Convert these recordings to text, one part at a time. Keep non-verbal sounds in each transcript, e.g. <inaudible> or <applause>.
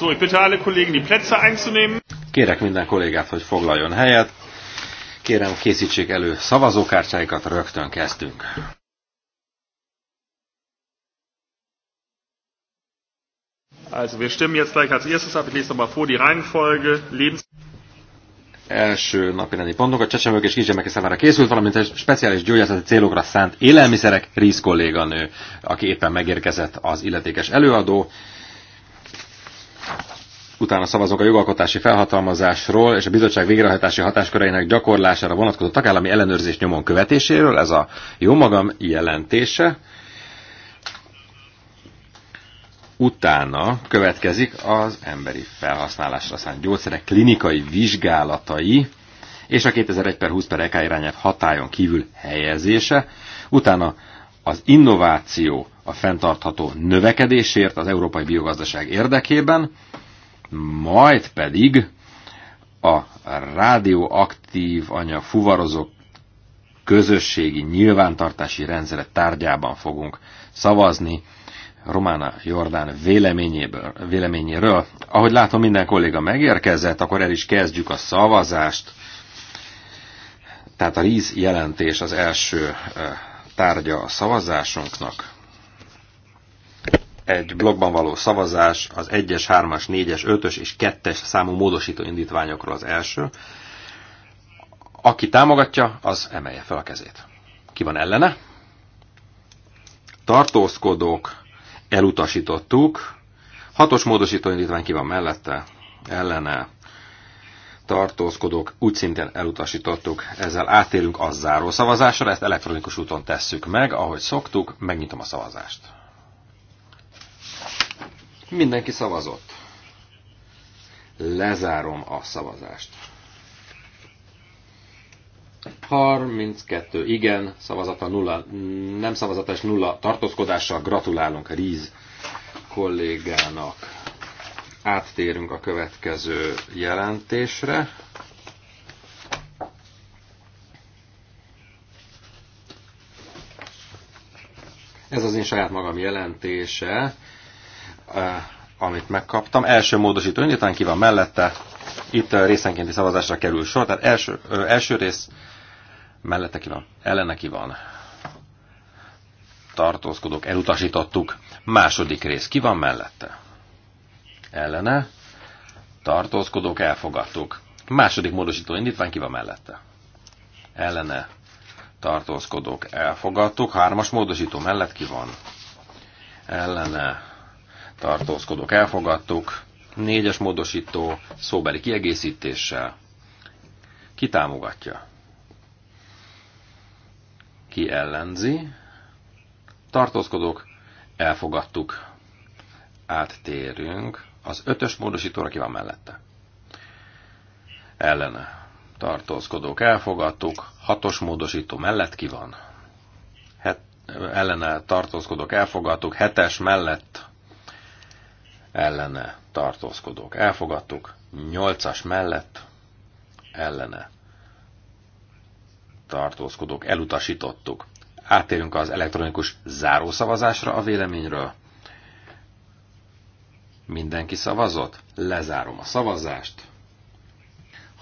So, ich bitte alle Kollegen, die Plätze einzunehmen. Kérek minden kollégát, hogy foglaljon helyet. Kérem, készítsék elő szavazókártyáikat, rögtön kezdünk. Also wir stimmen jetzt gleich als erstes ab. Ich lese nochmal vor die Reihenfolge. Lebens első napi rendi pontok, a csecsemők és kisgyermekek számára készült, valamint egy speciális gyógyászati célokra szánt élelmiszerek, Rész kolléganő, aki éppen megérkezett az illetékes előadó. Utána szavazunk a jogalkotási felhatalmazásról és a bizottság végrehajtási hatásköreinek gyakorlására vonatkozó tagállami ellenőrzés nyomon követéséről. Ez a jó magam jelentése. Utána következik az emberi felhasználásra szánt gyógyszerek klinikai vizsgálatai és a 2001 per 20 per EK irányát hatályon kívül helyezése. Utána az innováció a fenntartható növekedésért az európai biogazdaság érdekében, majd pedig a rádióaktív anyag fuvarozók közösségi nyilvántartási rendszere tárgyában fogunk szavazni Romána Jordán véleményéből, véleményéről. Ahogy látom, minden kolléga megérkezett, akkor el is kezdjük a szavazást. Tehát a RIZ jelentés az első eh, tárgya a szavazásunknak egy blogban való szavazás az 1-es, 3-as, 4-es, 5-ös és 2-es számú módosító indítványokról az első. Aki támogatja, az emelje fel a kezét. Ki van ellene? Tartózkodók, elutasítottuk. Hatos módosító indítvány ki van mellette? Ellene tartózkodók úgy szintén elutasítottuk. Ezzel átérünk az záró szavazásra, ezt elektronikus úton tesszük meg, ahogy szoktuk, megnyitom a szavazást. Mindenki szavazott. Lezárom a szavazást. 32 igen, szavazata nulla, nem szavazata és nulla tartózkodással gratulálunk Ríz kollégának. Áttérünk a következő jelentésre. Ez az én saját magam jelentése Eh, amit megkaptam. Első módosító indítvány ki van mellette. Itt eh, részenkénti szavazásra kerül sor. Tehát első, eh, első rész mellette ki van, ellene ki van. Tartózkodók, elutasítottuk. Második rész ki van mellette? Ellene. Tartózkodók, elfogadtuk. Második módosító indítvány ki van mellette? Ellene. Tartózkodók, elfogadtuk. Hármas módosító mellett ki van? Ellene tartózkodók elfogadtuk, négyes módosító szóbeli kiegészítéssel. Ki támogatja? Ki ellenzi? Tartózkodók elfogadtuk. Áttérünk az ötös módosítóra, ki van mellette? Ellene. Tartózkodók elfogadtuk. Hatos módosító mellett ki van? Het, ellene tartózkodók elfogadtuk. Hetes mellett ellene tartózkodók elfogadtuk, 8-as mellett ellene tartózkodók elutasítottuk. Átérünk az elektronikus zárószavazásra a véleményről. Mindenki szavazott? Lezárom a szavazást.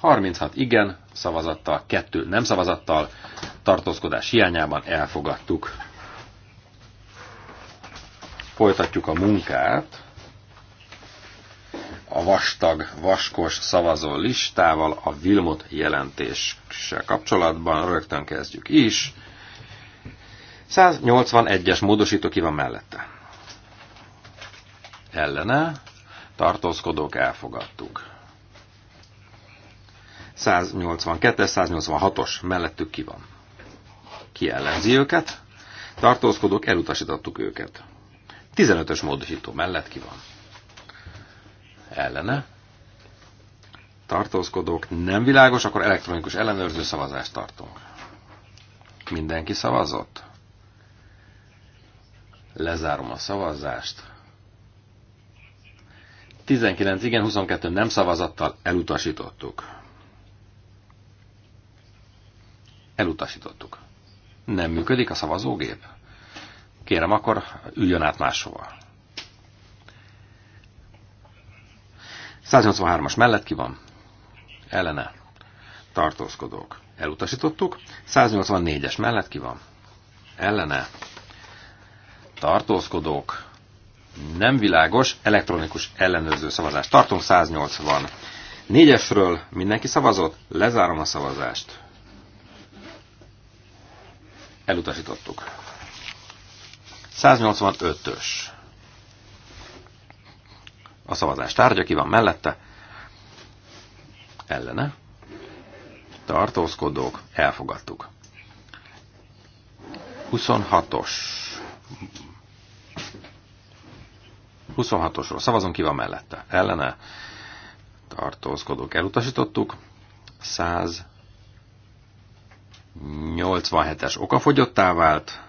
36 igen szavazattal, 2 nem szavazattal, tartózkodás hiányában elfogadtuk. Folytatjuk a munkát a vastag, vaskos szavazó listával a Vilmot jelentéssel kapcsolatban. Rögtön kezdjük is. 181-es módosító ki van mellette. Ellene tartózkodók elfogadtuk. 182-es, 186-os mellettük ki van. Ki ellenzi őket? Tartózkodók elutasítottuk őket. 15-ös módosító mellett ki van ellene tartózkodók nem világos, akkor elektronikus ellenőrző szavazást tartunk. Mindenki szavazott? Lezárom a szavazást. 19 igen, 22 nem szavazattal elutasítottuk. Elutasítottuk. Nem működik a szavazógép? Kérem, akkor üljön át máshova. 183-as mellett ki van? Ellene. Tartózkodók. Elutasítottuk. 184-es mellett ki van? Ellene. Tartózkodók. Nem világos, elektronikus ellenőrző szavazást Tartunk 180. Négyesről mindenki szavazott, lezárom a szavazást. Elutasítottuk. 185-ös a szavazás tárgya, ki van mellette, ellene, tartózkodók, elfogadtuk. 26-os 26-osról szavazunk, ki van mellette, ellene, tartózkodók, elutasítottuk, 187-es okafogyottá vált,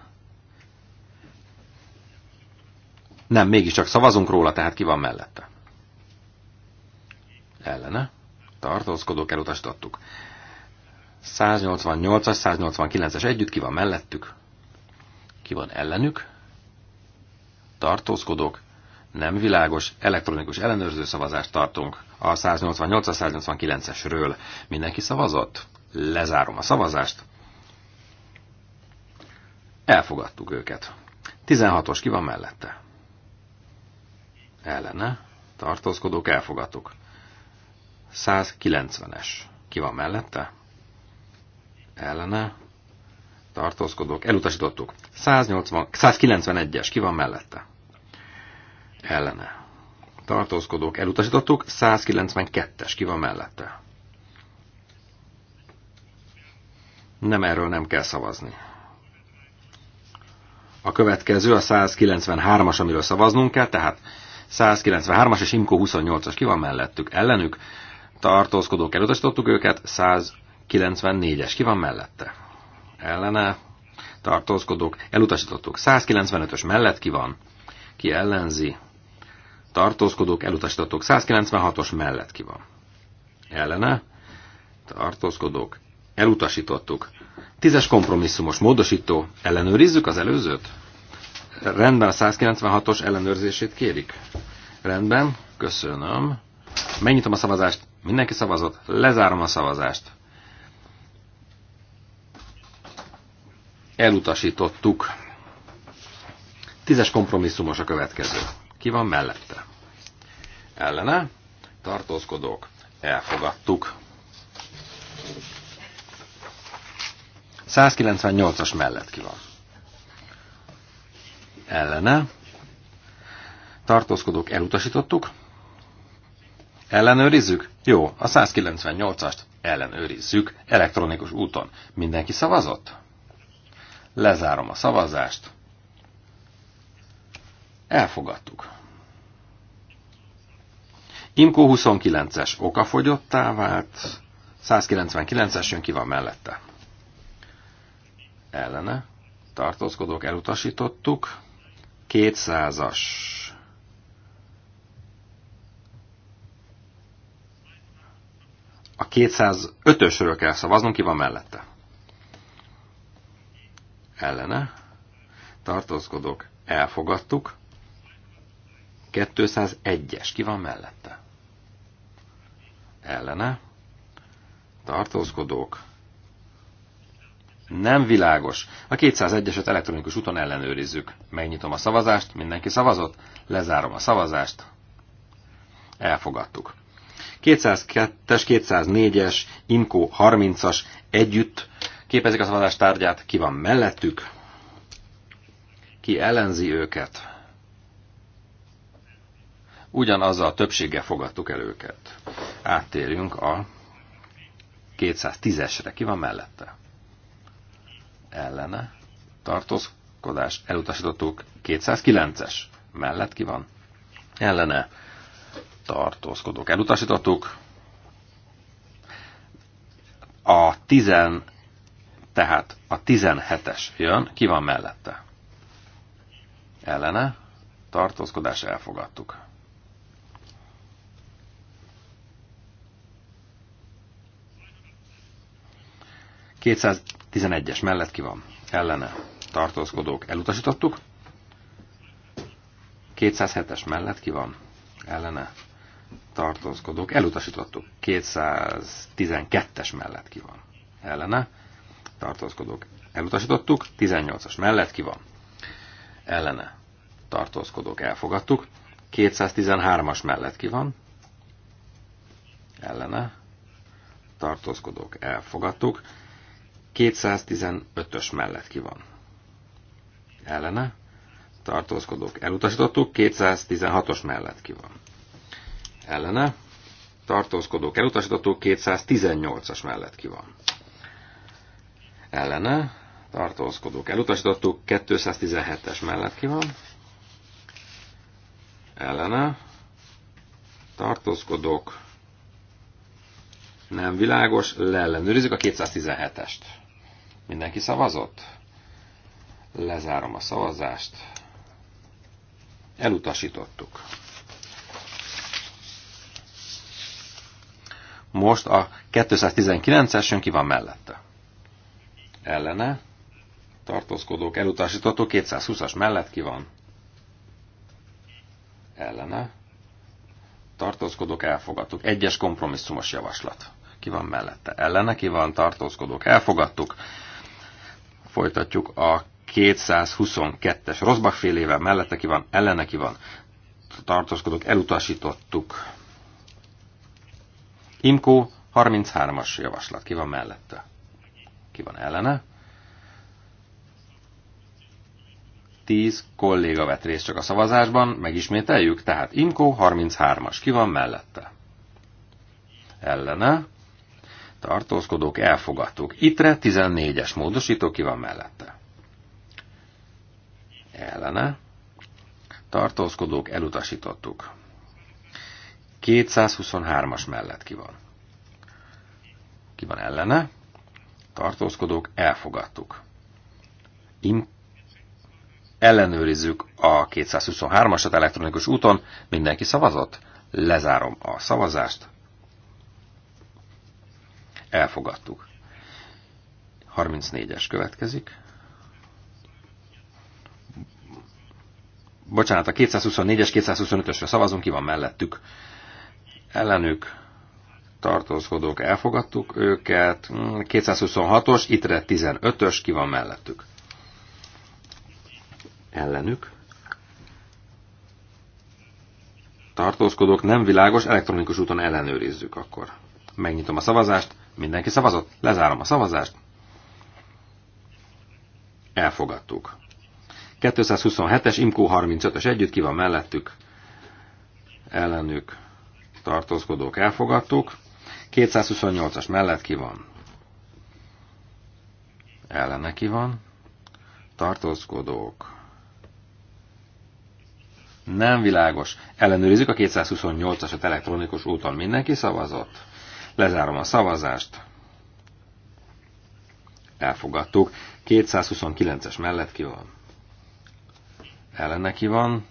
nem, mégiscsak szavazunk róla, tehát ki van mellette ellene, tartózkodók elutasítottuk. 188-as, 189-es együtt, ki van mellettük, ki van ellenük, tartózkodók, nem világos, elektronikus ellenőrző szavazást tartunk a 188 189-esről. Mindenki szavazott? Lezárom a szavazást. Elfogadtuk őket. 16-os ki van mellette? Ellene. Tartózkodók elfogadtuk. 190-es. Ki van mellette? Ellene. Tartózkodók. Elutasítottuk. 180, 191-es. Ki van mellette? Ellene. Tartózkodók. Elutasítottuk. 192-es. Ki van mellette? Nem erről nem kell szavazni. A következő a 193-as, amiről szavaznunk kell, tehát 193-as és Imko 28-as ki van mellettük ellenük, tartózkodók elutasítottuk őket, 194-es ki van mellette? Ellene tartózkodók elutasítottuk. 195-ös mellett ki van? Ki ellenzi? Tartózkodók elutasítottuk. 196-os mellett ki van? Ellene tartózkodók elutasítottuk. Tízes kompromisszumos módosító. Ellenőrizzük az előzőt? Rendben, a 196-os ellenőrzését kérik. Rendben, köszönöm. Megnyitom a szavazást Mindenki szavazott? Lezárom a szavazást. Elutasítottuk. Tízes kompromisszumos a következő. Ki van mellette? Ellene? Tartózkodók. Elfogadtuk. 198-as mellett ki van. Ellene. Tartózkodók elutasítottuk. Ellenőrizzük? Jó, a 198-ast ellenőrizzük elektronikus úton. Mindenki szavazott? Lezárom a szavazást. Elfogadtuk. Imkó 29-es okafogyottá vált, 199-es jön ki van mellette. Ellene, tartózkodók elutasítottuk, 200-as A 205-ösről kell szavaznunk, ki van mellette. Ellene. Tartózkodok. Elfogadtuk. 201-es. Ki van mellette? Ellene. Tartózkodók. Nem világos. A 201-eset elektronikus úton ellenőrizzük. Megnyitom a szavazást, mindenki szavazott, lezárom a szavazást. Elfogadtuk. 202-es, 204-es, Imco 30-as együtt képezik a szavazás tárgyát, ki van mellettük, ki ellenzi őket. Ugyanazzal a többséggel fogadtuk el őket. Áttérjünk a 210-esre. Ki van mellette? Ellene. Tartózkodás. Elutasítottuk. 209-es. Mellett ki van? Ellene tartózkodók elutasítottuk. A 10, tehát a 17-es jön, ki van mellette? Ellene, tartózkodás elfogadtuk. ...211-es mellett ki van. Ellene tartózkodók elutasítottuk. 207-es mellett ki van. Ellene tartózkodók elutasítottuk. 212-es mellett ki van ellene, tartózkodók elutasítottuk, 18-as mellett ki van ellene, tartózkodók elfogadtuk, 213-as mellett ki van ellene, tartózkodók elfogadtuk, 215-ös mellett ki van ellene, tartózkodók elutasítottuk, 216-os mellett ki van ellene, tartózkodók elutasítottuk, 218-as mellett ki van. Ellene, tartózkodók elutasítottuk, 217-es mellett ki van. Ellene, tartózkodók nem világos, leellenőrizzük a 217-est. Mindenki szavazott? Lezárom a szavazást. Elutasítottuk. Most a 219-es jön ki van mellette. Ellene. Tartózkodók elutasítató 220-as mellett ki van. Ellene. Tartózkodók elfogadtuk. Egyes kompromisszumos javaslat. Ki van mellette? Ellene ki van, tartózkodók elfogadtuk. Folytatjuk a 222-es Rosbach félével mellette ki van, ellene ki van, tartózkodók elutasítottuk. Imkó 33-as javaslat. Ki van mellette? Ki van ellene? 10 kolléga vett részt csak a szavazásban, megismételjük, tehát Imkó 33-as. Ki van mellette? Ellene. Tartózkodók elfogadtuk. Itre 14-es módosító ki van mellette. Ellene. Tartózkodók elutasítottuk. 223-as mellett ki van. Ki van ellene? Tartózkodók, elfogadtuk. Im ellenőrizzük a 223-asat elektronikus úton. Mindenki szavazott? Lezárom a szavazást. Elfogadtuk. 34-es következik. Bocsánat, a 224-es, 225-ösre szavazunk, ki van mellettük ellenük tartózkodók elfogadtuk őket. 226-os, itre 15-ös, ki van mellettük? Ellenük. Tartózkodók nem világos, elektronikus úton ellenőrizzük akkor. Megnyitom a szavazást, mindenki szavazott, lezárom a szavazást. Elfogadtuk. 227-es, Imkó 35-ös együtt, ki van mellettük? Ellenük tartózkodók elfogadtuk. 228-as mellett ki van? Ellene ki van? Tartózkodók. Nem világos. Ellenőrizzük a 228-asat elektronikus úton. Mindenki szavazott? Lezárom a szavazást. Elfogadtuk. 229-es mellett ki van? Ellene ki van?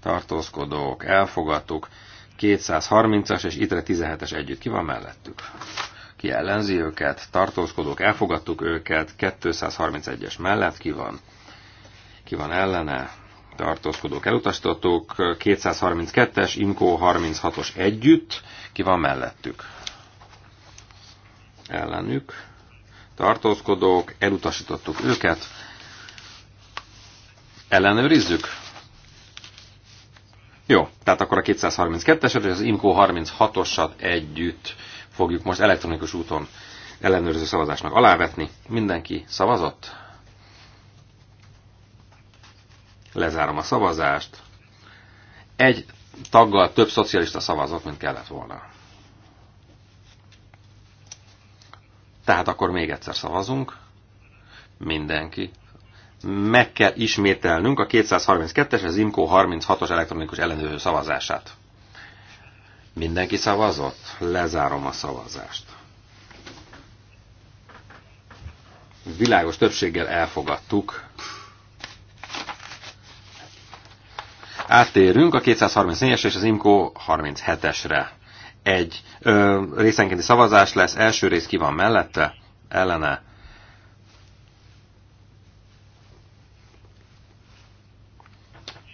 Tartózkodók. Elfogadtuk. 230-as és ITRE 17-es együtt. Ki van mellettük? Ki ellenzi őket? Tartózkodók, elfogadtuk őket. 231-es mellett ki van? Ki van ellene? Tartózkodók, elutasítottuk. 232-es, INCO 36-os együtt. Ki van mellettük? Ellenük. Tartózkodók, elutasítottuk őket. Ellenőrizzük? Jó, tehát akkor a 232-eset és az IMCO 36-osat együtt fogjuk most elektronikus úton ellenőrző szavazásnak alávetni. Mindenki szavazott? Lezárom a szavazást. Egy taggal több szocialista szavazott, mint kellett volna. Tehát akkor még egyszer szavazunk. Mindenki meg kell ismételnünk a 232-es, az IMCO 36-os elektronikus ellenőrző szavazását. Mindenki szavazott? Lezárom a szavazást. Világos többséggel elfogadtuk. Áttérünk a 234-es és az IMCO 37-esre. Egy ö, részenkénti szavazás lesz, első rész ki van mellette, ellene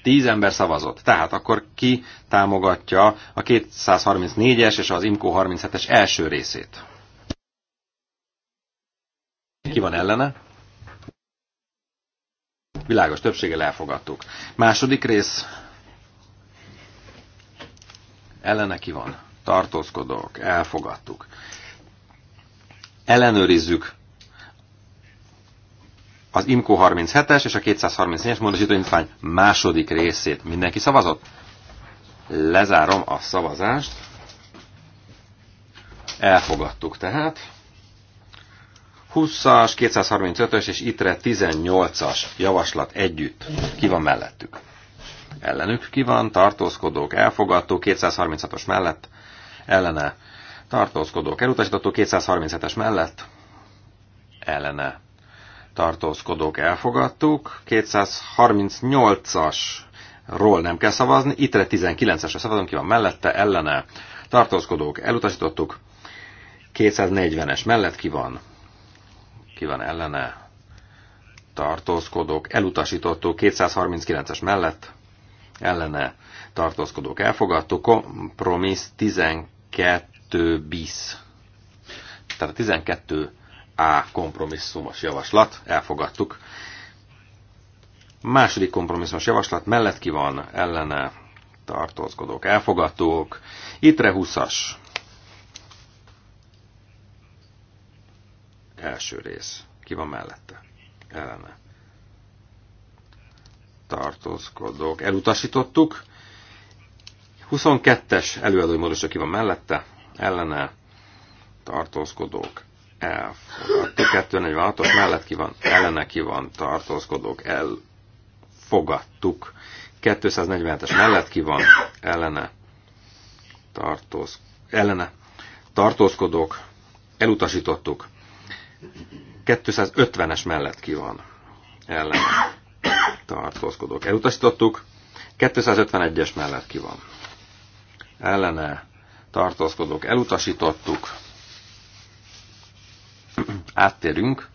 Tíz ember szavazott. Tehát akkor ki támogatja a 234-es és az IMCO 37-es első részét? Ki van ellene? Világos többséggel elfogadtuk. Második rész. Ellene ki van? Tartózkodók. Elfogadtuk. Ellenőrizzük az IMCO 37-es és a 234-es módosítóindítvány második részét. Mindenki szavazott? Lezárom a szavazást. Elfogadtuk tehát. 20-as, 235-ös és ITRE 18-as javaslat együtt. Ki van mellettük? Ellenük ki van, tartózkodók, elfogadtó, 236-os mellett, ellene tartózkodók, elutasítató, 237-es mellett, ellene tartózkodók elfogadtuk. 238-as ról nem kell szavazni. Ittre 19-esre szavazunk, ki van mellette, ellene. Tartózkodók elutasítottuk. 240-es mellett ki van? Ki van ellene? Tartózkodók elutasítottuk. 239-es mellett ellene tartózkodók elfogadtuk. Kompromiss 12 bis. Tehát a 12 a kompromisszumos javaslat, elfogadtuk. Második kompromisszumos javaslat mellett ki van ellene tartózkodók, elfogadók. Itre 20-as. Első rész. Ki van mellette? Ellene. Tartózkodók. Elutasítottuk. 22-es előadói módosra ki van mellette? Ellene. Tartózkodók. A 246-os mellett ki van, ellene ki van tartózkodók, elfogadtuk. 247-es mellett ki van, ellene tartóz, ellene tartózkodók, elutasítottuk. 250-es mellett ki van, ellene tartózkodók, elutasítottuk. 251-es mellett ki van. Ellene tartózkodók elutasítottuk, áttérünk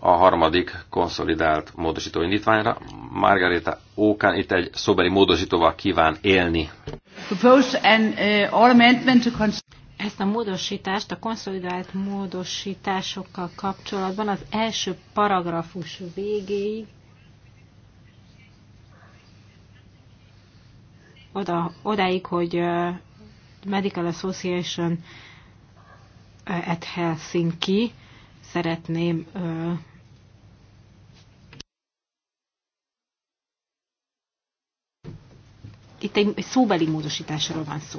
a harmadik konszolidált módosító indítványra. Margarita Ókán itt egy szóbeli módosítóval kíván élni. Uh, Ezt a módosítást a konszolidált módosításokkal kapcsolatban az első paragrafus végéig oda, odáig, hogy uh, Medical Association at uh, Helsinki szeretném itt egy, egy szóbeli módosításról van szó.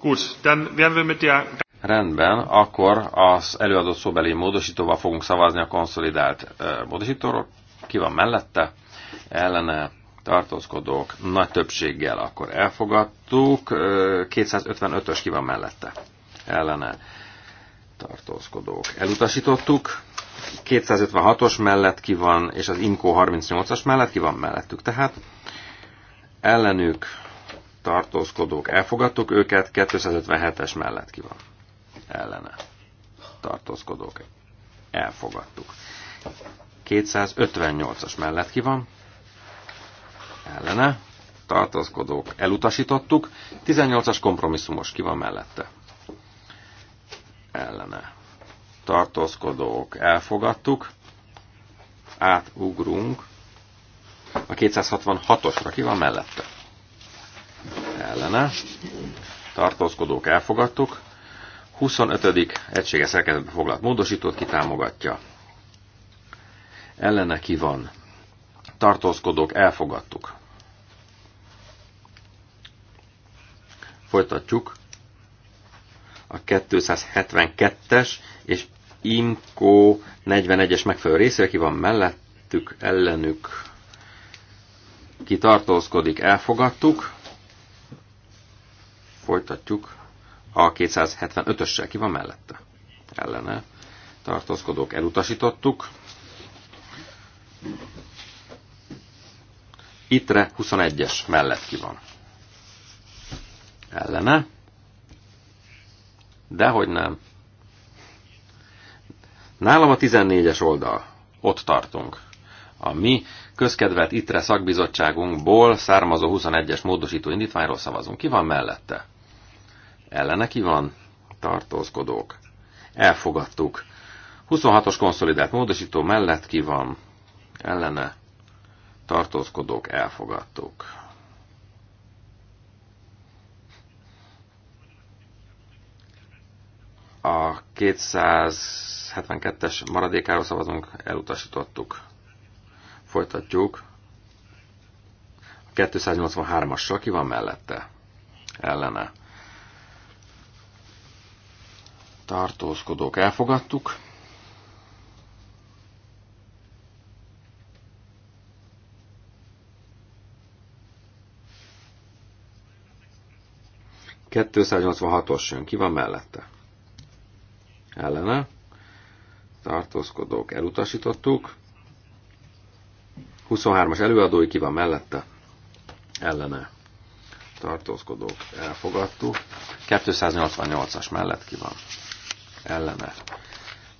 Gut, dann werden wir mit der... Rendben, akkor az előadott szóbeli módosítóval fogunk szavazni a konszolidált módosítóról. Ki van mellette? Ellene tartózkodók nagy többséggel akkor elfogadtuk. 255-ös ki van mellette? Ellene tartózkodók. Elutasítottuk. 256-os mellett ki van, és az Inko 38-as mellett ki van mellettük. Tehát ellenük tartózkodók elfogadtuk őket, 257-es mellett ki van ellene tartózkodók elfogadtuk. 258-as mellett ki van ellene tartózkodók elutasítottuk, 18-as kompromisszumos ki van mellette ellene tartózkodók elfogadtuk, átugrunk a 266-osra, ki van mellette? Ellene tartózkodók elfogadtuk, 25. egységes szerkezetbe foglalt módosítót kitámogatja. Ellene ki van. Tartózkodók elfogadtuk. Folytatjuk a 272-es és IMCO 41-es megfelelő része, aki van mellettük, ellenük, ki tartózkodik, elfogadtuk. Folytatjuk a 275-össel, ki van mellette, ellene, tartózkodók, elutasítottuk. Itre 21-es mellett ki van. Ellene. Dehogy nem. Nálam a 14-es oldal. Ott tartunk. A mi közkedvelt ITRE szakbizottságunkból származó 21-es módosító indítványról szavazunk. Ki van mellette? Ellene ki van? Tartózkodók. Elfogadtuk. 26-os konszolidált módosító mellett ki van? Ellene. Tartózkodók. Elfogadtuk. A 272-es maradékáról szavazunk, elutasítottuk. Folytatjuk. A 283-assal ki van mellette? Ellene. Tartózkodók elfogadtuk. Kettőszáznyolcvanhatos jön, ki van mellette? ellene tartózkodók elutasítottuk. 23-as előadói ki van mellette, ellene tartózkodók elfogadtuk. 288-as mellett ki van ellene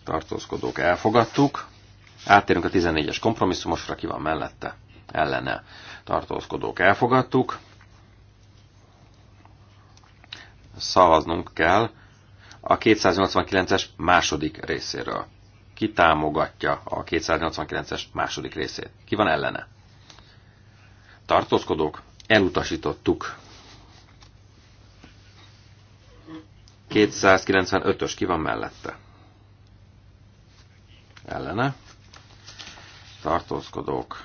tartózkodók elfogadtuk. Áttérünk a 14-es kompromisszumosra, ki van mellette, ellene tartózkodók elfogadtuk. Szavaznunk kell a 289-es második részéről. Ki támogatja a 289-es második részét? Ki van ellene? Tartózkodók? Elutasítottuk. 295-ös ki van mellette? Ellene. Tartózkodók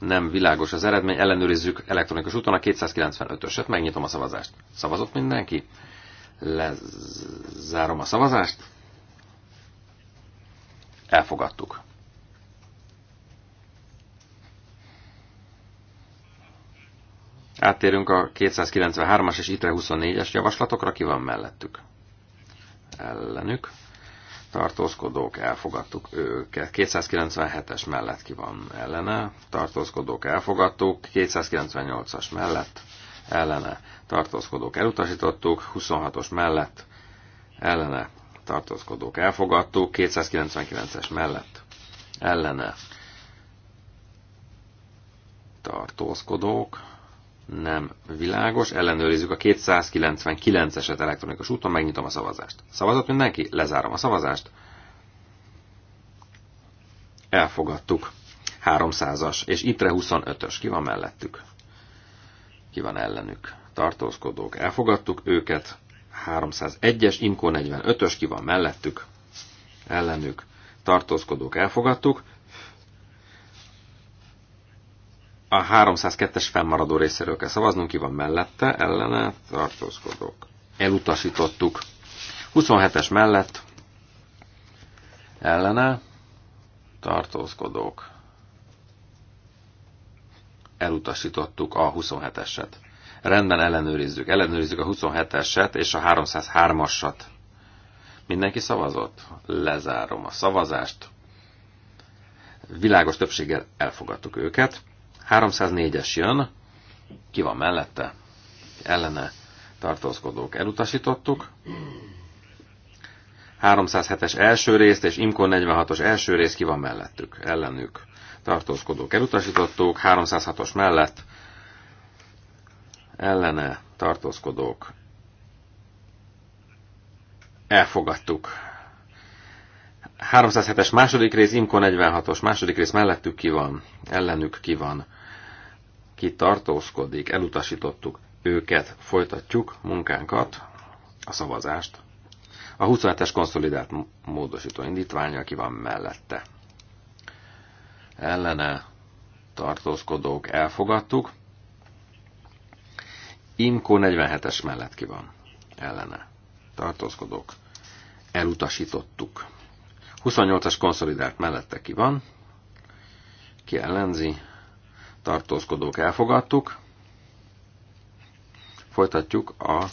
nem világos az eredmény, ellenőrizzük elektronikus úton a 295-öset, megnyitom a szavazást. Szavazott mindenki? Lezárom a szavazást. Elfogadtuk. Áttérünk a 293-as és ITRE 24-es javaslatokra, ki van mellettük? Ellenük tartózkodók, elfogadtuk őket. 297-es mellett ki van ellene, tartózkodók, elfogadtuk. 298-as mellett ellene, tartózkodók, elutasítottuk. 26-os mellett ellene, tartózkodók, elfogadtuk. 299-es mellett ellene, tartózkodók, nem világos. Ellenőrizzük a 299-eset elektronikus úton, megnyitom a szavazást. Szavazott mindenki? Lezárom a szavazást. Elfogadtuk. 300-as, és itt 25-ös. Ki van mellettük? Ki van ellenük? Tartózkodók. Elfogadtuk őket. 301-es, Imko 45-ös, ki van mellettük? Ellenük. Tartózkodók. Elfogadtuk. a 302-es fennmaradó részéről kell szavaznunk, ki van mellette, ellene, tartózkodók. Elutasítottuk. 27-es mellett, ellene, tartózkodók. Elutasítottuk a 27-eset. Rendben ellenőrizzük. Ellenőrizzük a 27-eset és a 303-asat. Mindenki szavazott? Lezárom a szavazást. Világos többséggel elfogadtuk őket. 304-es jön, ki van mellette, ellene tartózkodók elutasítottuk. 307-es első részt és Imkon 46-os első rész ki van mellettük, ellenük tartózkodók elutasítottuk, 306-os mellett ellene tartózkodók elfogadtuk. 307-es második rész, Imko 46-os második rész mellettük ki van, ellenük ki van ki tartózkodik, elutasítottuk őket, folytatjuk munkánkat, a szavazást. A 27-es konszolidált módosító indítványa, aki van mellette. Ellene tartózkodók elfogadtuk. Imko 47-es mellett ki van. Ellene tartózkodók elutasítottuk. 28-as konszolidált mellette ki van. Ki ellenzi, tartózkodók elfogadtuk. Folytatjuk a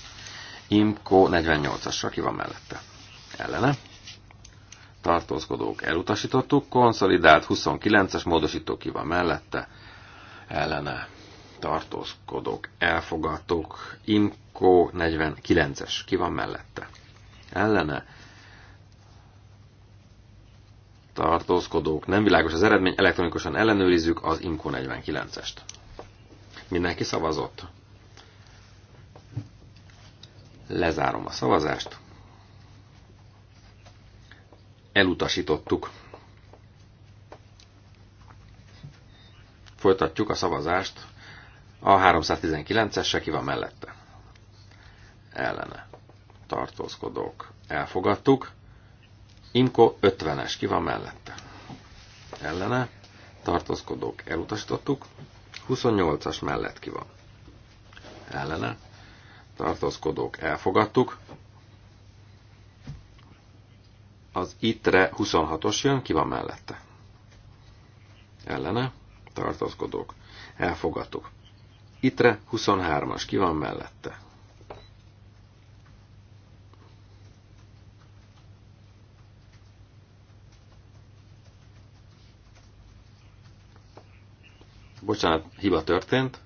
IMCO 48-asra, ki van mellette? Ellene. Tartózkodók elutasítottuk, konszolidált 29-es módosító ki van mellette? Ellene. Tartózkodók elfogadtuk, IMCO 49-es, ki van mellette? Ellene tartózkodók nem világos az eredmény, elektronikusan ellenőrizzük az Inko 49-est. Mindenki szavazott. Lezárom a szavazást. Elutasítottuk. Folytatjuk a szavazást. A 319-es ki van mellette. Ellene. Tartózkodók. Elfogadtuk. Imko 50-es, ki van mellette? Ellene, tartózkodók elutasítottuk, 28-as mellett ki van. Ellene, tartózkodók elfogadtuk, az ittre 26-os jön, ki van mellette? Ellene, tartózkodók, elfogadtuk. Ittre 23-as, ki van mellette? bocsánat, hiba történt.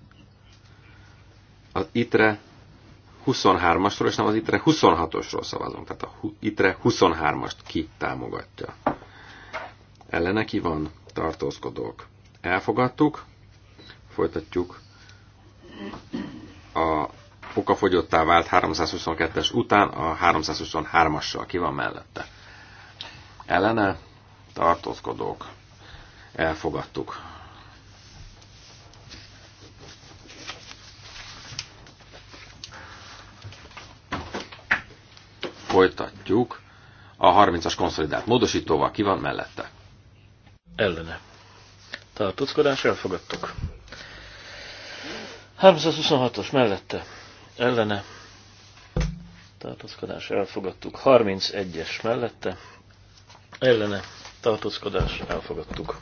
Az ITRE 23-asról, és nem az ITRE 26-osról szavazunk. Tehát a ITRE 23-ast ki támogatja. Ellene ki van tartózkodók. Elfogadtuk, folytatjuk a pokafogyottá vált 322-es után a 323-assal ki van mellette. Ellene tartózkodók. Elfogadtuk. folytatjuk a 30-as konszolidált módosítóval. Ki van mellette? Ellene. Tartózkodás elfogadtuk. 326-os mellette. Ellene. Tartózkodás elfogadtuk. 31-es mellette. Ellene. Tartózkodás elfogadtuk.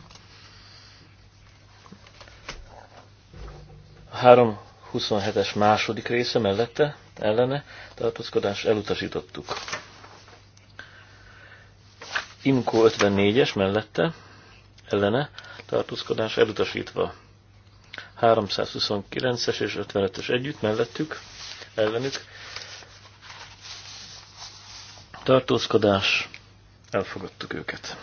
327-es második része mellette ellene tartózkodás elutasítottuk. Imko 54-es mellette ellene tartózkodás elutasítva. 329-es és 55-ös együtt mellettük, ellenük. Tartózkodás, elfogadtuk őket.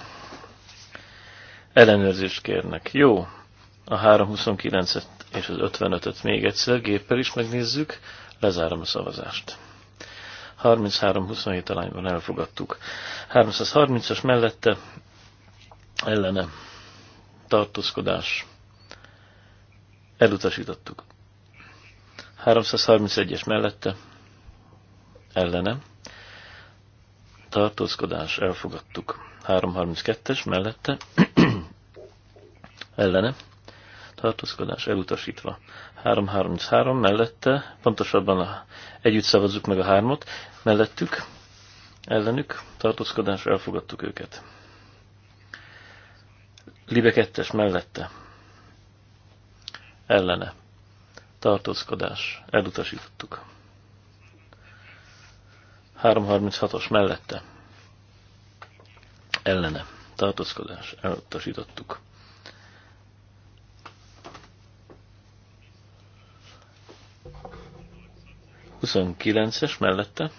Ellenőrzést kérnek. Jó, a 329-et és az 55-öt még egyszer géppel is megnézzük. Lezárom a szavazást. 33-27 arányban elfogadtuk. 330-as mellette ellene tartózkodás elutasítottuk. 331-es mellette ellene tartózkodás elfogadtuk. 332-es mellette <clears throat> ellene tartózkodás elutasítva. 333 mellette, pontosabban a, együtt szavazzuk meg a hármat, mellettük, ellenük, tartózkodás, elfogadtuk őket. Libe 2 mellette, ellene, tartózkodás, elutasítottuk. 336-os mellette, ellene, tartózkodás, elutasítottuk. 29-es mellette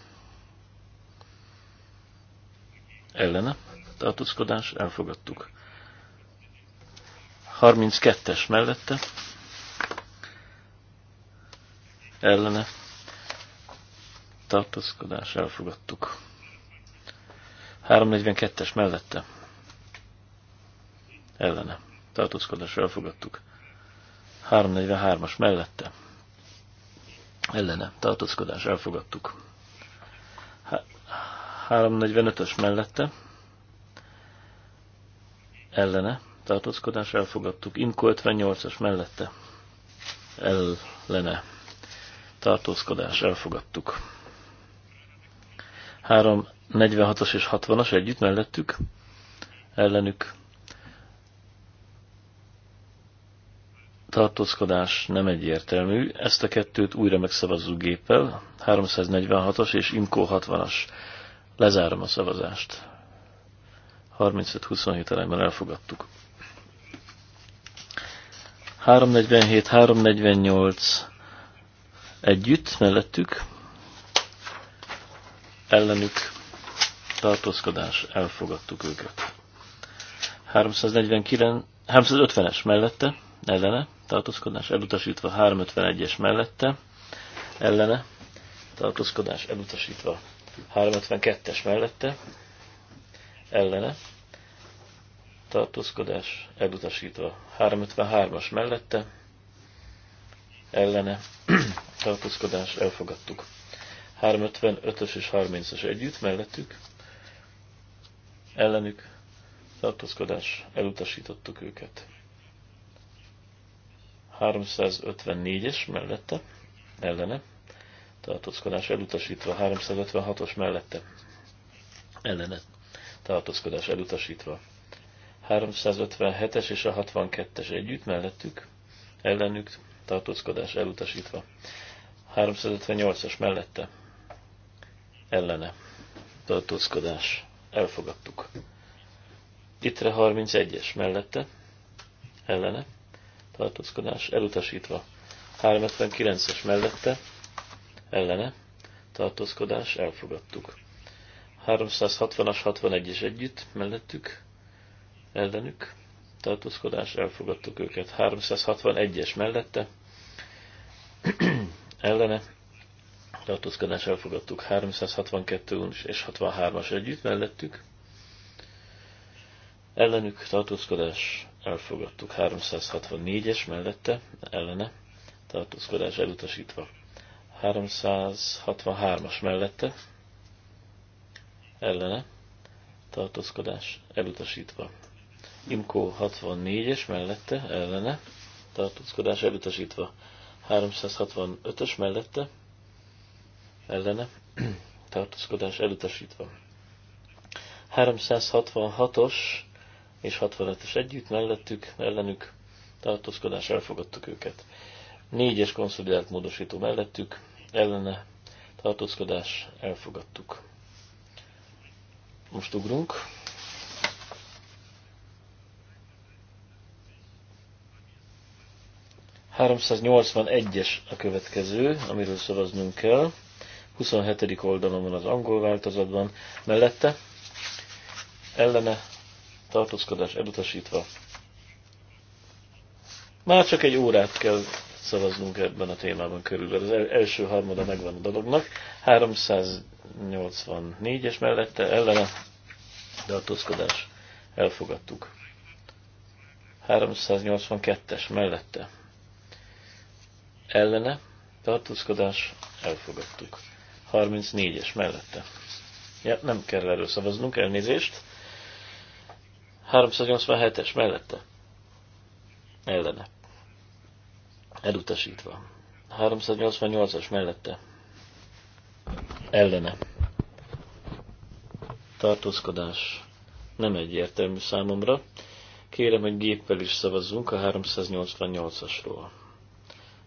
ellene tartózkodás elfogadtuk. 32-es mellette ellene tartózkodás elfogadtuk. 342-es mellette ellene tartózkodás elfogadtuk. 343-as mellette ellene tartózkodás elfogadtuk. 345-ös mellette ellene tartózkodás elfogadtuk. Inko 58-as mellette ellene tartózkodás elfogadtuk. 346-as és 60-as együtt mellettük ellenük tartózkodás nem egyértelmű. Ezt a kettőt újra megszavazzuk géppel. 346 as és Imco 60-as. Lezárom a szavazást. 35-27 elejben elfogadtuk. 347, 348 együtt, mellettük, ellenük tartózkodás, elfogadtuk őket. 349, 350-es mellette, ellene, tartózkodás elutasítva 351-es mellette, ellene, tartózkodás elutasítva 352-es mellette, ellene, tartózkodás elutasítva 353-as mellette, ellene, <clears throat> tartózkodás elfogadtuk. 355-ös és 30-as együtt mellettük, ellenük tartózkodás elutasítottuk őket. 354-es mellette, ellene, tartózkodás elutasítva, 356-os mellette, ellene, tartózkodás elutasítva. 357-es és a 62-es együtt mellettük, ellenük, tartózkodás elutasítva. 358-as mellette, ellene, tartózkodás, elfogadtuk. Ittre 31-es mellette, ellene, tartózkodás elutasítva. 359-es mellette ellene tartózkodás elfogadtuk. 360-as, 61-es együtt mellettük ellenük tartózkodás elfogadtuk őket. 361-es mellette <clears throat> ellene tartózkodás elfogadtuk 362 és 63-as együtt mellettük. Ellenük tartózkodás elfogadtuk. 364-es mellette, ellene, tartózkodás elutasítva. 363-as mellette, ellene, tartózkodás elutasítva. Imkó 64-es mellette, ellene, tartózkodás elutasítva. 365-ös mellette, ellene, <clears throat> tartózkodás elutasítva. 366-os és 65-es együtt, mellettük, ellenük, tartózkodás, elfogadtuk őket. 4-es konszolidált módosító mellettük, ellene, tartózkodás, elfogadtuk. Most ugrunk. es a következő, amiről szavaznunk kell. 27. oldalon van az angol változatban. Mellette ellene tartózkodás elutasítva. Már csak egy órát kell szavaznunk ebben a témában körülbelül. Az első harmada megvan a dolognak. 384-es mellette ellene tartózkodás elfogadtuk. 382-es mellette ellene tartózkodás elfogadtuk. 34-es mellette. Ja, nem kell erről szavaznunk, elnézést. 387-es mellette. Ellene. Elutasítva. 388-as mellette. Ellene. Tartózkodás nem egyértelmű számomra. Kérem, hogy géppel is szavazzunk a 388-asról.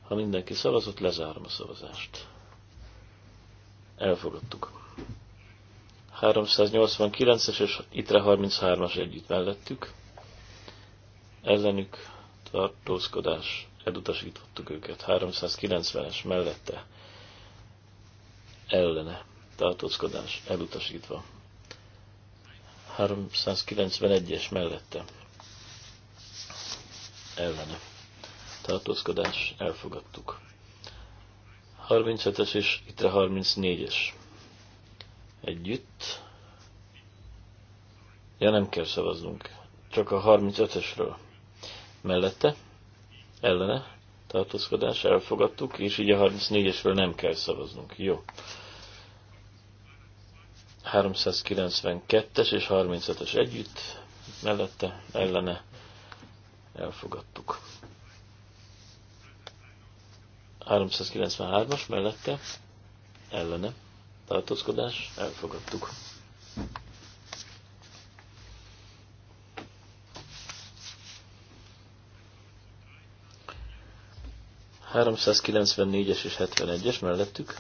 Ha mindenki szavazott, lezárom a szavazást. Elfogadtuk. 389-es és ITRE 33-as együtt mellettük. Ellenük tartózkodás, elutasítottuk őket. 390-es mellette ellene tartózkodás, elutasítva. 391-es mellette ellene tartózkodás, elfogadtuk. 35-es és ITRE 34-es együtt. Ja, nem kell szavaznunk. Csak a 35 esről Mellette, ellene, tartózkodás, elfogadtuk, és így a 34-esről nem kell szavaznunk. Jó. 392-es és 35-es együtt, mellette, ellene, elfogadtuk. 393-as mellette, ellene, tartózkodás, elfogadtuk. es és 71-es mellettük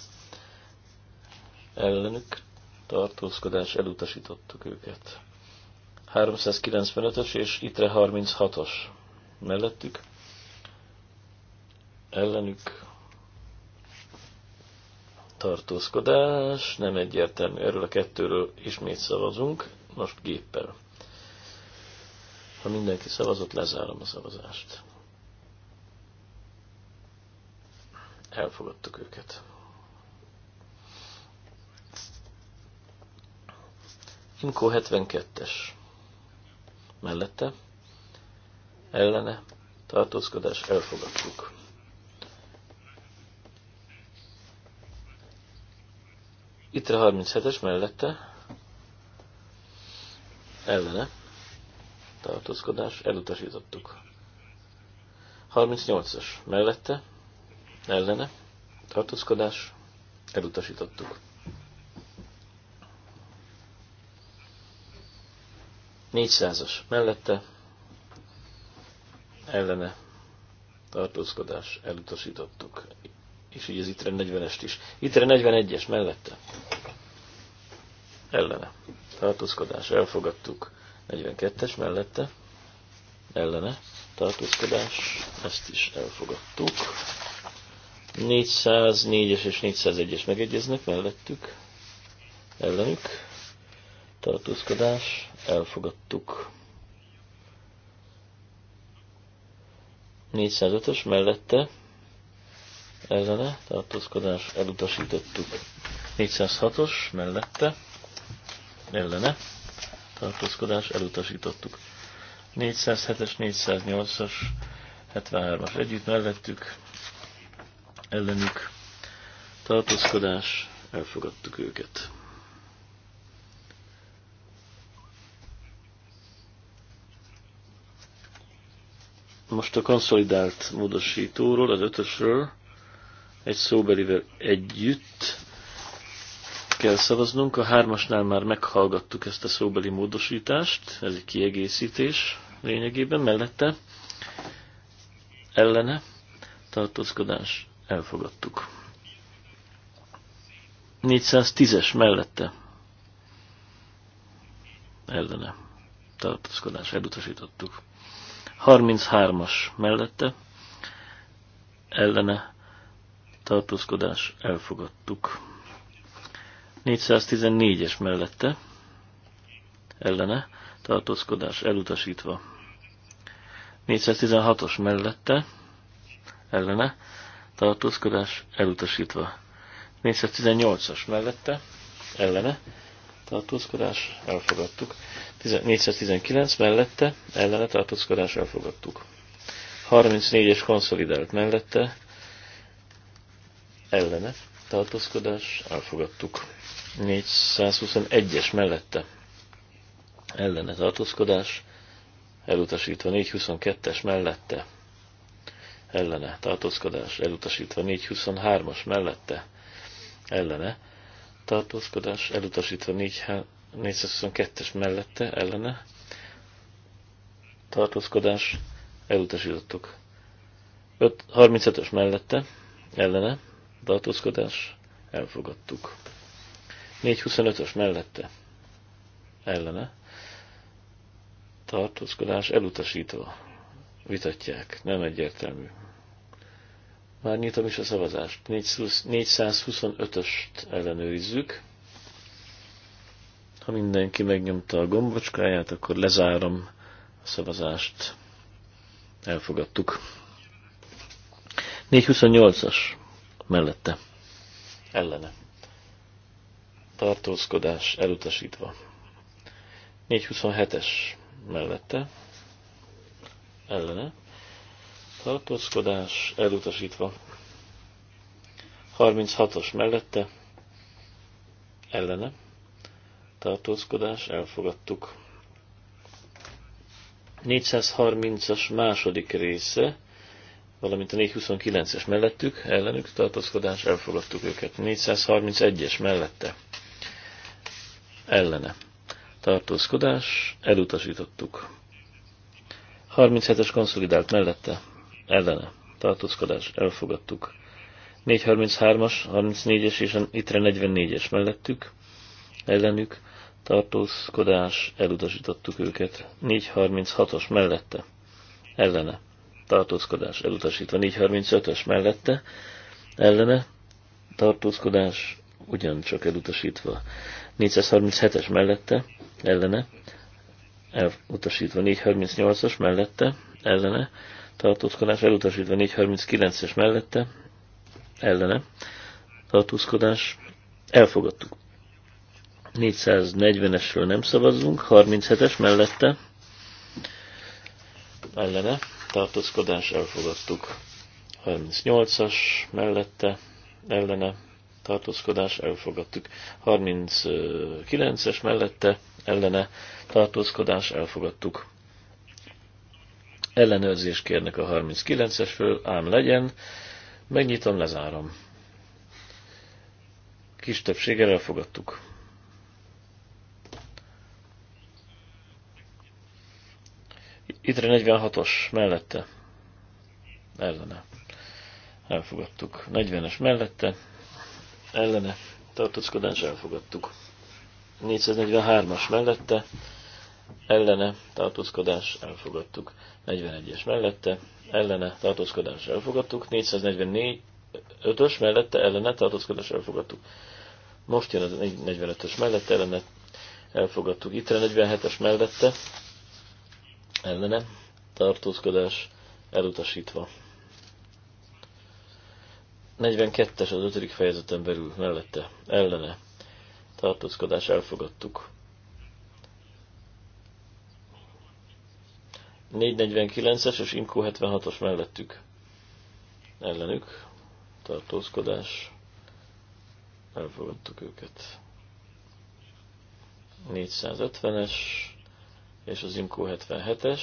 ellenük tartózkodás elutasítottuk őket. 395-ös és ITRE 36-os mellettük ellenük tartózkodás, nem egyértelmű, erről a kettőről ismét szavazunk, most géppel. Ha mindenki szavazott, lezárom a szavazást. Elfogadtuk őket. Inkó 72-es. Mellette, ellene, tartózkodás, elfogadtuk. a 37-es mellette ellene tartózkodás elutasítottuk. 38-as mellette ellene tartózkodás elutasítottuk. 400-as mellette ellene tartózkodás elutasítottuk és így az ITRE 40-est is. ITRE 41-es mellette. Ellene. Tartózkodás. Elfogadtuk. 42-es mellette. Ellene. Tartózkodás. Ezt is elfogadtuk. 404-es és 401-es megegyeznek mellettük. Ellenük. Tartózkodás. Elfogadtuk. 405-ös mellette ellene, tartózkodás elutasítottuk. 406-os mellette, ellene, tartózkodás elutasítottuk. 407-es, 408-as, 73-as együtt mellettük, ellenük, tartózkodás, elfogadtuk őket. Most a konszolidált módosítóról, az ötösről, egy szóbelivel együtt kell szavaznunk. A hármasnál már meghallgattuk ezt a szóbeli módosítást, ez egy kiegészítés lényegében mellette. Ellene tartózkodás elfogadtuk. 410-es mellette ellene tartózkodás elutasítottuk. 33-as mellette ellene tartózkodás elfogadtuk. 414-es mellette ellene tartózkodás elutasítva. 416-os mellette ellene tartózkodás elutasítva. 418-as mellette ellene tartózkodás elfogadtuk. 419 mellette ellene tartózkodás elfogadtuk. 34-es konszolidált mellette ellene tartózkodás, elfogadtuk. 421-es mellette ellene tartózkodás, elutasítva 422-es mellette ellene tartózkodás, elutasítva 423-as mellette ellene tartózkodás, elutasítva 422-es mellette ellene tartózkodás, elutasítottuk. 35-ös mellette ellene tartózkodás, elfogadtuk. 425-ös mellette, ellene, tartózkodás elutasítva. Vitatják, nem egyértelmű. Már nyitom is a szavazást. 425-öst ellenőrizzük. Ha mindenki megnyomta a gombocskáját, akkor lezárom a szavazást. Elfogadtuk. 428-as mellette ellene. Tartózkodás elutasítva. 427-es mellette ellene. Tartózkodás elutasítva. 36-os mellette ellene. Tartózkodás elfogadtuk. 430-as második része valamint a 429-es mellettük, ellenük tartózkodás, elfogadtuk őket. 431-es mellette, ellene tartózkodás, elutasítottuk. 37-es konszolidált mellette, ellene tartózkodás, elfogadtuk. 433-as, 34-es és itre 44-es mellettük, ellenük tartózkodás, elutasítottuk őket. 436-os mellette, ellene tartózkodás elutasítva. 435-ös mellette ellene tartózkodás ugyancsak elutasítva. 437-es mellette ellene elutasítva. 438-as mellette ellene tartózkodás elutasítva. 439-es mellette ellene tartózkodás elfogadtuk. 440-esről nem szavazzunk, 37-es mellette ellene tartózkodás elfogadtuk. 38-as mellette ellene tartózkodás elfogadtuk. 39-es mellette ellene tartózkodás elfogadtuk. Ellenőrzést kérnek a 39-es föl, ám legyen. Megnyitom, lezárom. Kis többséggel elfogadtuk. Itre 46-os mellette. Ellene. Elfogadtuk. 40-es mellette. Ellene. Tartózkodás elfogadtuk. 443-as mellette. Ellene. Tartózkodás elfogadtuk. 41-es mellette. Ellene. Tartózkodás elfogadtuk. 444 5-ös mellette ellene tartózkodás elfogadtuk. Most jön az 45-ös mellette ellene elfogadtuk. Itt 47-es mellette ellene tartózkodás elutasítva. 42-es az 5. fejezeten belül mellette ellene tartózkodás elfogadtuk. 449-es és Inkó 76-os mellettük ellenük tartózkodás elfogadtuk őket. 450-es és az IMCO 77-es.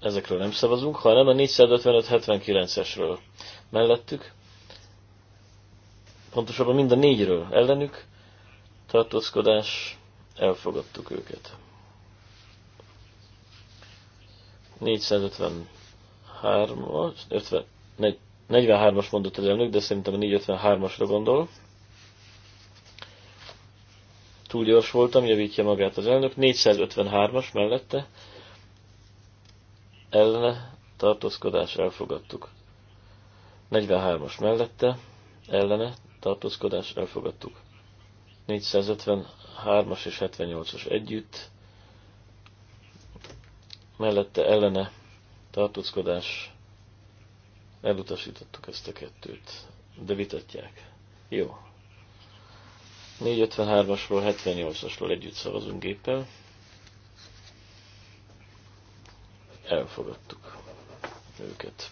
Ezekről nem szavazunk, hanem a 455-79-esről mellettük. Pontosabban mind a négyről ellenük tartózkodás, elfogadtuk őket. 453-as, 43-as mondott az elnök, de szerintem a 453-asra gondol. Túl gyors voltam, javítja magát az elnök. 453-as mellette ellene tartózkodás elfogadtuk. 43-as mellette ellene tartózkodás elfogadtuk. 453-as és 78-as együtt mellette ellene tartózkodás elutasítottuk ezt a kettőt, de vitatják. Jó, 453-asról, 78-asról együtt szavazunk géppel. Elfogadtuk őket.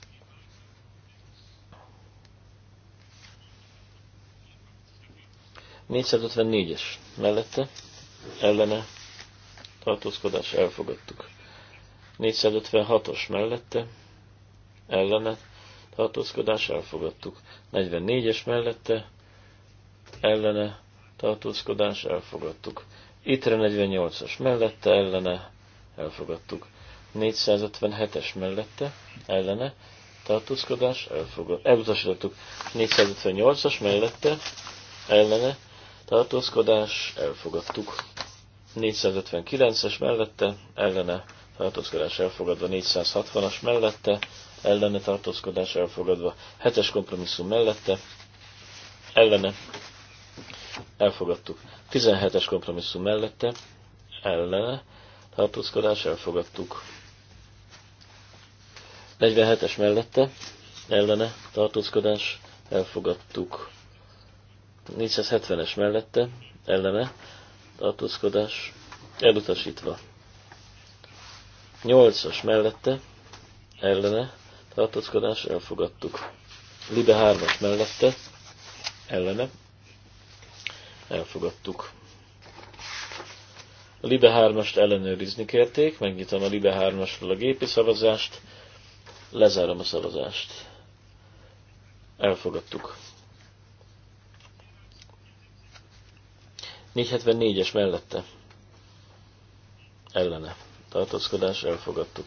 es mellette, ellene tartózkodás elfogadtuk. 456-os mellette, ellene tartózkodás elfogadtuk. 44-es mellette, ellene tartózkodás, elfogadtuk. Itre 48-as mellette, ellene, elfogadtuk. 457-es mellette, ellene, tartózkodás, elfogad, elutasítottuk. 458-as mellette, ellene, tartózkodás, elfogadtuk. 459-es mellette, ellene, tartózkodás elfogadva, 460-as mellette, ellene tartózkodás elfogadva, 7-es kompromisszum mellette, ellene elfogadtuk. 17-es kompromisszum mellette, ellene, tartózkodás, elfogadtuk. 47-es mellette, ellene, tartózkodás, elfogadtuk. 470-es mellette, ellene, tartózkodás, elutasítva. 8-as mellette, ellene, tartózkodás, elfogadtuk. Libe 3-as mellette, ellene, elfogadtuk. A Libe 3-ast ellenőrizni kérték, megnyitom a Libe 3-asról a gépi szavazást, lezárom a szavazást. Elfogadtuk. 474-es mellette. Ellene. Tartózkodás, elfogadtuk.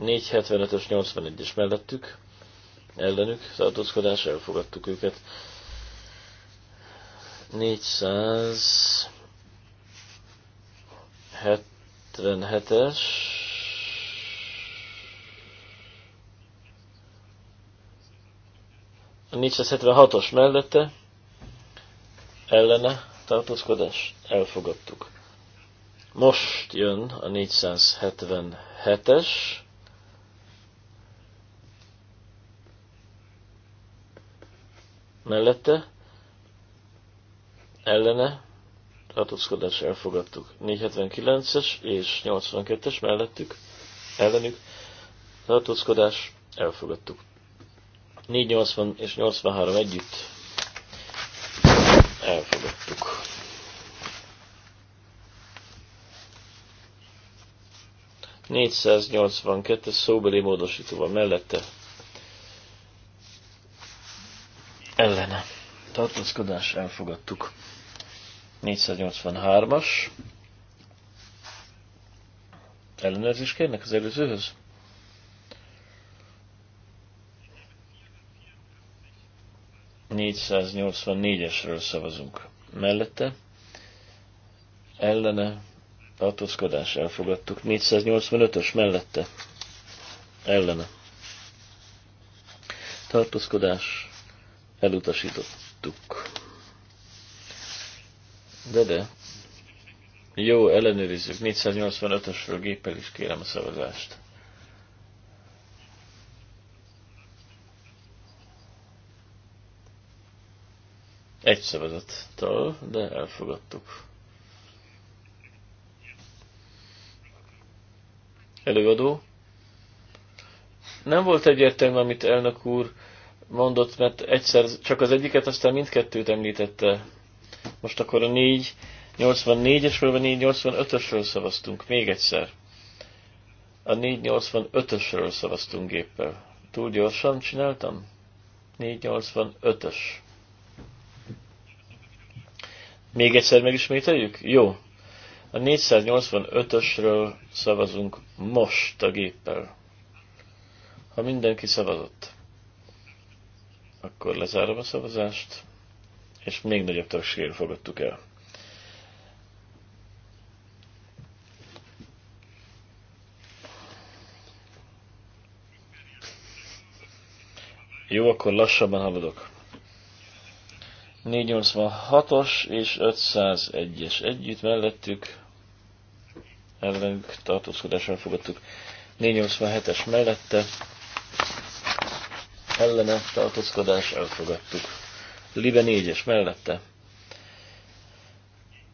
475-ös, 81-es mellettük. Ellenük, tartózkodás, elfogadtuk őket. 477-es a 476-os mellette ellene tartózkodás elfogadtuk. Most jön a 477-es, mellette ellene tartózkodás elfogadtuk. 479-es és 82-es mellettük ellenük tartózkodás elfogadtuk. 480 és 83 együtt elfogadtuk. es szóbeli módosítóval mellette ellene tartózkodás elfogadtuk. 483-as. Ellenőrzést kérnek az előzőhöz? ...484-esről szavazunk. Mellette ellene tartózkodás elfogadtuk. 485-ös mellette ellene tartózkodás elutasítottuk. De, de. Jó, ellenőrizzük. 485-ösről géppel is kérem a szavazást. Egy szavazattal, de elfogadtuk. Előadó. Nem volt egyértelmű, amit elnök úr mondott, mert egyszer csak az egyiket, aztán mindkettőt említette most akkor a 484-esről, vagy 485-ösről szavaztunk. Még egyszer. A 485-ösről szavaztunk géppel. Túl gyorsan csináltam? 485-ös. Még egyszer megismételjük? Jó. A 485-ösről szavazunk most a géppel. Ha mindenki szavazott, akkor lezárom a szavazást és még nagyobb többségére fogadtuk el. Jó, akkor lassabban haladok. 486-os és 501-es együtt mellettük, ellenük tartózkodással fogadtuk. 487-es mellette, ellene tartózkodás elfogadtuk. Libe 4-es mellette.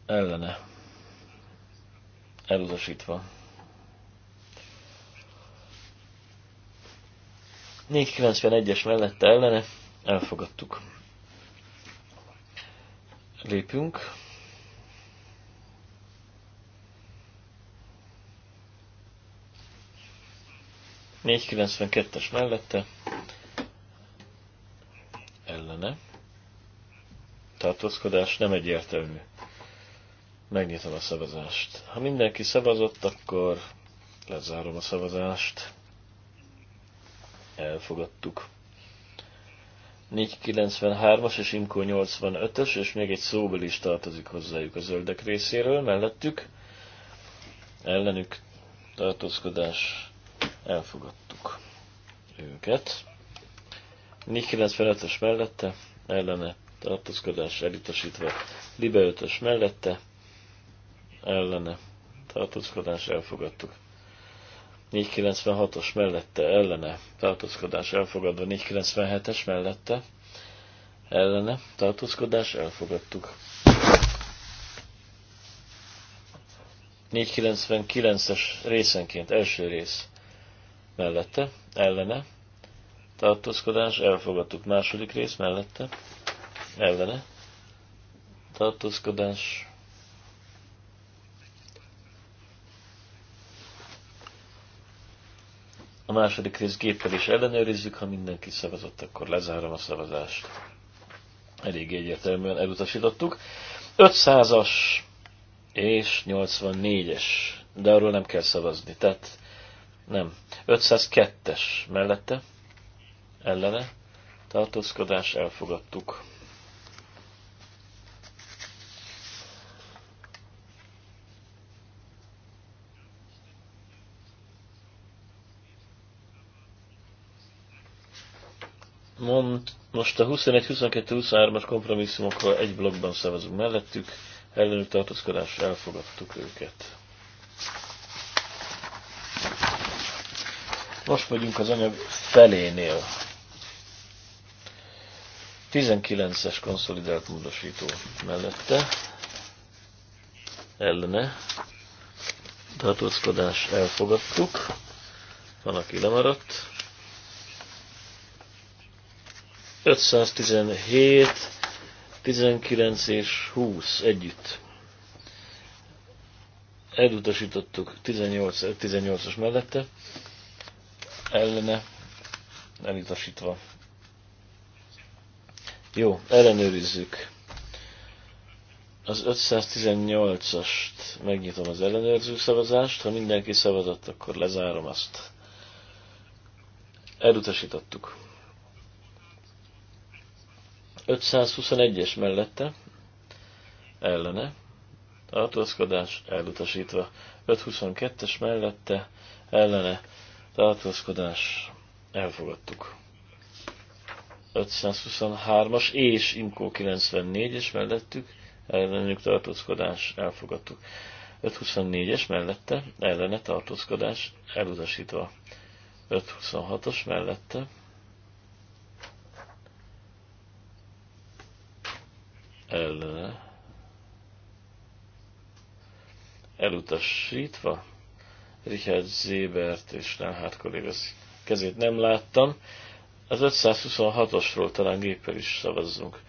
Ellene. Elutasítva. 491-es mellette ellene. Elfogadtuk. Lépünk. Négy kilencven kettes mellette ellene tartózkodás nem egyértelmű. Megnyitom a szavazást. Ha mindenki szavazott, akkor lezárom a szavazást. Elfogadtuk. 493-as és Imkó 85-ös, és még egy szóbeli is tartozik hozzájuk a zöldek részéről, mellettük. Ellenük tartózkodás elfogadtuk őket. 495-ös mellette ellene tartózkodás elutasítva, Libe 5 mellette, ellene, tartózkodás elfogadtuk. 496-os mellette, ellene, tartózkodás elfogadva, 497-es mellette, ellene, tartózkodás elfogadtuk. 499-es részenként, első rész mellette, ellene, tartózkodás elfogadtuk, második rész mellette, ellene tartózkodás A második rész géppel is ellenőrizzük, ha mindenki szavazott, akkor lezárom a szavazást. Elég egyértelműen elutasítottuk. 500-as és 84-es, de arról nem kell szavazni, tehát nem. 502-es mellette, ellene, tartózkodás, elfogadtuk. mond, most a 21, 22, 23-as kompromisszumokkal egy blokkban szavazunk mellettük, ellenük tartózkodás elfogadtuk őket. Most vagyunk az anyag felénél. 19-es konszolidált módosító mellette, ellene, tartózkodás elfogadtuk, van, aki lemaradt. 517, 19 és 20 együtt. Elutasítottuk 18, 18-as mellette, ellene elutasítva. Jó, ellenőrizzük. Az 518-ast megnyitom az ellenőrző szavazást, ha mindenki szavazott, akkor lezárom azt. Elutasítottuk. 521-es mellette ellene tartózkodás elutasítva. 522-es mellette ellene tartózkodás elfogadtuk. 523-as és Imkó 94-es mellettük ellenük tartózkodás elfogadtuk. 524-es mellette ellene tartózkodás elutasítva. 526-os mellette ellene elutasítva. Richard Zébert és Ránhát kolléga kezét nem láttam. Az 526-osról talán géppel is szavazzunk.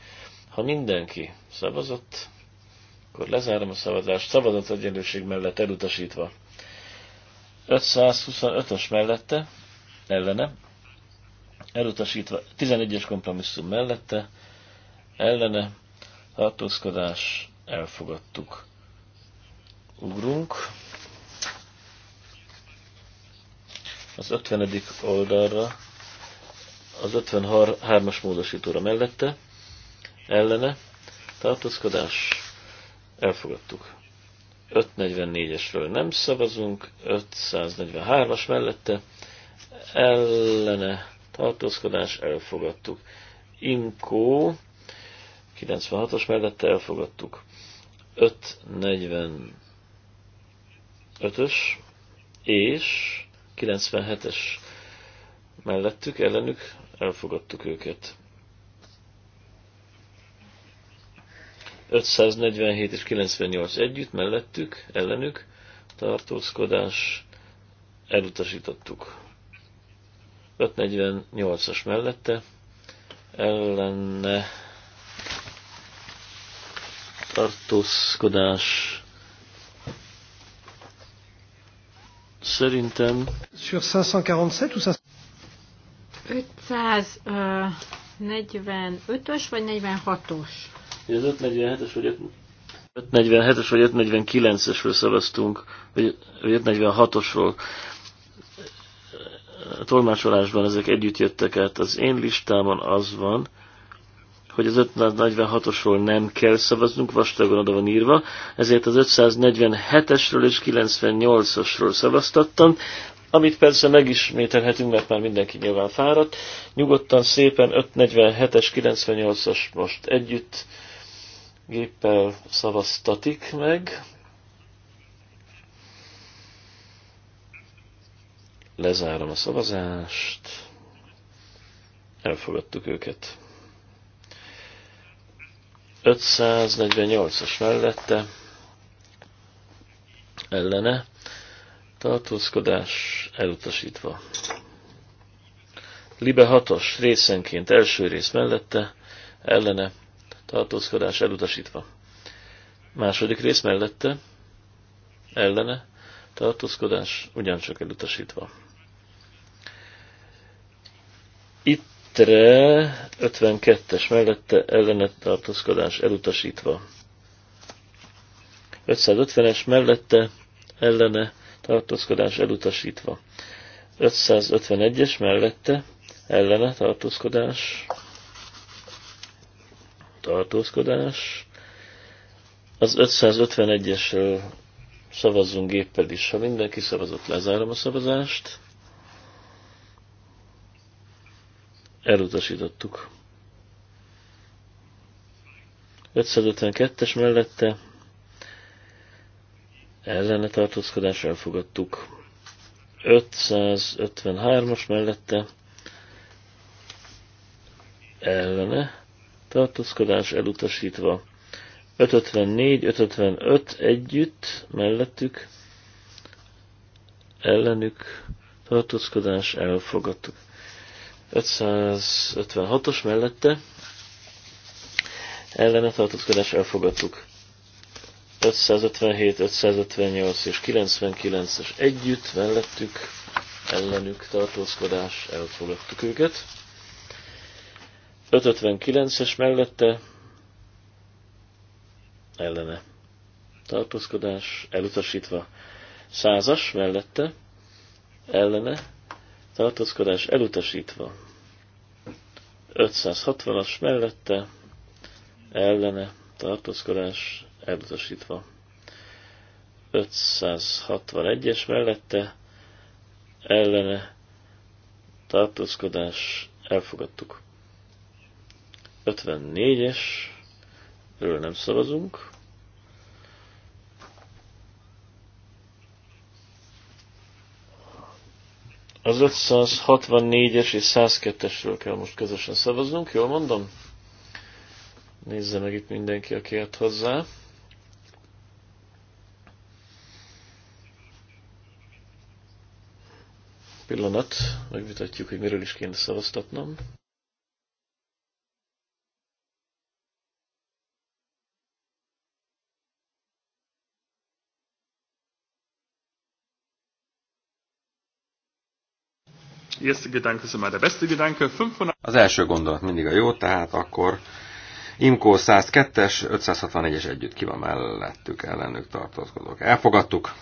Ha mindenki szavazott, akkor lezárom a szavazást. Szavazat egyenlőség mellett elutasítva. 525-ös mellette, ellene, elutasítva, 11-es kompromisszum mellette, ellene, tartózkodás, elfogadtuk. Ugrunk. Az 50. oldalra, az 53-as módosítóra mellette, ellene, tartózkodás, elfogadtuk. 544-esről nem szavazunk, 543-as mellette, ellene, tartózkodás, elfogadtuk. Inkó 96-os mellette elfogadtuk. 5.45-ös és 97-es mellettük, ellenük elfogadtuk őket. 547 és 98 együtt, mellettük, ellenük, tartózkodás, elutasítottuk. 548-as mellette, ellene tartózkodás. Szerintem... Sur 547 545-ös vagy 46-os? Ez 547-es vagy 547-es vagy 549-esről szavaztunk, vagy 546-osról. A tolmácsolásban ezek együtt jöttek át. Az én listámon az van, hogy az 546-osról nem kell szavaznunk, vastagon oda van írva, ezért az 547-esről és 98-osról szavaztattam, amit persze megismételhetünk, mert már mindenki nyilván fáradt. Nyugodtan szépen 547-es, 98-as most együtt géppel szavaztatik meg. Lezárom a szavazást. Elfogadtuk őket. 548-as mellette ellene tartózkodás elutasítva. Libe 6-os részenként első rész mellette ellene tartózkodás elutasítva. Második rész mellette ellene tartózkodás ugyancsak elutasítva. Itt ITRE 52-es mellette ellenet tartózkodás elutasítva. 550-es mellette ellene tartózkodás elutasítva. 551-es mellette ellene tartózkodás tartózkodás. Az 551 es szavazzunk géppel is. Ha mindenki szavazott, lezárom a szavazást. elutasítottuk. 552-es mellette ellene tartózkodás elfogadtuk. 553-as mellette ellene tartózkodás elutasítva. 554, 555 együtt mellettük ellenük tartózkodás elfogadtuk. 556-os mellette ellene tartózkodás elfogadtuk. 557, 558 és 99-es együtt mellettük ellenük tartózkodás, elfogadtuk őket. 559-es mellette ellene tartózkodás, elutasítva. 100-as mellette ellene tartózkodás elutasítva. 560-as mellette, ellene, tartózkodás elutasítva. 561-es mellette, ellene, tartózkodás elfogadtuk. 54-esről nem szavazunk. Az 564-es és 102-esről kell most közösen szavaznunk, jól mondom? Nézze meg itt mindenki, aki ért hozzá. Pillanat, megvitatjuk, hogy miről is kéne szavaztatnom. Az első gondolat mindig a jó, tehát akkor Imco 102-es, 564 es együtt ki van mellettük, ellenük tartozkodók. Elfogadtuk.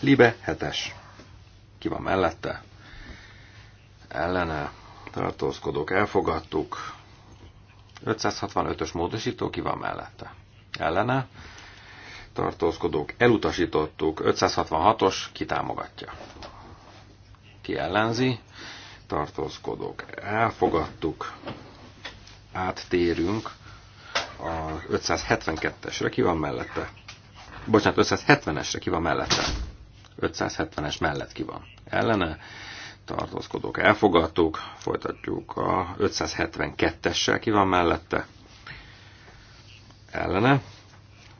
Libe 7-es. Ki van mellette? Ellene tartózkodók. Elfogadtuk. 565-ös módosító ki van mellette? Ellene tartózkodók. Elutasítottuk. 566-os kitámogatja ki ellenzi, tartózkodók elfogadtuk, áttérünk a 572-esre, ki van mellette? Bocsánat, 570-esre ki van mellette? 570-es mellett ki van ellene, tartózkodók elfogadtuk, folytatjuk a 572-essel ki van mellette? Ellene,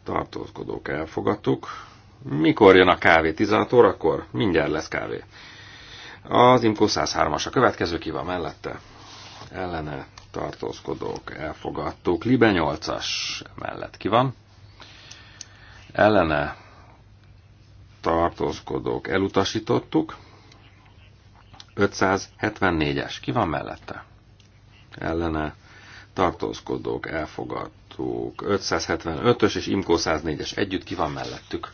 tartózkodók elfogadtuk, mikor jön a kávé? 16 órakor? Mindjárt lesz kávé. Az IMCO 103-as a következő, ki van mellette? Ellene tartózkodók, elfogadtuk. Libe 8-as mellett ki van? Ellene tartózkodók, elutasítottuk. 574-es, ki van mellette? Ellene tartózkodók, elfogadtuk. 575-ös és IMCO 104-es együtt ki van mellettük?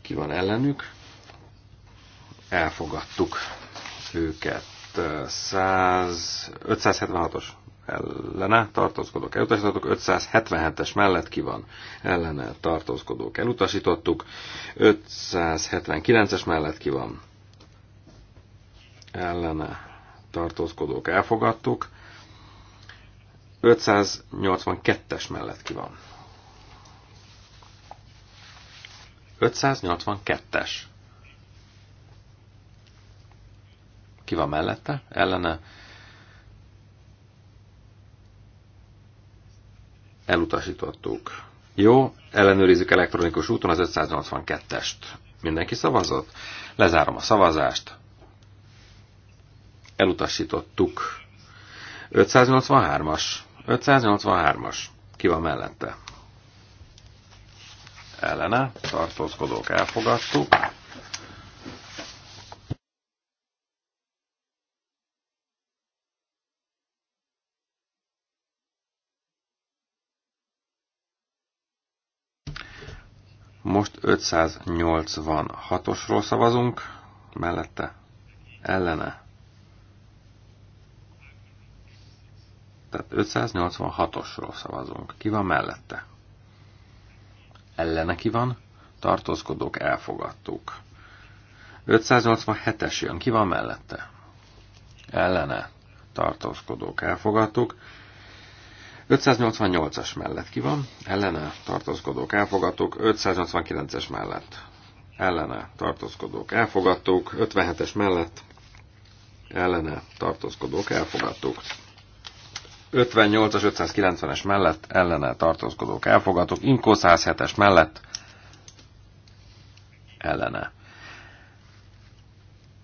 Ki van ellenük? elfogadtuk őket. 576-os ellene tartózkodók elutasítottuk, 577-es mellett ki van ellene tartózkodók elutasítottuk, 579-es mellett ki van ellene tartózkodók elfogadtuk, 582-es mellett ki van. 582-es. Ki van mellette? Ellene. Elutasítottuk. Jó, ellenőrizzük elektronikus úton az 582-est. Mindenki szavazott? Lezárom a szavazást. Elutasítottuk. 583-as. 583-as. Ki van mellette? Ellene. Tartózkodók elfogadtuk. Most 586-osról szavazunk, mellette ellene. Tehát 586-osról szavazunk. Ki van mellette? Ellene ki van? Tartózkodók elfogadtuk. 587-es jön. Ki van mellette? Ellene. Tartózkodók elfogadtuk. 588-as mellett ki van, ellene tartózkodók elfogadtuk, 589-es mellett ellene tartózkodók elfogadtuk, 57-es mellett ellene tartózkodók elfogadtuk. 58-as, 590-es mellett ellene tartózkodók elfogadtuk, Inko 107-es mellett ellene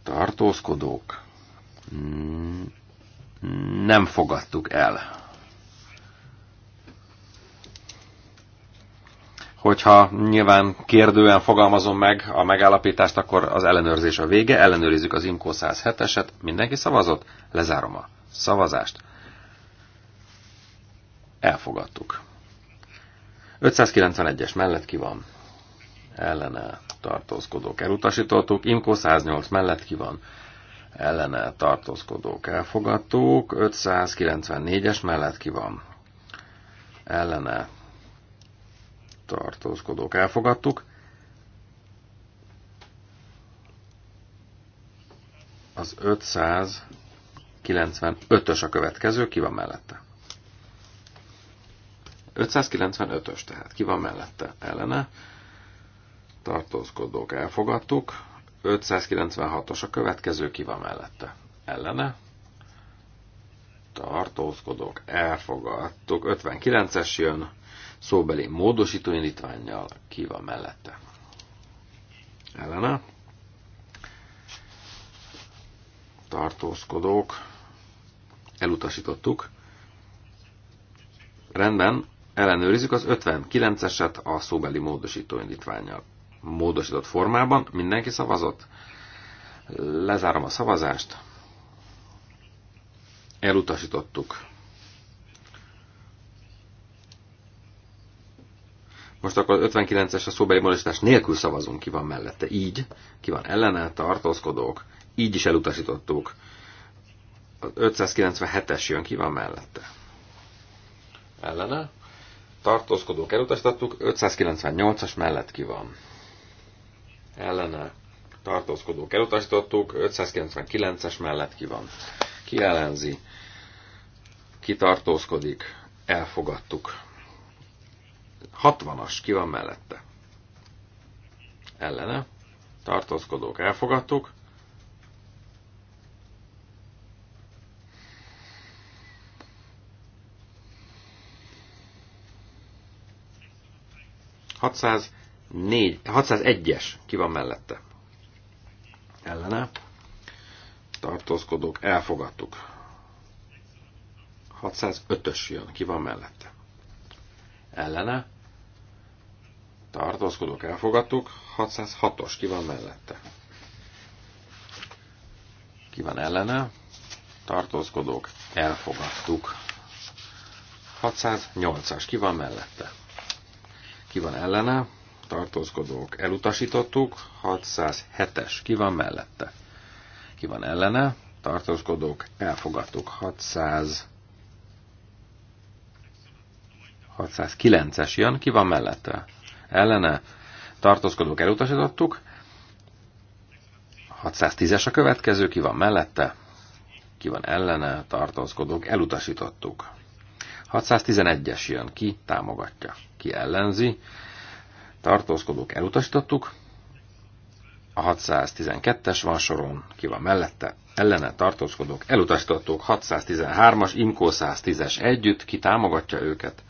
tartózkodók hmm, nem fogadtuk el. hogyha nyilván kérdően fogalmazom meg a megállapítást, akkor az ellenőrzés a vége, ellenőrizzük az IMCO 107-eset, mindenki szavazott, lezárom a szavazást. Elfogadtuk. 591-es mellett ki van? Ellene tartózkodók elutasítottuk, IMCO 108 mellett ki van? Ellene tartózkodók elfogadtuk, 594-es mellett ki van? Ellene tartózkodók elfogadtuk. Az 595-ös a következő, ki van mellette? 595-ös, tehát ki van mellette ellene? Tartózkodók elfogadtuk. 596-os a következő, ki van mellette? Ellene? Tartózkodók elfogadtuk. 59-es jön, szóbeli módosító indítványjal ki van mellette. Ellene. Tartózkodók. Elutasítottuk. Rendben, ellenőrizzük az 59-eset a szóbeli módosító indítványjal. Módosított formában mindenki szavazott. Lezárom a szavazást. Elutasítottuk. Most akkor 59-es a szóbeli módosítás nélkül szavazunk, ki van mellette. Így, ki van ellene, tartózkodók, így is elutasítottuk. Az 597-es jön, ki van mellette. Ellene, tartózkodók elutasítottuk, 598-as mellett ki van. Ellene, tartózkodók elutasítottuk, 599-es mellett ki van. Ki ellenzi, ki tartózkodik, elfogadtuk. 60-as, ki van mellette? Ellene. Tartózkodók, elfogadtuk. négy 601-es ki van mellette. Ellene. Tartózkodók, elfogadtuk. 605-ös jön, ki van mellette ellene, tartózkodók elfogadtuk, 606-os ki van mellette. Ki van ellene, tartózkodók elfogadtuk. 608-as ki van mellette. Ki van ellene, tartózkodók elutasítottuk, 607-es ki van mellette. Ki van ellene, tartózkodók elfogadtuk, 600 609-es jön, ki van mellette? Ellene tartózkodók elutasítottuk. 610-es a következő, ki van mellette? Ki van ellene tartózkodók elutasítottuk. 611-es jön, ki támogatja, ki ellenzi. Tartózkodók elutasítottuk. A 612-es van soron, ki van mellette, ellene tartózkodók, elutasítottuk 613-as, Imkó 110-es együtt, ki támogatja őket,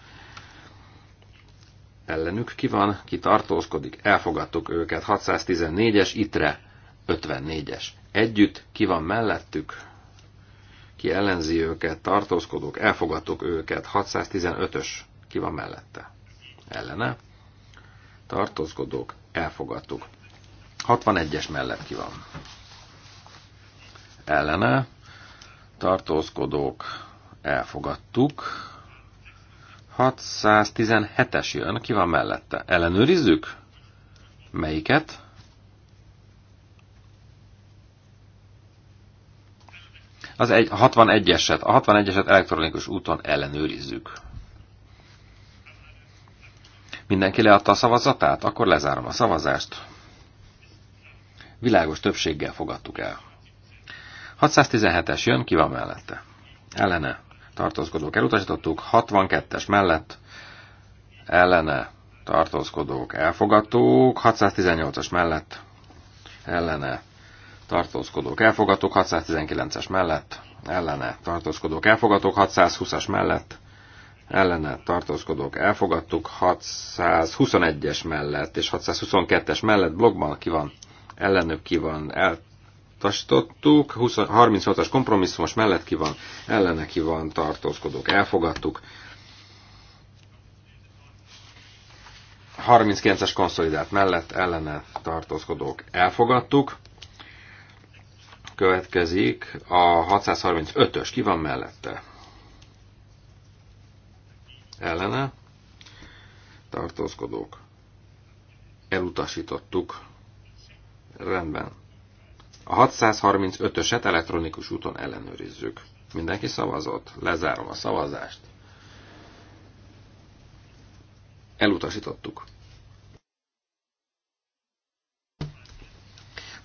ellenük ki van, ki tartózkodik, elfogadtuk őket, 614-es, itre 54-es. Együtt ki van mellettük, ki ellenzi őket, tartózkodók, elfogadtuk őket, 615-ös, ki van mellette, ellene, tartózkodók, elfogadtuk. 61-es mellett ki van. Ellene, tartózkodók, elfogadtuk. 617-es jön, ki van mellette? Ellenőrizzük? Melyiket? Az egy, a 61-eset, a 61-eset elektronikus úton ellenőrizzük. Mindenki leadta a szavazatát? Akkor lezárom a szavazást. Világos többséggel fogadtuk el. 617-es jön, ki van mellette? Ellene tartózkodók elutasítottuk, 62-es mellett ellene tartózkodók elfogadtuk, 618-as mellett ellene tartózkodók elfogadtuk, 619-es mellett ellene tartózkodók elfogadtuk, 620-as mellett ellene tartózkodók elfogadtuk, 621-es mellett és 622-es mellett blogban ki van, ellenük ki van, el, elutasítottuk, 36-as kompromisszumos mellett ki van, ellene ki van, tartózkodók, elfogadtuk. 39-es konszolidált mellett ellene tartózkodók, elfogadtuk. Következik a 635-ös, ki van mellette? Ellene tartózkodók, elutasítottuk. Rendben a 635-öset elektronikus úton ellenőrizzük. Mindenki szavazott? Lezárom a szavazást. Elutasítottuk.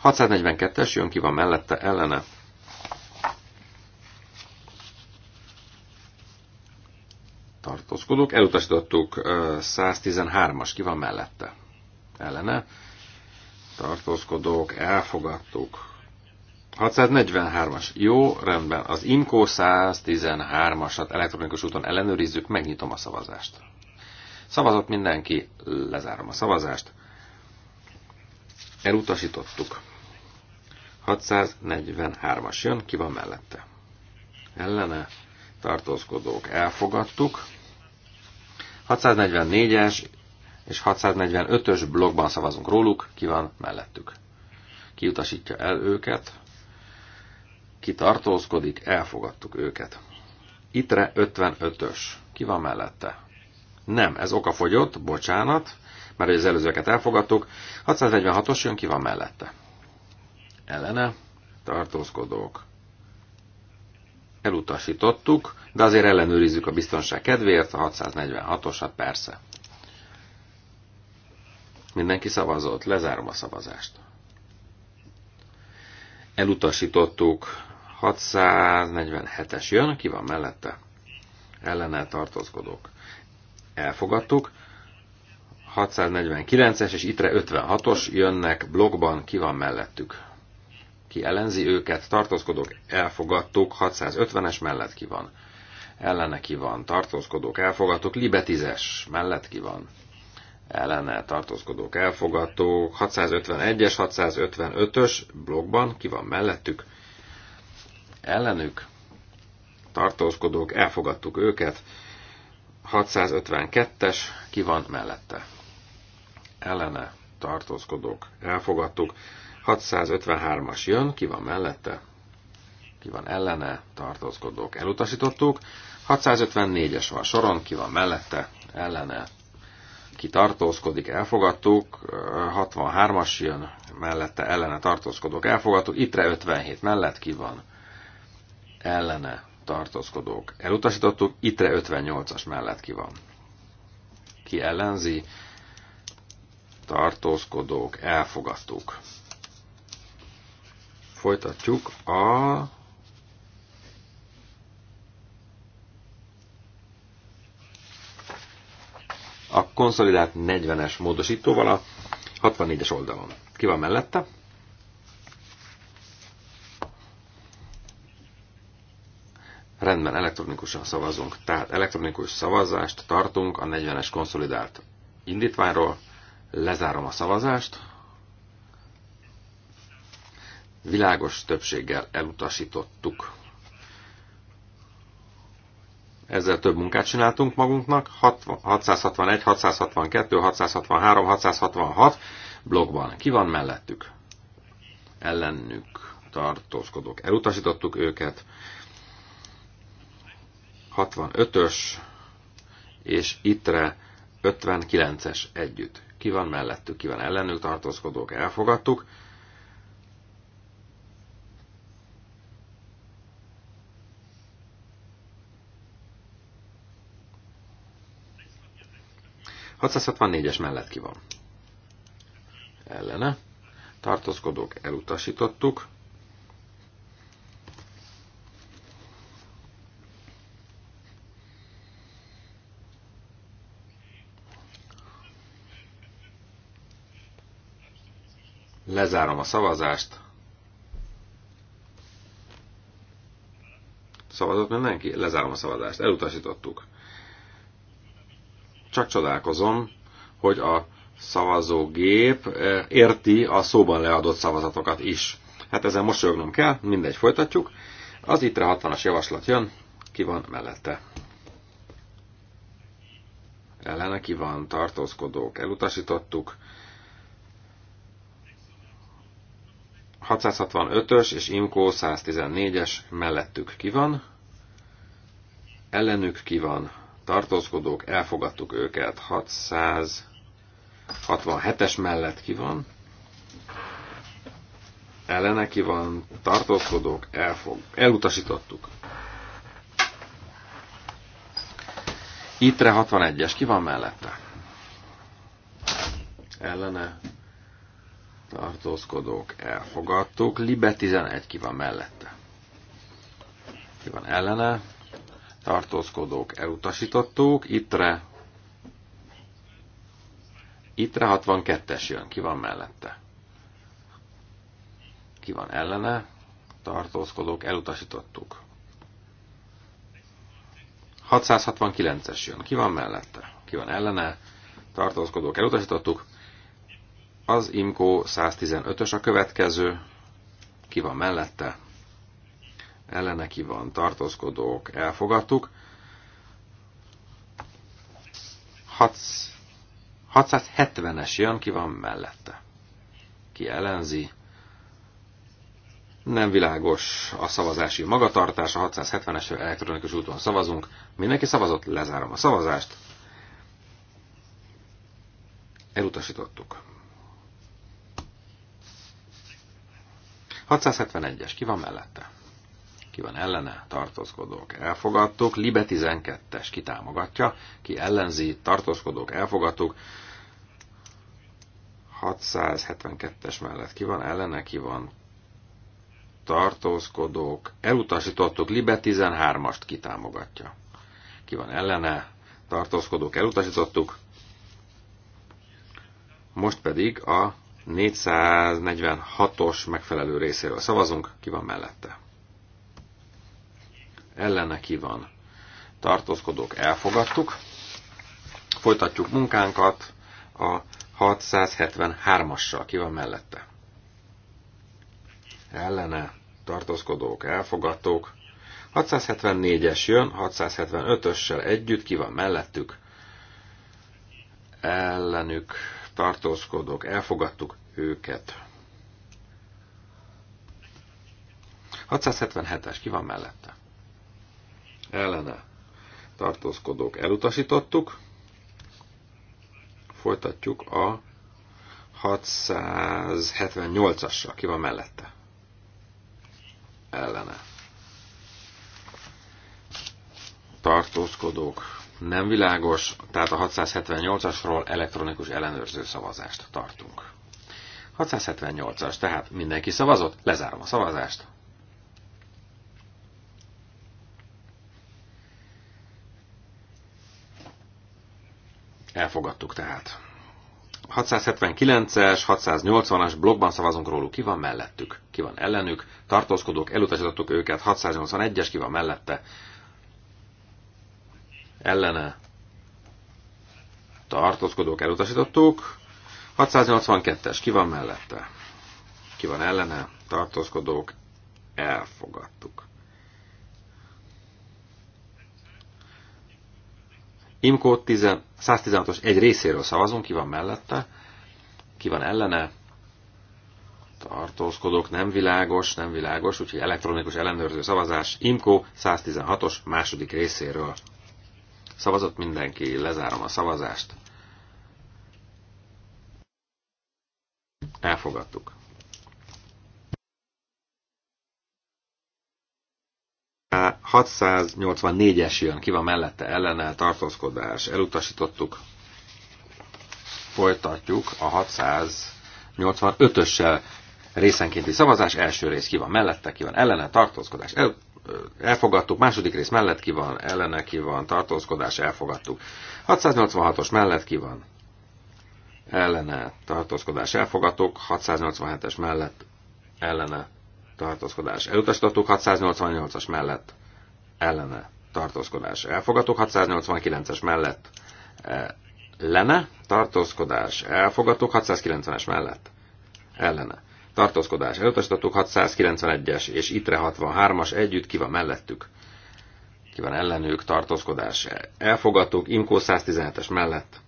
642-es jön ki van mellette ellene. Tartózkodók. Elutasítottuk 113-as ki van mellette. Ellene. Tartózkodók. Elfogadtuk 643-as. Jó, rendben. Az IMCO 113-asat elektronikus úton ellenőrizzük, megnyitom a szavazást. Szavazott mindenki, lezárom a szavazást. Elutasítottuk. 643-as jön, ki van mellette? Ellene tartózkodók elfogadtuk. 644-es és 645-ös blogban szavazunk róluk, ki van mellettük. Kiutasítja el őket? ki tartózkodik, elfogadtuk őket. Itre 55-ös. Ki van mellette? Nem, ez okafogyott, bocsánat, mert az előzőket elfogadtuk. 646-os jön, ki van mellette? Ellene, tartózkodók. Elutasítottuk, de azért ellenőrizzük a biztonság kedvéért a 646-osat, hát persze. Mindenki szavazott, lezárom a szavazást. Elutasítottuk 647-es jön, ki van mellette? Ellene tartózkodók. Elfogadtuk. 649-es és itre 56-os jönnek blogban, ki van mellettük? Ki ellenzi őket? Tartózkodók elfogadtuk, 650-es mellett ki van? Ellene ki van, tartózkodók elfogadtuk, libe 10-es mellett ki van? Ellene tartózkodók elfogadtuk, 651-es, 655-ös blogban, ki van mellettük? ellenük tartózkodók, elfogadtuk őket. 652-es, ki van mellette? Ellene tartózkodók, elfogadtuk. 653-as jön, ki van mellette? Ki van ellene, tartózkodók, elutasítottuk. 654-es van soron, ki van mellette, ellene, ki tartózkodik, elfogadtuk. 63-as jön, mellette, ellene tartózkodók, elfogadtuk. ittre 57 mellett, ki van ellene tartózkodók elutasítottuk, itre 58-as mellett ki van. Ki ellenzi, tartózkodók elfogadtuk. Folytatjuk a a konszolidált 40-es módosítóval a 64-es oldalon. Ki van mellette? Rendben, elektronikusan szavazunk. Tehát elektronikus szavazást tartunk a 40-es konszolidált indítványról. Lezárom a szavazást. Világos többséggel elutasítottuk. Ezzel több munkát csináltunk magunknak. 661, 662, 663, 666 blogban. Ki van mellettük? Ellenük tartózkodók. Elutasítottuk őket. 65-ös és ittre 59-es együtt. Ki van mellettük, ki van ellenük, tartózkodók, elfogadtuk. es mellett ki van. Ellene. Tartózkodók elutasítottuk. Lezárom a szavazást. Szavazott mindenki? Lezárom a szavazást. Elutasítottuk. Csak csodálkozom, hogy a szavazógép eh, érti a szóban leadott szavazatokat is. Hát ezen mosolyognom kell, mindegy, folytatjuk. Az ittre 60-as javaslat jön, ki van mellette. Ellene ki van, tartózkodók, elutasítottuk. 665-ös és Imco 114-es mellettük ki van, ellenük ki van, tartózkodók, elfogadtuk őket, 667-es mellett ki van, ellene ki van, tartózkodók, elfog, elutasítottuk. Itre 61-es, ki van mellette? Ellene, tartózkodók elfogadtuk. Libe 11 ki van mellette. Ki van ellene, tartózkodók elutasítottuk. Ittre, ittre 62-es jön, ki van mellette. Ki van ellene, tartózkodók elutasítottuk. 669-es jön, ki van mellette, ki van ellene, tartózkodók elutasítottuk. Az IMCO 115-ös a következő. Ki van mellette? Ellene ki van tartózkodók? Elfogadtuk. 670-es jön, ki van mellette? Ki ellenzi? Nem világos a szavazási magatartás, a 670-esről elektronikus úton szavazunk. Mindenki szavazott, lezárom a szavazást. Elutasítottuk. 671-es, ki van mellette? Ki van ellene? Tartózkodók, elfogadtuk. Libe 12-es, ki támogatja? Ki ellenzi? Tartózkodók, elfogadtuk. 672-es mellett ki van ellene, ki van tartózkodók, elutasítottuk, Libe 13-ast kitámogatja. Ki van ellene, tartózkodók, elutasítottuk. Most pedig a 446-os megfelelő részéről szavazunk, ki van mellette. Ellene ki van. Tartózkodók elfogadtuk. Folytatjuk munkánkat a 673-assal, ki van mellette. Ellene tartózkodók elfogadtuk. 674-es jön, 675-össel együtt, ki van mellettük. Ellenük tartózkodok, elfogadtuk őket. 677-es, ki van mellette? Ellene tartózkodók elutasítottuk. Folytatjuk a 678 asra ki van mellette? Ellene tartózkodók nem világos, tehát a 678-asról elektronikus ellenőrző szavazást tartunk. 678-as, tehát mindenki szavazott, lezárom a szavazást. Elfogadtuk tehát. 679-es, 680-as blogban szavazunk róluk, ki van mellettük, ki van ellenük, tartózkodók, elutasítottuk őket, 681-es, ki van mellette, ellene tartózkodók elutasítottuk. 682-es, ki van mellette? Ki van ellene? Tartózkodók elfogadtuk. Imkó 116-os egy részéről szavazunk, ki van mellette, ki van ellene, tartózkodók, nem világos, nem világos, úgyhogy elektronikus ellenőrző szavazás, Imkó 116-os második részéről Szavazott mindenki, lezárom a szavazást. Elfogadtuk. A 684-es jön, ki van mellette ellene, tartózkodás, elutasítottuk. Folytatjuk a 685-össel részenkénti szavazás, első rész ki van mellette, ki van ellene, tartózkodás, el, elfogadtuk, második rész mellett ki van, ellene ki van, tartózkodás, elfogadtuk. 686-os mellett ki van, ellene, tartózkodás, elfogadtuk, 687-es mellett, ellene, tartózkodás, elutasítottuk, 688-as mellett, ellene, tartózkodás, elfogadtuk, 689-es mellett, e, ellene, tartózkodás, elfogadtuk, 690-es mellett, ellene tartózkodás elutasítottuk, 691-es és ITRE 63-as együtt ki van mellettük. Ki van ellenük, tartózkodás elfogadtuk, IMKO 117-es mellett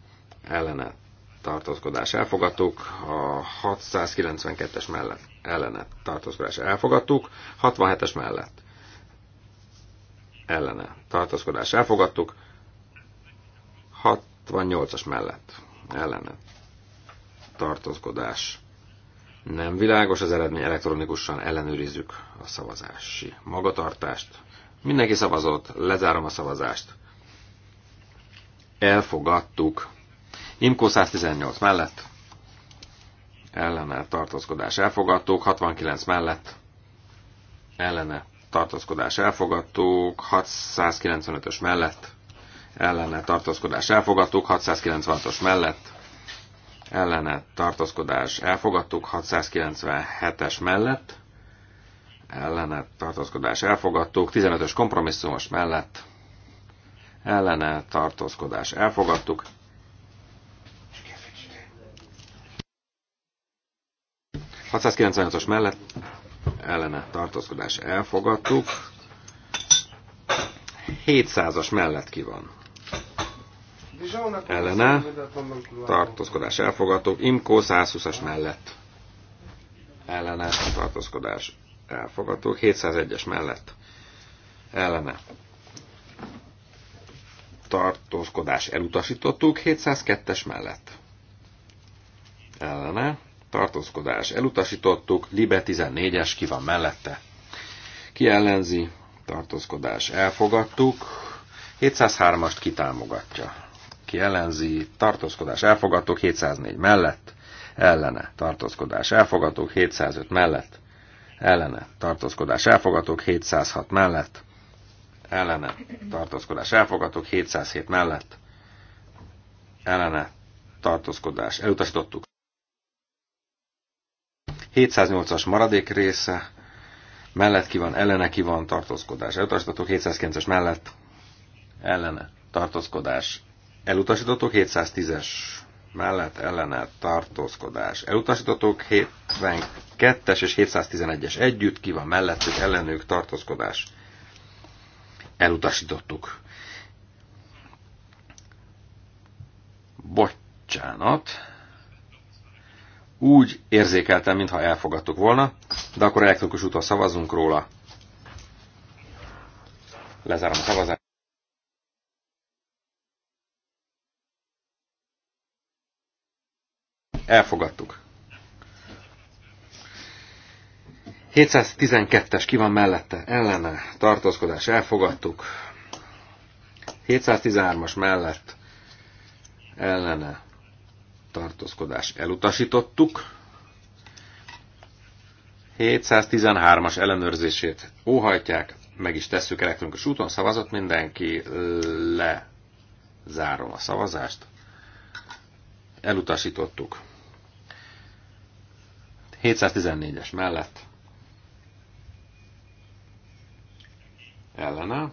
ellene tartózkodás elfogadtuk, a 692-es mellett ellene tartózkodás elfogadtuk, 67-es mellett ellene tartózkodás elfogadtuk, 68-as mellett ellene tartózkodás nem világos az eredmény, elektronikusan ellenőrizzük a szavazási magatartást. Mindenki szavazott, lezárom a szavazást. Elfogadtuk. Imkó 118 mellett. Ellene tartózkodás elfogadtuk. 69 mellett. Ellene tartózkodás elfogadtuk. 695-ös mellett. Ellene tartózkodás elfogadtuk. 696-os mellett ellene tartózkodás elfogadtuk, 697-es mellett ellene tartózkodás elfogadtuk, 15-ös kompromisszumos mellett ellene tartózkodás elfogadtuk. ...698-as mellett ellene tartózkodás elfogadtuk. 700-as mellett ki van ellene, tartózkodás elfogadtuk, Imkó 120-as mellett ellene, tartózkodás elfogadtuk, 701-es mellett ellene, tartózkodás elutasítottuk, 702-es mellett ellene, tartózkodás elutasítottuk, Libe 14-es ki van mellette, ki ellenzi, tartózkodás elfogadtuk, 703-ast kitámogatja aki ellenzi, tartózkodás elfogadtuk, 704 mellett, ellene, tartózkodás elfogadtuk, 705 mellett, ellene, tartózkodás elfogadtuk, 706 mellett, ellene, tartózkodás elfogadtuk, 707 mellett, ellene, tartózkodás elutasítottuk. 708-as maradék része, mellett ki van, ellene ki van, tartózkodás elutasítottuk, 709-es mellett, ellene, tartózkodás Elutasítottok 710-es mellett ellene tartózkodás. Elutasítottok 72-es és 711-es együtt, ki van mellettük ellenők tartózkodás. Elutasítottuk. Bocsánat. Úgy érzékeltem, mintha elfogadtuk volna, de akkor elektronikus úton szavazunk róla. Lezárom a szavazást. Elfogadtuk. 712-es ki van mellette, ellene, tartózkodás, elfogadtuk. 713-as mellett, ellene, tartózkodás, elutasítottuk. 713-as ellenőrzését óhajtják, meg is tesszük elektronikus úton, szavazott mindenki, lezárom a szavazást. Elutasítottuk. 714-es mellett ellene.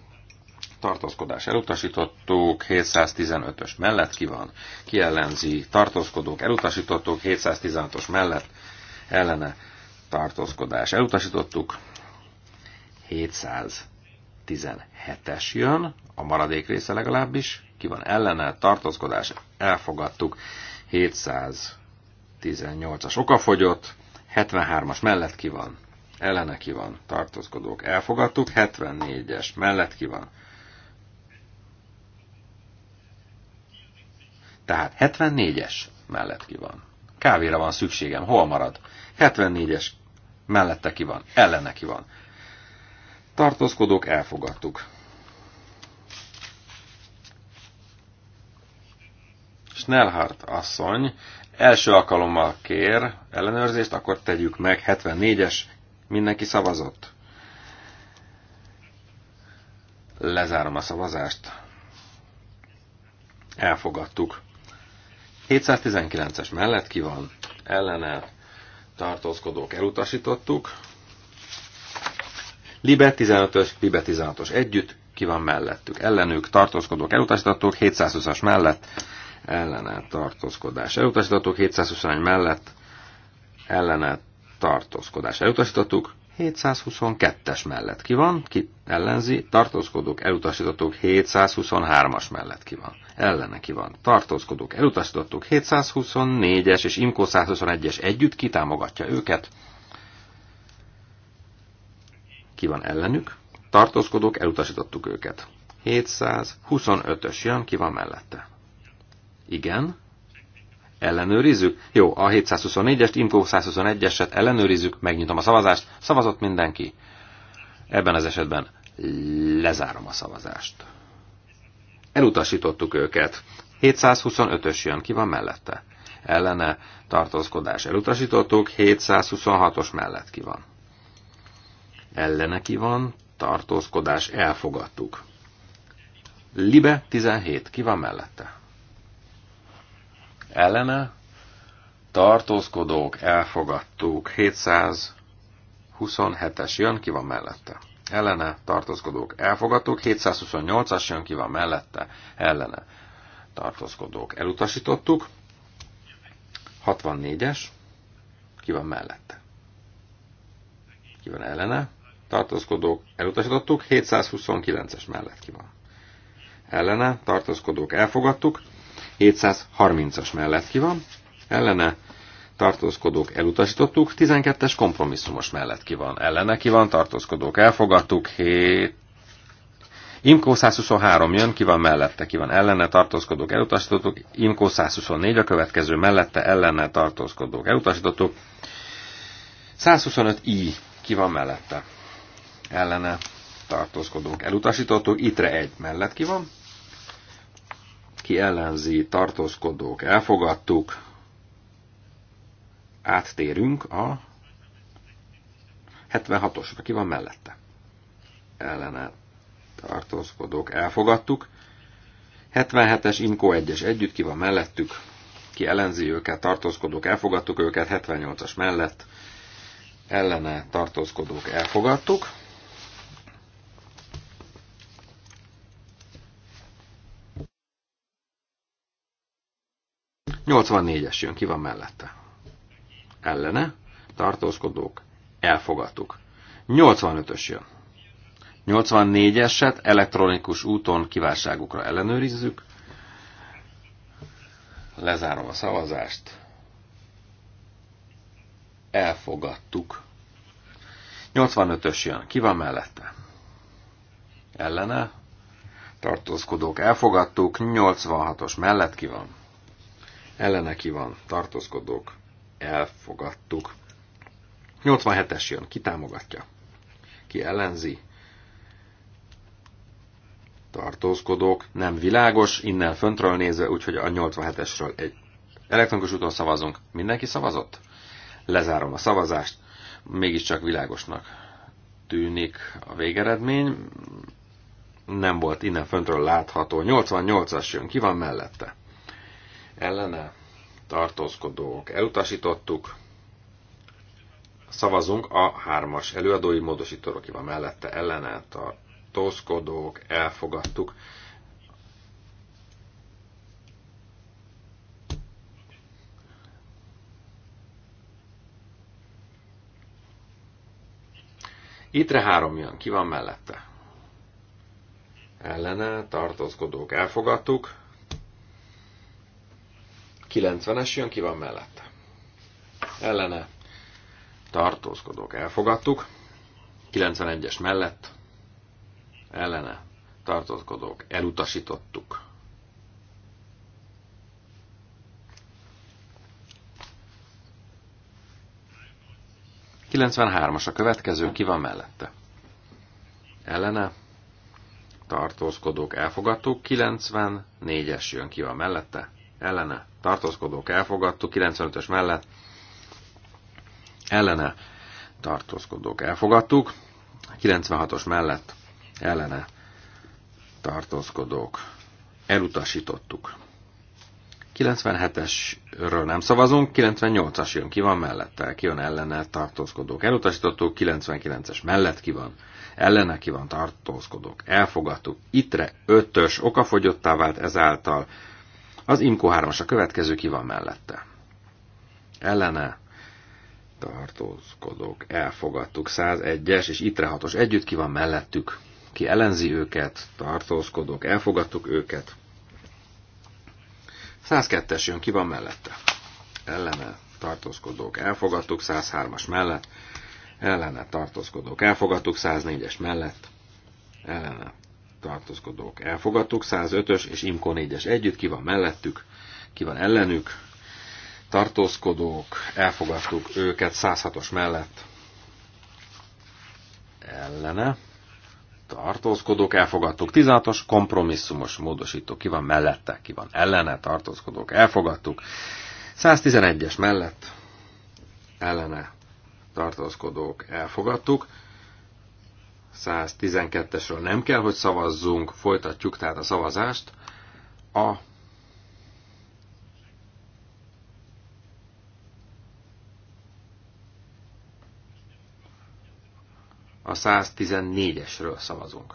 Tartózkodás elutasítottuk, 715-ös mellett ki van, kiellenzi tartózkodók elutasítottuk, 716-os mellett ellene tartózkodás elutasítottuk, 717-es jön, a maradék része legalábbis, ki van ellene, tartózkodás elfogadtuk, 718-as okafogyott, 73-as mellett ki van, ellene ki van, tartózkodók elfogadtuk, 74-es mellett ki van. Tehát 74-es mellett ki van. Kávéra van szükségem, hol marad? 74-es mellette ki van, ellene ki van. Tartózkodók elfogadtuk. Snellhart asszony első alkalommal kér ellenőrzést, akkor tegyük meg. 74-es, mindenki szavazott. Lezárom a szavazást. Elfogadtuk. 719-es mellett ki van, ellene tartózkodók elutasítottuk. Libe 15-ös, Libe 16-os együtt, ki van mellettük. Ellenük tartózkodók elutasítottuk, 720-as mellett ellene tartózkodás elutasítottuk, 721 mellett ellene tartózkodás elutasítottuk, 722-es mellett ki van, ki ellenzi, tartózkodók elutasítottuk 723-as mellett ki van, ellene ki van, tartózkodók elutasítottuk 724-es és imkó 121-es együtt kitámogatja őket, ki van ellenük, tartózkodók elutasítottuk őket. 725-ös jön, ki van mellette. Igen. Ellenőrizzük? Jó, a 724-est, Imco 121-eset ellenőrizzük, megnyitom a szavazást. Szavazott mindenki. Ebben az esetben lezárom a szavazást. Elutasítottuk őket. 725-ös jön, ki van mellette? Ellene tartózkodás elutasítottuk, 726-os mellett ki van. Ellene ki van, tartózkodás elfogadtuk. Libe 17, ki van mellette? ellene, tartózkodók, elfogadtuk, 727-es jön, ki van mellette. Ellene, tartózkodók, elfogadtuk, 728-as jön, ki van mellette, ellene, tartózkodók, elutasítottuk, 64-es, ki van mellette. Ki van ellene, tartózkodók, elutasítottuk, 729-es mellett ki van. Ellene, tartózkodók, elfogadtuk, 730-as mellett ki van, ellene tartózkodók elutasítottuk, 12-es kompromisszumos mellett ki van, ellene ki van, tartózkodók elfogadtuk, 7 Imkó 123 jön, ki van mellette, ki van ellene, tartózkodók, elutasítottuk. Imkó 124 a következő mellette, ellene, tartózkodók, elutasítottuk. 125 i, ki van mellette, ellene, tartózkodók, elutasítottuk. Itre egy mellett ki van, ki ellenzi, tartózkodók, elfogadtuk. Áttérünk a 76-osra, ki van mellette. Ellene tartózkodók, elfogadtuk. 77-es Imko 1-es együtt, ki van mellettük, ki ellenzi őket, tartózkodók, elfogadtuk őket, 78-as mellett, ellene tartózkodók, elfogadtuk. 84-es jön, ki van mellette? Ellene, tartózkodók, elfogadtuk. 85-ös jön. 84-eset elektronikus úton kiválságukra ellenőrizzük. Lezárom a szavazást. Elfogadtuk. 85-ös jön. Ki van mellette? Ellene. Tartózkodók elfogadtuk. 86-os mellett ki van? ellene ki van, tartózkodók, elfogadtuk. 87-es jön, ki támogatja, ki ellenzi, tartózkodók, nem világos, innen föntről nézve, úgyhogy a 87-esről egy elektronikus úton szavazunk. Mindenki szavazott? Lezárom a szavazást, mégiscsak világosnak tűnik a végeredmény. Nem volt innen föntről látható. 88-as jön, ki van mellette? ellene tartózkodók elutasítottuk. Szavazunk a hármas előadói módosítóra, aki van mellette ellene tartózkodók, elfogadtuk. Ittre három jön, ki van mellette? Ellene tartózkodók elfogadtuk. 90-es jön, ki van mellette? Ellene tartózkodók elfogadtuk. 91-es mellett ellene tartózkodók elutasítottuk. 93-as a következő, ki van mellette? Ellene tartózkodók elfogadtuk, 94-es jön ki van mellette, ellene tartózkodók elfogadtuk, 95-ös mellett ellene tartózkodók elfogadtuk, 96-os mellett ellene tartózkodók elutasítottuk. 97-esről nem szavazunk, 98-as jön, ki van mellette, ki van ellene, tartózkodók elutasítottuk, 99-es mellett ki van, ellene ki van, tartózkodók elfogadtuk, itre 5-ös okafogyottá vált ezáltal, az Imko 3-as a következő, ki van mellette? Ellene tartózkodók, elfogadtuk. 101-es és ITRE 6-os együtt ki van mellettük? Ki ellenzi őket? Tartózkodók, elfogadtuk őket. 102-es jön, ki van mellette? Ellene tartózkodók, elfogadtuk. 103-as mellett ellene tartózkodók, elfogadtuk. 104-es mellett ellene tartózkodók elfogadtuk, 105-ös és IMCO 4-es együtt, ki van mellettük, ki van ellenük, tartózkodók, elfogadtuk őket 106-os mellett, ellene, tartózkodók, elfogadtuk 16-os, kompromisszumos módosító, ki van mellette, ki van ellene, tartózkodók, elfogadtuk, 111-es mellett, ellene, tartózkodók, elfogadtuk, 112-esről nem kell, hogy szavazzunk, folytatjuk tehát a szavazást. A a 114-esről szavazunk.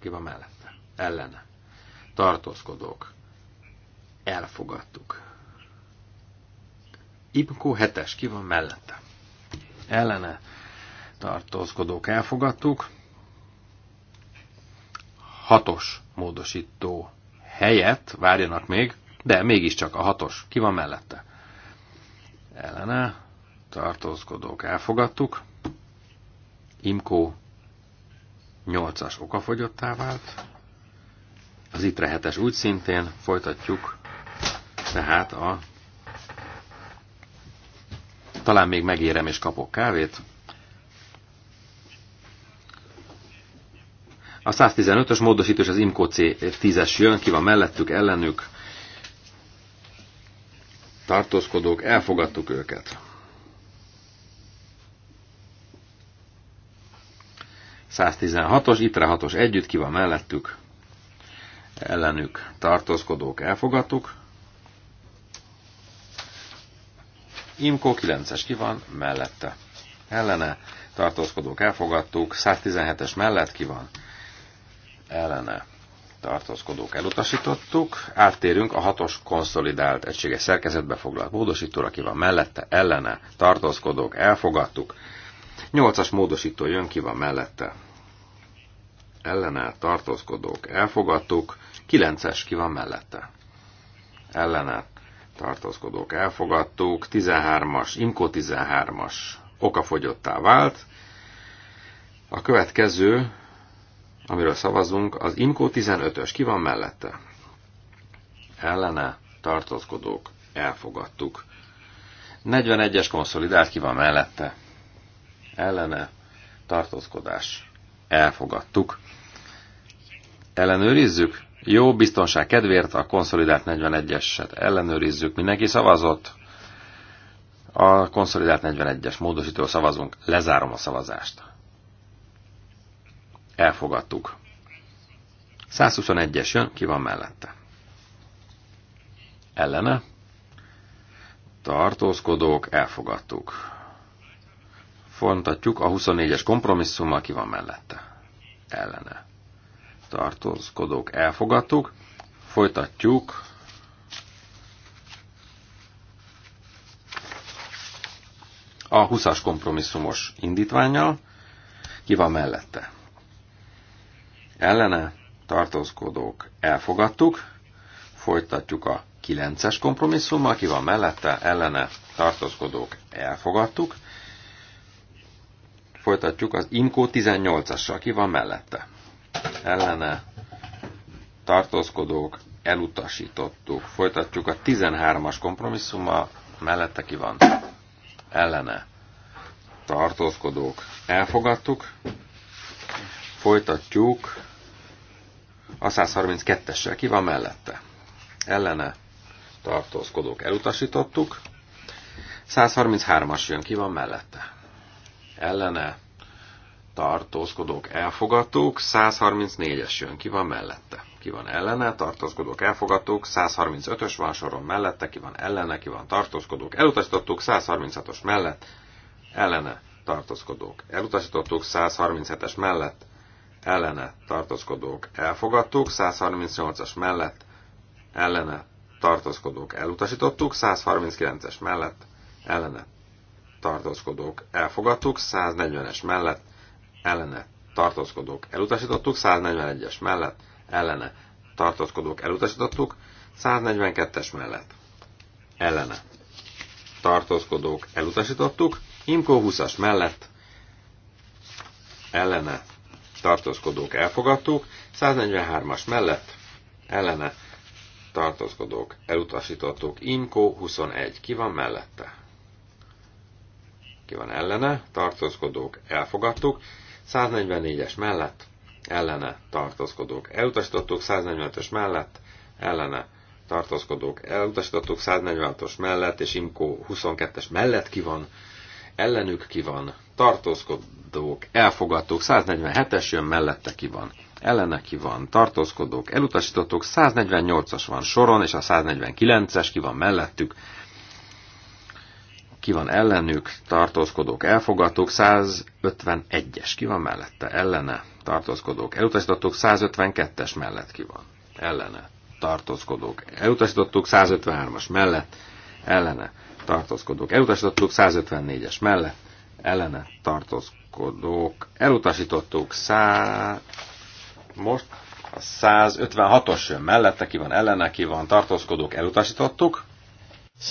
Ki van mellette? Ellene. Tartózkodók. Elfogadtuk. Ipkó 7-es, ki van mellette? Ellene. Tartózkodók elfogadtuk hatos módosító helyett várjanak még, de mégiscsak a hatos. Ki van mellette? Ellene tartózkodók elfogadtuk. Imkó 8-as okafogyottá vált. Az ITRE 7 úgy szintén folytatjuk, tehát a talán még megérem és kapok kávét. A 115-ös és az IMCO C10-es jön, ki van mellettük, ellenük. Tartózkodók, elfogadtuk őket. 116-os, ITRE 6-os együtt, ki van mellettük, ellenük tartózkodók, elfogadtuk. IMCO 9-es ki van mellette, ellene tartózkodók, elfogadtuk. 117-es mellett ki van, ellene tartózkodók elutasítottuk. Áttérünk a hatos konszolidált egységes szerkezetbe foglalt módosítóra, aki van mellette, ellene tartózkodók elfogadtuk. Nyolcas módosító jön, ki van mellette. Ellene tartózkodók elfogadtuk. Kilences ki van mellette. Ellene tartózkodók elfogadtuk. 13-as, Imko 13-as okafogyottá vált. A következő amiről szavazunk, az IMCO 15-ös. Ki van mellette? Ellene tartózkodók. Elfogadtuk. 41-es konszolidált ki van mellette? Ellene tartózkodás. Elfogadtuk. Ellenőrizzük? Jó, biztonság kedvéért a konszolidált 41-eset ellenőrizzük. Mindenki szavazott? A konszolidált 41-es módosító szavazunk. Lezárom a szavazást. Elfogadtuk. 121-es jön, ki van mellette? Ellene. Tartózkodók, elfogadtuk. Fontatjuk a 24-es kompromisszummal, ki van mellette? Ellene. Tartózkodók, elfogadtuk. Folytatjuk a 20-as kompromisszumos indítványjal. Ki van mellette? ellene tartózkodók elfogadtuk. Folytatjuk a kilences kompromisszummal, ki van mellette, ellene tartózkodók elfogadtuk. Folytatjuk az Imkó 18-assal, ki van mellette, ellene tartózkodók elutasítottuk. Folytatjuk a 13-as kompromisszummal, mellette ki van, ellene tartózkodók elfogadtuk. Folytatjuk a 132-essel. Ki van mellette? Ellene tartózkodók elutasítottuk. 133-as jön, ki van mellette? Ellene tartózkodók elfogadtuk, 134-es jön, ki van mellette? Ki van ellene, tartózkodók elfogadtuk, 135-ös van soron mellette, ki van ellene, ki van tartózkodók elutasítottuk, 136-os mellett, ellene tartózkodók elutasítottuk, 137-es mellett, ellene tartózkodók elfogadtuk, 138-as mellett ellene tartózkodók elutasítottuk, 139-es mellett ellene tartózkodók elfogadtuk, 140-es mellett ellene tartózkodók elutasítottuk, 141-es mellett ellene tartózkodók elutasítottuk, 142-es mellett ellene tartózkodók elutasítottuk, Imko 20-as mellett ellene tartózkodók elfogadtuk, 143-as mellett ellene tartózkodók elutasítottuk, Imko 21, ki van mellette? Ki van ellene, tartózkodók elfogadtuk, 144-es mellett ellene tartózkodók elutasítottuk, 145-ös mellett ellene tartózkodók elutasítottuk, 146-os mellett és Imko 22-es mellett ki van, ellenük ki van, tartózkodók, elfogadtók, 147-es jön mellette ki van, ellene ki van, tartózkodók, elutasítottók, 148-as van soron, és a 149-es ki van mellettük, ki van ellenük, tartózkodók, elfogadók, 151-es ki van mellette, ellene, tartózkodók, elutasítottók, 152-es mellett ki van, ellene, tartózkodók, elutasítottók, 153-as mellett, ellene, tartózkodók, elutasítottók, 154-es mellett, ellene tartózkodók elutasítottuk. Szá... Most a 156-os jön mellette, ki van ellene, ki van tartózkodók, elutasítottuk.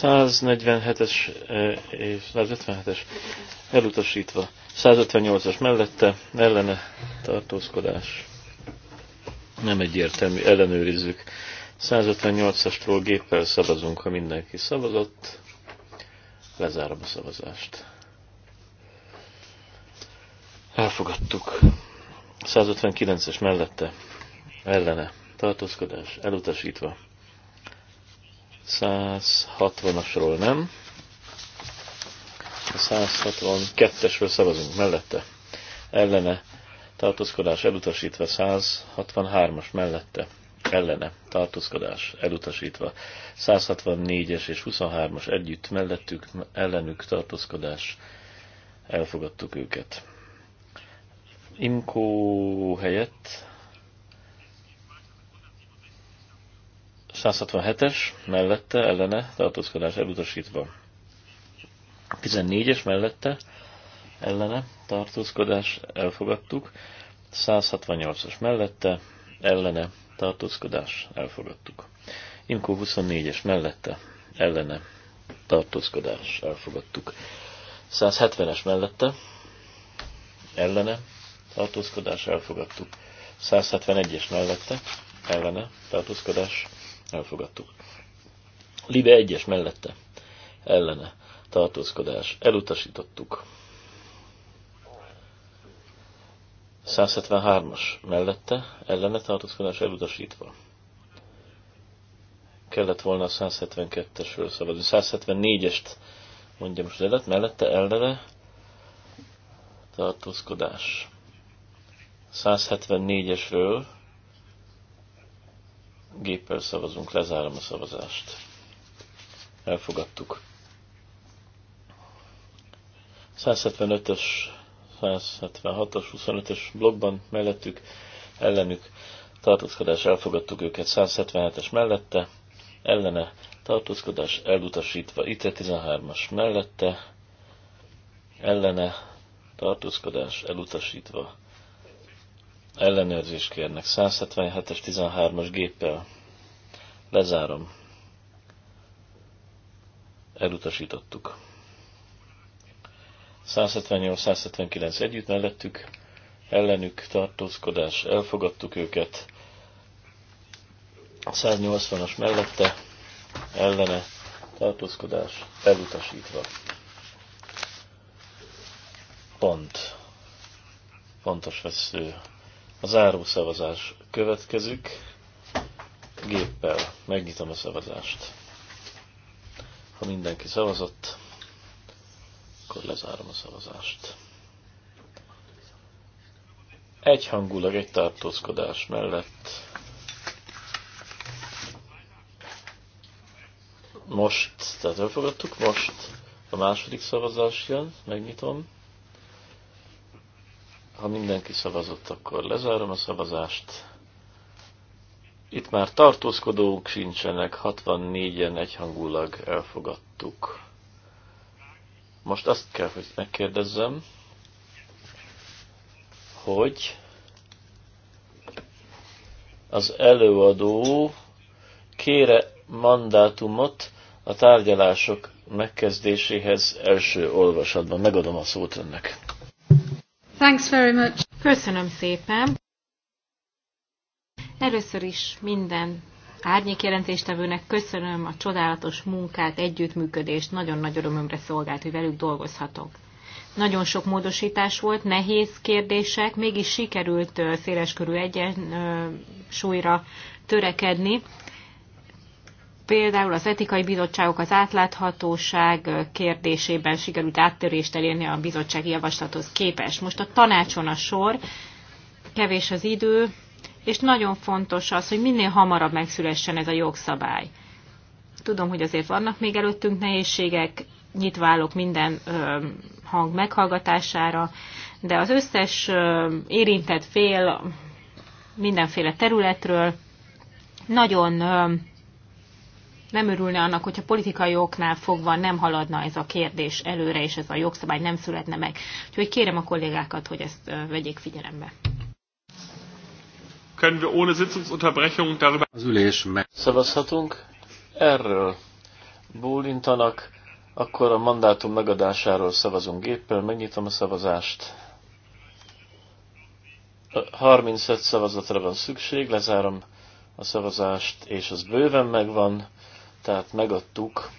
147-es eh, és 157-es elutasítva. 158-as mellette ellene tartózkodás. Nem egyértelmű, ellenőrizzük. 158-asról géppel szavazunk, ha mindenki szavazott. Lezárom a szavazást. Elfogadtuk. 159-es mellette ellene tartózkodás elutasítva. 160-asról nem. A 162-esről szavazunk mellette. Ellene tartózkodás elutasítva 163-as mellette. Ellene tartózkodás elutasítva 164-es és 23-as együtt mellettük ellenük tartózkodás elfogadtuk őket. Imkó helyett 167-es mellette ellene tartózkodás elutasítva. 14-es mellette ellene tartózkodás elfogadtuk. 168-as mellette ellene tartózkodás elfogadtuk. Imkó 24-es mellette ellene tartózkodás elfogadtuk. 170-es mellette ellene tartózkodás elfogadtuk. 171-es mellette, ellene, tartózkodás elfogadtuk. Libe 1-es mellette, ellene, tartózkodás elutasítottuk. 173-as mellette, ellene tartózkodás elutasítva. Kellett volna a 172-esről szavazni. 174-est mondja most az mellette ellene tartózkodás. 174-esről géppel szavazunk, lezárom a szavazást. Elfogadtuk. 175-ös, 176-os, 25-ös blokkban mellettük, ellenük tartózkodás elfogadtuk őket 177-es mellette, ellene tartózkodás elutasítva itt 13-as mellette, ellene tartózkodás elutasítva ellenőrzést kérnek. 177-es 13-as géppel lezárom. Elutasítottuk. 178-179 együtt mellettük, ellenük tartózkodás, elfogadtuk őket. 180-as mellette, ellene tartózkodás, elutasítva. Pont. Pontos vesző a záró szavazás következik. Géppel megnyitom a szavazást. Ha mindenki szavazott, akkor lezárom a szavazást. Egyhangulag egy tartózkodás mellett most, tehát elfogadtuk, most a második szavazás jön, megnyitom. Ha mindenki szavazott, akkor lezárom a szavazást. Itt már tartózkodók sincsenek, 64-en egyhangulag elfogadtuk. Most azt kell, hogy megkérdezzem, hogy az előadó kére mandátumot a tárgyalások megkezdéséhez első olvasatban. Megadom a szót önnek. Thanks very much. Köszönöm szépen. Először is minden árnyék jelentéstevőnek köszönöm a csodálatos munkát, együttműködést, nagyon nagy örömömre szolgált, hogy velük dolgozhatok. Nagyon sok módosítás volt, nehéz kérdések, mégis sikerült széleskörű egyensúlyra törekedni, például az etikai bizottságok az átláthatóság kérdésében sikerült áttörést elérni a bizottsági javaslathoz képes Most a tanácson a sor, kevés az idő, és nagyon fontos az, hogy minél hamarabb megszülessen ez a jogszabály. Tudom, hogy azért vannak még előttünk nehézségek, nyitva állok minden ö, hang meghallgatására, de az összes ö, érintett fél mindenféle területről nagyon ö, nem örülne annak, hogyha politikai oknál fogva nem haladna ez a kérdés előre, és ez a jogszabály nem születne meg. Úgyhogy kérem a kollégákat, hogy ezt vegyék figyelembe. Können wir ohne Sitzungsunterbrechung darüber... Az ülés meg... Szavazhatunk erről. Bólintanak, akkor a mandátum megadásáról szavazunk géppel, megnyitom a szavazást. 35 szavazatra van szükség, lezárom a szavazást, és az bőven megvan tehát megadtuk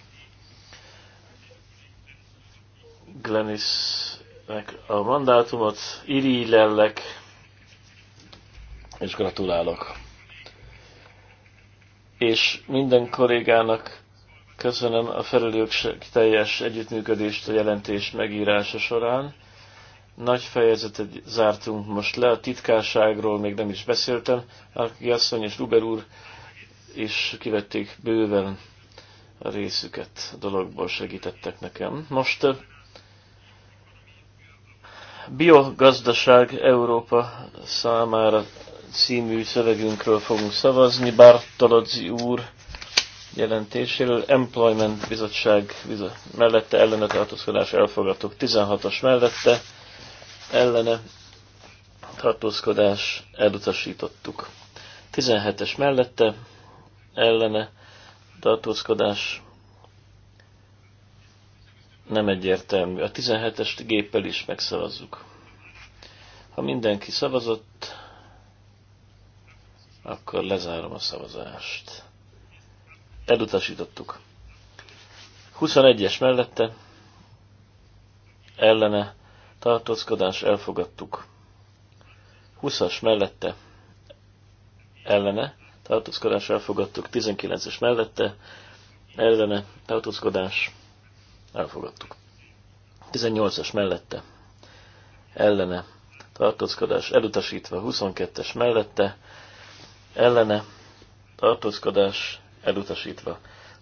Glenisnek a mandátumot, irigylellek, és gratulálok. És minden kollégának köszönöm a felelők teljes együttműködést a jelentés megírása során. Nagy fejezetet zártunk most le, a titkárságról még nem is beszéltem, aki asszony és Luber úr is kivették bőven részüket a dologból segítettek nekem. Most Biogazdaság Európa számára című szövegünkről fogunk szavazni. Bartolozzi úr jelentéséről Employment Bizottság mellette ellene tartózkodás elfogadtuk. 16 as mellette ellene tartózkodás elutasítottuk. 17-es mellette ellene tartózkodás nem egyértelmű. A 17-es géppel is megszavazzuk. Ha mindenki szavazott, akkor lezárom a szavazást. Elutasítottuk. 21-es mellette ellene tartózkodás elfogadtuk. 20-as mellette ellene tartózkodás elfogadtuk, 19-es mellette, ellene tartózkodás elfogadtuk. 18-as mellette, ellene tartózkodás elutasítva, 22-es mellette, ellene tartózkodás elutasítva,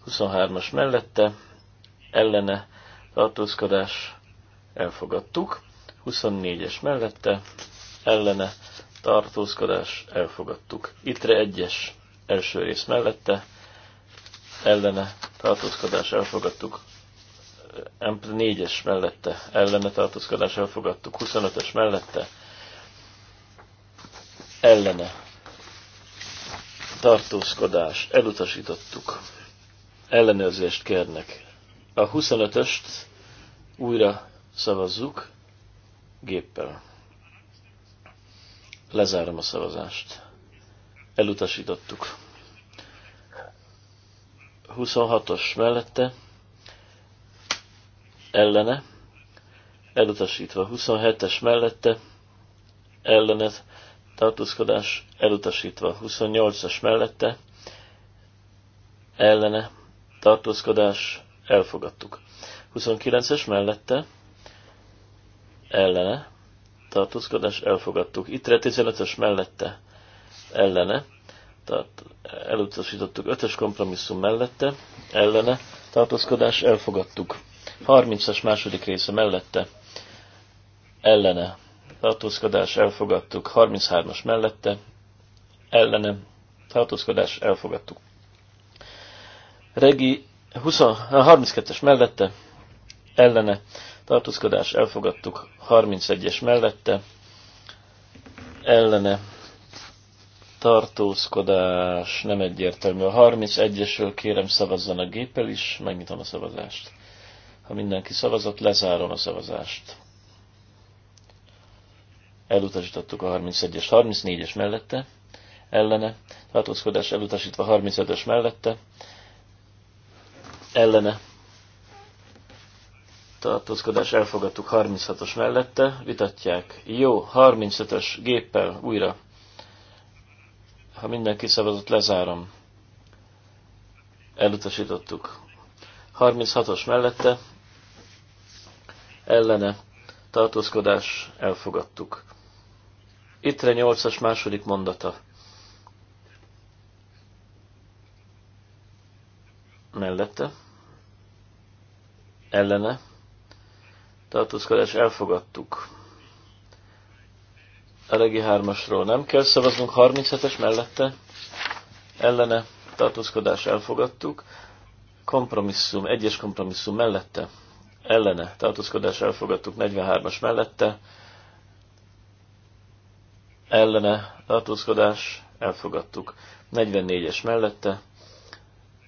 23-as mellette, ellene tartózkodás elfogadtuk, 24-es mellette, ellene tartózkodás, elfogadtuk. Ittre egyes első rész mellette, ellene tartózkodás, elfogadtuk. Empl 4-es mellette, ellene tartózkodás, elfogadtuk. 25-es mellette, ellene tartózkodás, elutasítottuk. Ellenőrzést kérnek. A 25-öst újra szavazzuk géppel. Lezárom a szavazást. Elutasítottuk. 26-os mellette, ellene, elutasítva. 27-es mellette, ellene, tartózkodás, elutasítva. 28-as mellette, ellene, tartózkodás, elfogadtuk. 29-es mellette, ellene, tartózkodás elfogadtuk. Itt Ittre 15-ös mellette ellene, tehát elutasítottuk 5-ös kompromisszum mellette, ellene, tartózkodás elfogadtuk. 30-as második része mellette, ellene, tartózkodás elfogadtuk. 33-as mellette, ellene, tartózkodás elfogadtuk. Regi 20, 32-es mellette, ellene, tartózkodás, elfogadtuk 31-es mellette, ellene tartózkodás nem egyértelmű. A 31-esről kérem szavazzon a géppel is, megnyitom a szavazást. Ha mindenki szavazott, lezárom a szavazást. Elutasítottuk a 31-es, 34-es mellette, ellene, tartózkodás elutasítva 35-ös mellette, ellene, tartózkodás elfogadtuk 36-os mellette, vitatják. Jó, 35-ös géppel újra. Ha mindenki szavazott, lezárom. Elutasítottuk. 36-os mellette, ellene tartózkodás elfogadtuk. Ittre 8-as második mondata. Mellette, ellene, tartózkodás elfogadtuk. A regi asról nem kell szavaznunk, 37-es mellette ellene tartózkodás elfogadtuk. Kompromisszum, egyes kompromisszum mellette ellene tartózkodás elfogadtuk, 43-as mellette ellene tartózkodás elfogadtuk, 44-es mellette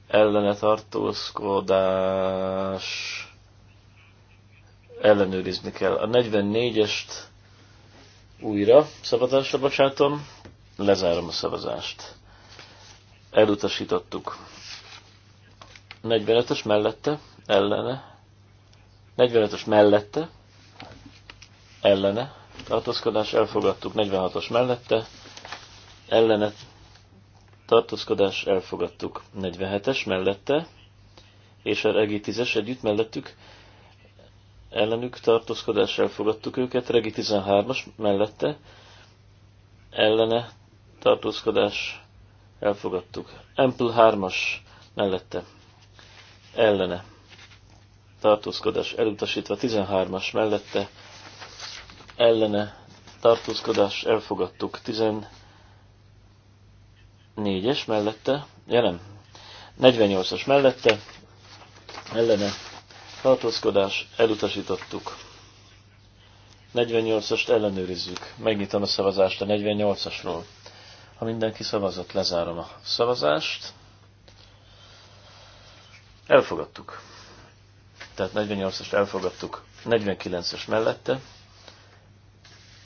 ellene tartózkodás ellenőrizni kell. A 44-est újra szavazásra bocsátom, lezárom a szavazást. Elutasítottuk. 45-ös mellette, ellene. 45-ös mellette, ellene. Tartózkodás elfogadtuk. 46-os mellette, ellene. Tartózkodás elfogadtuk. 47-es mellette, és a regi 10-es együtt mellettük ellenük tartózkodás elfogadtuk őket, Regi 13-as mellette ellene tartózkodás elfogadtuk. Ample 3-as mellette ellene tartózkodás elutasítva, 13-as mellette ellene tartózkodás elfogadtuk, 14-es mellette, ja nem, 48-as mellette ellene Tartózkodás, elutasítottuk. 48-ast ellenőrizzük. Megnyitom a szavazást a 48-asról. Ha mindenki szavazott, lezárom a szavazást. Elfogadtuk. Tehát 48-ast elfogadtuk. 49-es mellette.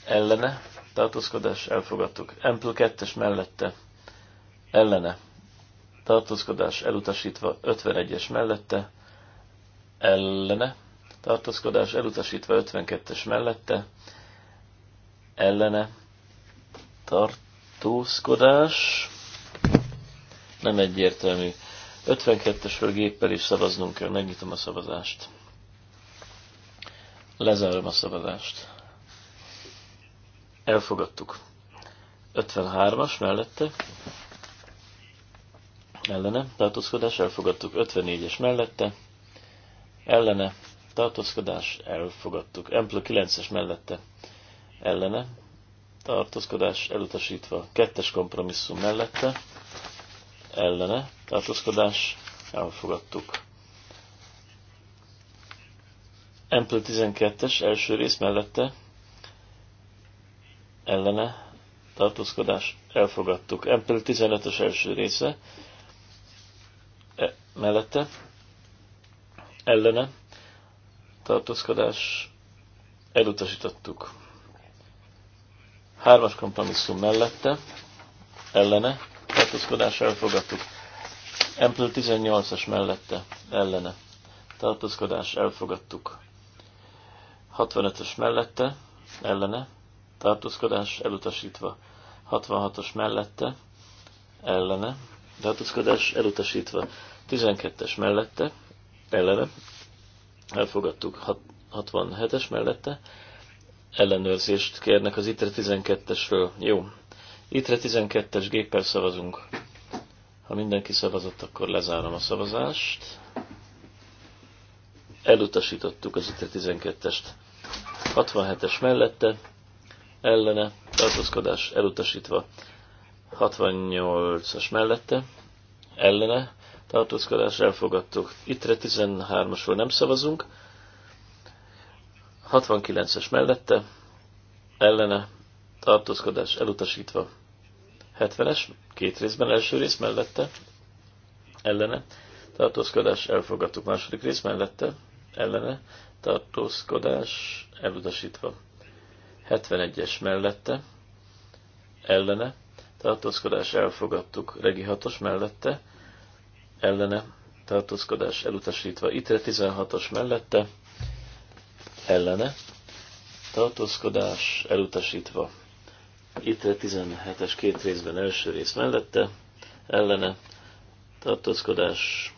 Ellene. Tartózkodás. Elfogadtuk. Empl 2-es mellette. Ellene. Tartózkodás elutasítva. 51-es mellette ellene, tartózkodás elutasítva 52-es mellette, ellene, tartózkodás, nem egyértelmű. 52-esről géppel is szavaznunk kell, megnyitom a szavazást. Lezárom a szavazást. Elfogadtuk. 53-as mellette. Ellene, tartózkodás, elfogadtuk. 54-es mellette ellene tartózkodás elfogadtuk. Emplő 9-es mellette ellene tartózkodás elutasítva. Kettes kompromisszum mellette ellene tartózkodás elfogadtuk. Emplő 12-es első rész mellette ellene tartózkodás elfogadtuk. Emplő 15 es első része e, mellette ellene tartózkodás elutasítottuk. Hármas kompromisszum mellette ellene tartózkodás elfogadtuk. Emplő 18-as mellette ellene tartózkodás elfogadtuk. 65-ös mellette ellene tartózkodás elutasítva. 66-os mellette ellene tartózkodás elutasítva. 12-es mellette ellene, elfogadtuk 67-es mellette, ellenőrzést kérnek az ITRE 12-esről. Jó. ITRE 12-es géppel szavazunk. Ha mindenki szavazott, akkor lezárom a szavazást. Elutasítottuk az ITRE 12-est. 67-es mellette, ellene, tartózkodás elutasítva. 68-as mellette, ellene, tartózkodás elfogadtuk. Ittre 13-asról nem szavazunk. 69-es mellette, ellene, tartózkodás elutasítva. 70-es, két részben, első rész mellette, ellene, tartózkodás elfogadtuk. Második rész mellette, ellene, tartózkodás elutasítva. 71-es mellette, ellene, tartózkodás elfogadtuk. Regi 6-os mellette, ellene tartózkodás elutasítva. Itre 16-os mellette ellene tartózkodás elutasítva. Itre 17-es két részben első rész mellette ellene tartózkodás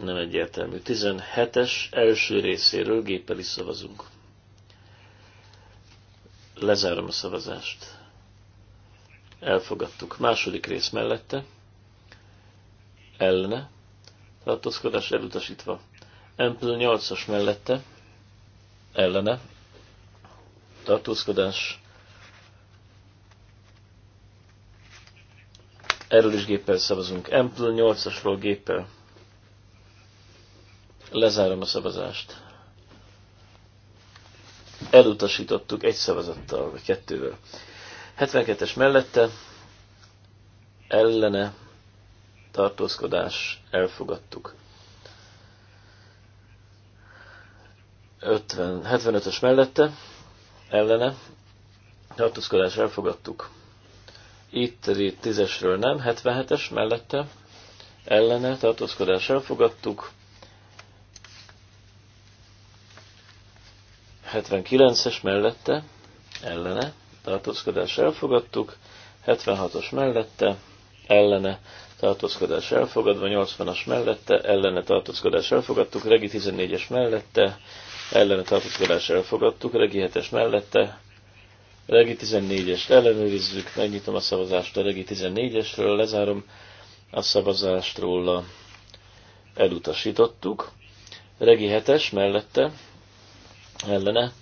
nem egyértelmű. 17-es első részéről géppel is szavazunk. Lezárom a szavazást elfogadtuk. Második rész mellette, ellene, tartózkodás elutasítva. Ample 8-as mellette, ellene, tartózkodás, erről is géppel szavazunk. Ample 8-asról géppel. Lezárom a szavazást. Elutasítottuk egy szavazattal, vagy kettővel. 72-es mellette ellene tartózkodás elfogadtuk. 50, 75-ös mellette ellene tartózkodás elfogadtuk. Itt 10-esről nem, 77-es mellette ellene tartózkodás elfogadtuk. 79-es mellette ellene tartózkodás elfogadtuk, 76-os mellette, ellene tartózkodás elfogadva, 80-as mellette, ellene tartózkodás elfogadtuk, regi 14-es mellette, ellene tartózkodás elfogadtuk, regi 7-es mellette, regi 14-est ellenőrizzük, megnyitom a szavazást a regi 14-esről, lezárom a szavazást róla, elutasítottuk, regi 7-es mellette, ellene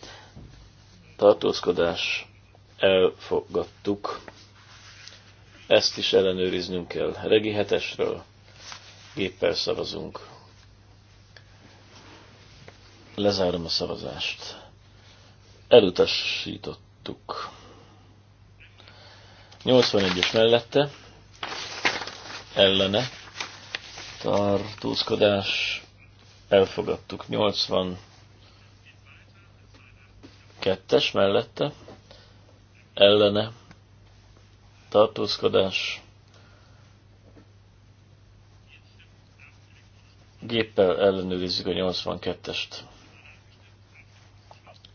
tartózkodás elfogadtuk. Ezt is ellenőriznünk kell. Regi hetesről géppel szavazunk. Lezárom a szavazást. Elutasítottuk. 81-es mellette ellene tartózkodás elfogadtuk. 82-es mellette ellene tartózkodás géppel ellenőrizzük a 82-est.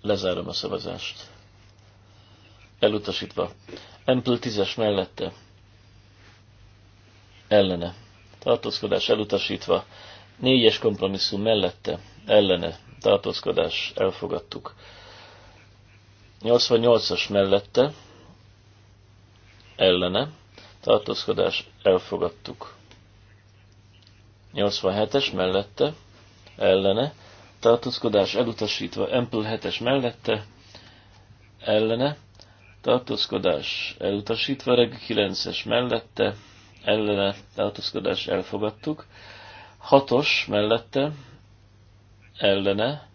Lezárom a szavazást. Elutasítva. Ample 10-es mellette. Ellene. Tartózkodás elutasítva. Négyes kompromisszum mellette. Ellene. Tartózkodás elfogadtuk. 88-as mellette ellene tartózkodás elfogadtuk. 87-es mellette ellene tartózkodás elutasítva, Ample 7-es mellette ellene tartózkodás elutasítva, Reg 9-es mellette ellene tartózkodás elfogadtuk, 6-os mellette ellene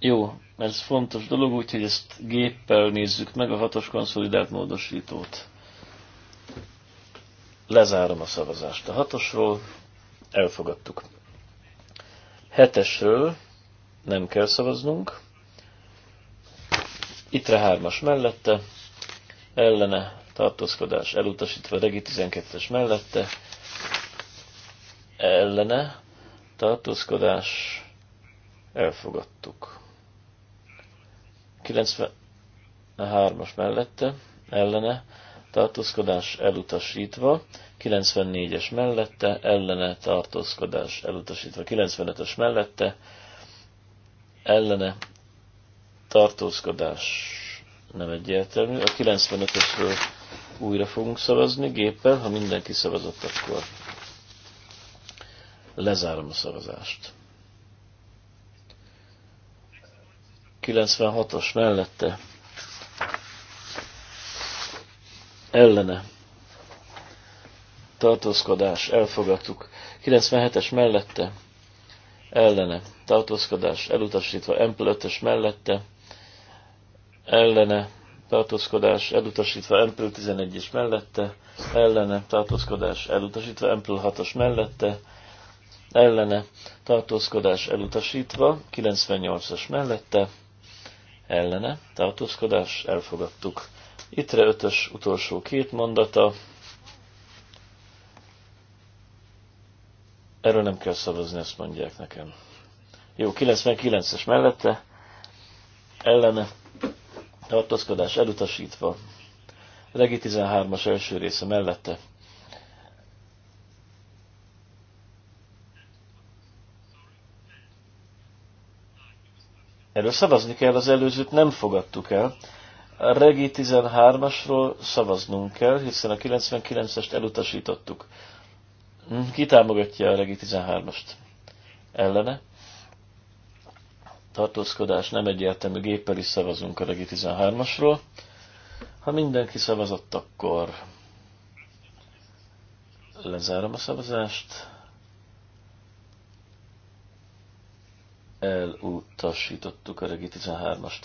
Jó, ez fontos dolog, úgyhogy ezt géppel nézzük meg a hatos konszolidált módosítót. Lezárom a szavazást a hatosról, elfogadtuk. Hetesről nem kell szavaznunk. Itre hármas mellette, ellene tartózkodás elutasítva, regi 12-es mellette, ellene tartózkodás elfogadtuk. 93-as mellette, ellene, tartózkodás elutasítva, 94-es mellette, ellene, tartózkodás elutasítva, 95-ös mellette, ellene, tartózkodás nem egyértelmű. A 95-ösről újra fogunk szavazni géppel, ha mindenki szavazott, akkor lezárom a szavazást. 96-os mellette ellene tartózkodás, elfogadtuk. 97-es mellette ellene tartózkodás, elutasítva. MP5-ös mellette ellene tartózkodás, elutasítva. MP11-es mellette ellene tartózkodás, elutasítva. MP6-os mellette ellene tartózkodás, elutasítva. 98-as mellette ellene, tartózkodás, elfogadtuk. Ittre ötös utolsó két mondata. Erről nem kell szavazni, ezt mondják nekem. Jó, 99-es mellette, ellene, tartózkodás elutasítva. Regi 13-as első része mellette, Erről szavazni kell, az előzőt nem fogadtuk el. A Regi 13-asról szavaznunk kell, hiszen a 99-est elutasítottuk. Hm, ki támogatja a Regi 13-ast? Ellene? Tartózkodás nem egyértelmű, géppel is szavazunk a Regi 13-asról. Ha mindenki szavazott, akkor lezárom a szavazást. elutasítottuk a Regi 13-ast.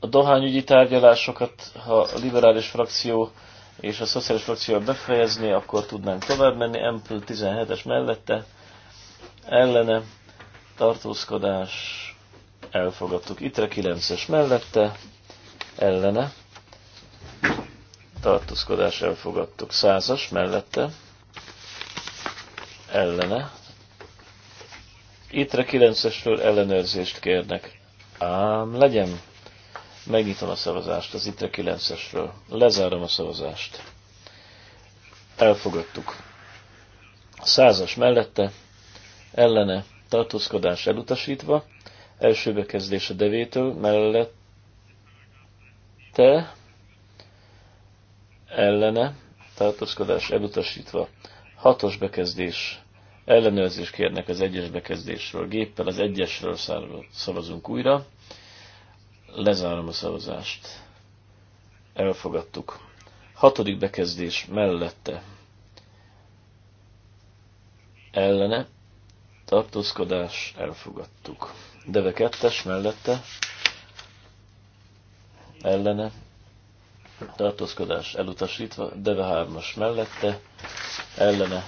A dohányügyi tárgyalásokat, ha a liberális frakció és a szociális frakció befejezné, akkor tudnánk tovább menni. Ample 17-es mellette ellene tartózkodás elfogadtuk. Itre 9-es mellette ellene tartózkodás elfogadtuk. 100-as mellette ellene Ittre 9-esről ellenőrzést kérnek. Ám legyen. Megnyitom a szavazást az Ittre 9-esről. Lezárom a szavazást. Elfogadtuk. Százas mellette, ellene, tartózkodás elutasítva, első bekezdés a devétől, mellette, ellene, tartózkodás elutasítva, hatos bekezdés ellenőrzést kérnek az egyes bekezdésről. Géppel az egyesről szavazunk újra. Lezárom a szavazást. Elfogadtuk. Hatodik bekezdés mellette. Ellene. Tartózkodás. Elfogadtuk. Deve kettes mellette. Ellene. Tartózkodás elutasítva. Deve hármas mellette. Ellene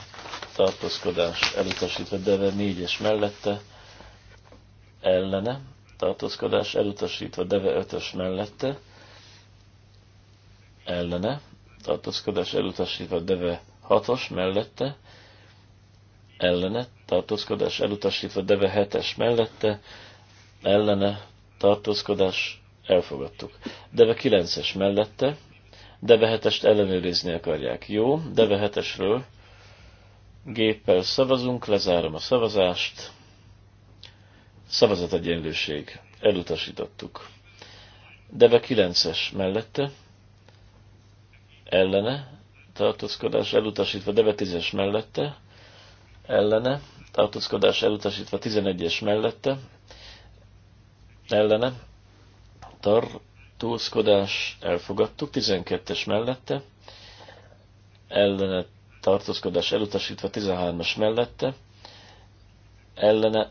tartózkodás elutasítva, deve négyes mellette ellene, tartózkodás elutasítva, deve ötös mellette ellene, tartózkodás elutasítva, deve hatos mellette ellene, tartózkodás elutasítva, deve hetes mellette ellene, tartózkodás elfogadtuk. Deve 9-es mellette, Deve 7-est ellenőrizni akarják. Jó, Deve 7-esről géppel szavazunk, lezárom a szavazást. Szavazategyenlőség. Elutasítottuk. Deve 9-es mellette. Ellene. Tartózkodás elutasítva. Deve 10-es mellette. Ellene. Tartózkodás elutasítva. 11-es mellette. Ellene. Tartózkodás elfogadtuk. 12-es mellette. Ellene tartózkodás elutasítva 13-as mellette, ellene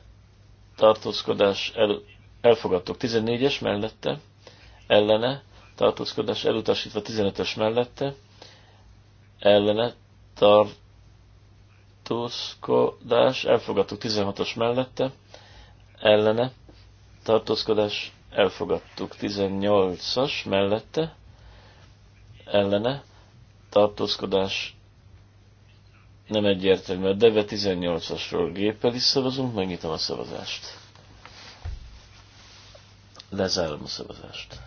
tartózkodás el, elfogadtuk 14-es mellette, ellene tartózkodás elutasítva 15-ös mellette, ellene tartózkodás elfogadtuk 16-os mellette, ellene tartózkodás elfogadtuk 18-as mellette, ellene tartózkodás nem egyértelmű. A Deve 18-asról géppel is szavazunk, megnyitom a szavazást. Lezárom a szavazást.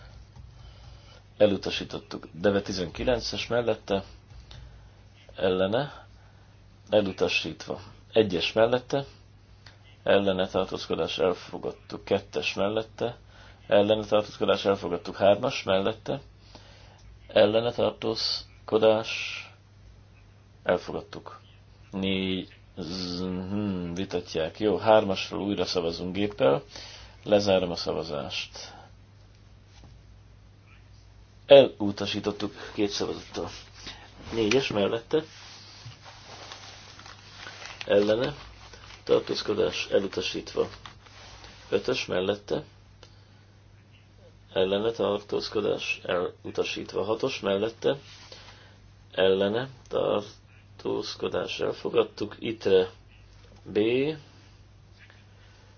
Elutasítottuk. Deve 19-es mellette, ellene, elutasítva. Egyes mellette, ellene tartózkodás elfogadtuk. Kettes mellette, ellene tartózkodás elfogadtuk. Hármas mellette, ellene tartózkodás elfogadtuk négy hmm, vitatják. Jó, hármasról újra szavazunk géppel. Lezárom a szavazást. Elutasítottuk két szavazattal. Négyes mellette. Ellene. Tartózkodás elutasítva. Ötös mellette. Ellene tartózkodás elutasítva. Hatos mellette. Ellene tartózkodás tartózkodás elfogadtuk. Itre B.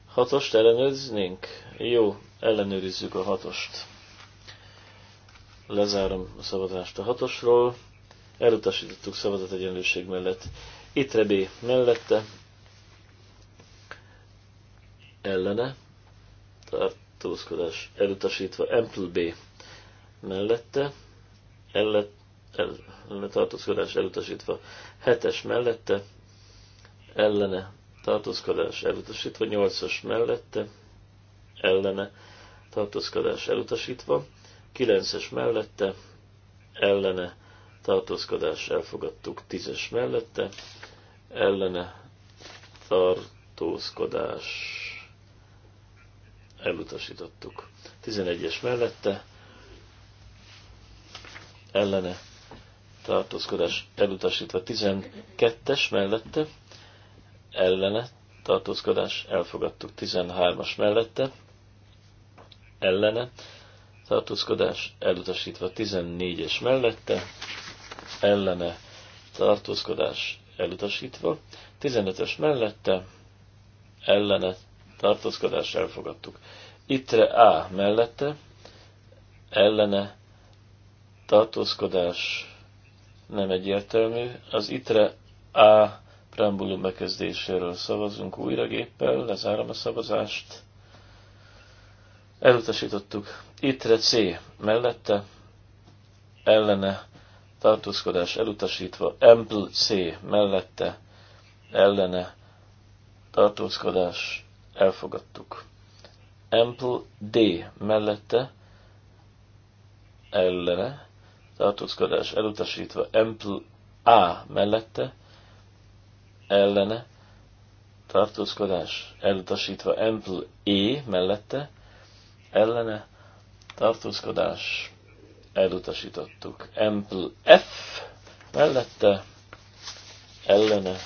Hatost ellenőriznénk? Jó, ellenőrizzük a hatost. Lezárom a szavazást a hatosról. Elutasítottuk szavazat egyenlőség mellett. Itre B mellette. Ellene. Tartózkodás elutasítva. Ample B mellette. Ellet, ellene tartózkodás elutasítva, hetes mellette ellene tartózkodás elutasítva, nyolcas mellette ellene tartózkodás elutasítva, kilences mellette ellene tartózkodás elfogadtuk, tízes mellette ellene tartózkodás elutasítottuk. 11-es mellette ellene tartózkodás elutasítva 12-es mellette, ellene tartózkodás elfogadtuk 13-as mellette, ellene tartózkodás elutasítva 14-es mellette, ellene tartózkodás elutasítva, 15-ös mellette, ellene tartózkodás elfogadtuk. Ittre A mellette, ellene tartózkodás nem egyértelmű. Az ITRE A preambulum bekezdéséről szavazunk újra géppel, lezárom a szavazást. Elutasítottuk. ITRE C mellette, ellene, tartózkodás elutasítva, EMPL C mellette, ellene, tartózkodás elfogadtuk. EMPL D mellette, ellene, tartózkodás elutasítva, Ample A mellette, ellene, tartózkodás elutasítva, Ample E mellette, ellene, tartózkodás elutasítottuk. Ample F mellette, ellene,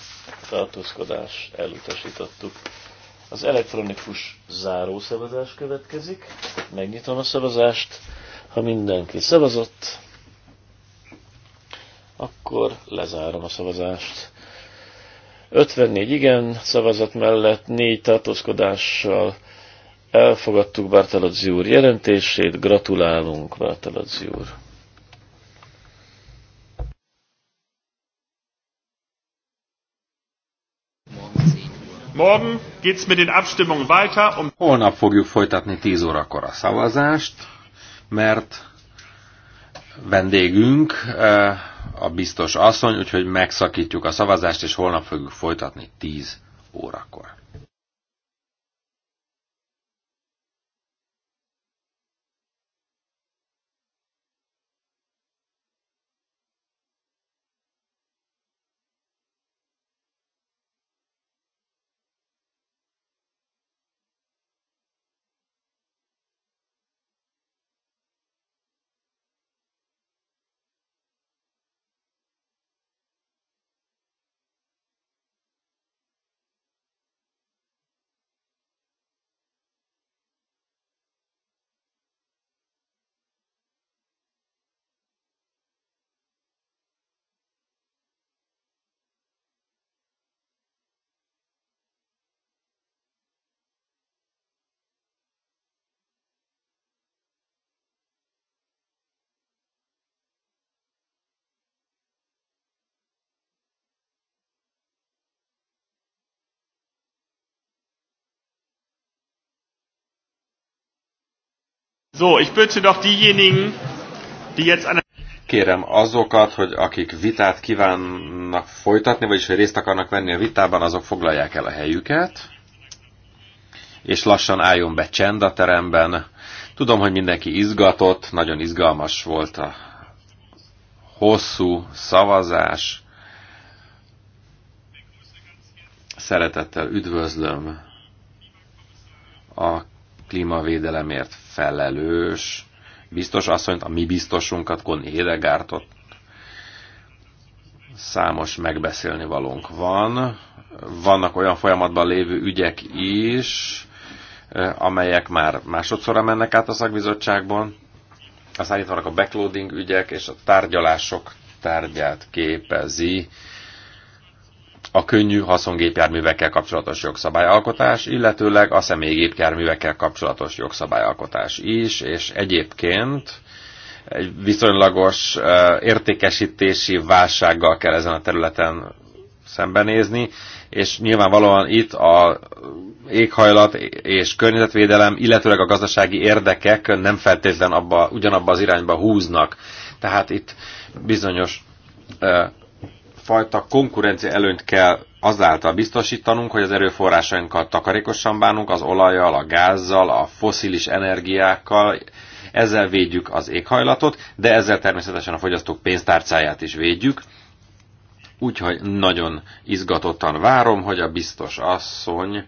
tartózkodás elutasítottuk. Az elektronikus zárószavazás következik. Megnyitom a szavazást, ha mindenki szavazott. Akkor lezárom a szavazást. 54 igen szavazat mellett, négy tartózkodással elfogadtuk Bartalozzi úr jelentését. Gratulálunk, Bartalozzi úr! Morgen geht's mit den Abstimmungen weiter. Um Holnap fogjuk folytatni 10 órakor a szavazást, mert vendégünk eh, a biztos asszony, úgyhogy megszakítjuk a szavazást, és holnap fogjuk folytatni 10 órakor. So, ich bitte doch diejenigen, die jetzt an Kérem azokat, hogy akik vitát kívánnak folytatni, vagyis hogy részt akarnak venni a vitában, azok foglalják el a helyüket, és lassan álljon be csend a teremben. Tudom, hogy mindenki izgatott, nagyon izgalmas volt a hosszú szavazás. Szeretettel üdvözlöm a klímavédelemért felelős biztos asszonyt, a mi biztosunkat, Kon Hédegártot számos megbeszélni valónk van. Vannak olyan folyamatban lévő ügyek is, eh, amelyek már másodszorra mennek át a szakbizottságban. Aztán itt vannak a backloading ügyek, és a tárgyalások tárgyát képezi a könnyű haszongépjárművekkel kapcsolatos jogszabályalkotás, illetőleg a személygépjárművekkel kapcsolatos jogszabályalkotás is, és egyébként egy viszonylagos értékesítési válsággal kell ezen a területen szembenézni, és nyilvánvalóan itt a éghajlat és környezetvédelem, illetőleg a gazdasági érdekek nem feltétlen abba, ugyanabba az irányba húznak. Tehát itt bizonyos fajta konkurencia előnyt kell azáltal biztosítanunk, hogy az erőforrásainkkal takarékosan bánunk, az olajjal, a gázzal, a foszilis energiákkal, ezzel védjük az éghajlatot, de ezzel természetesen a fogyasztók pénztárcáját is védjük. Úgyhogy nagyon izgatottan várom, hogy a biztos asszony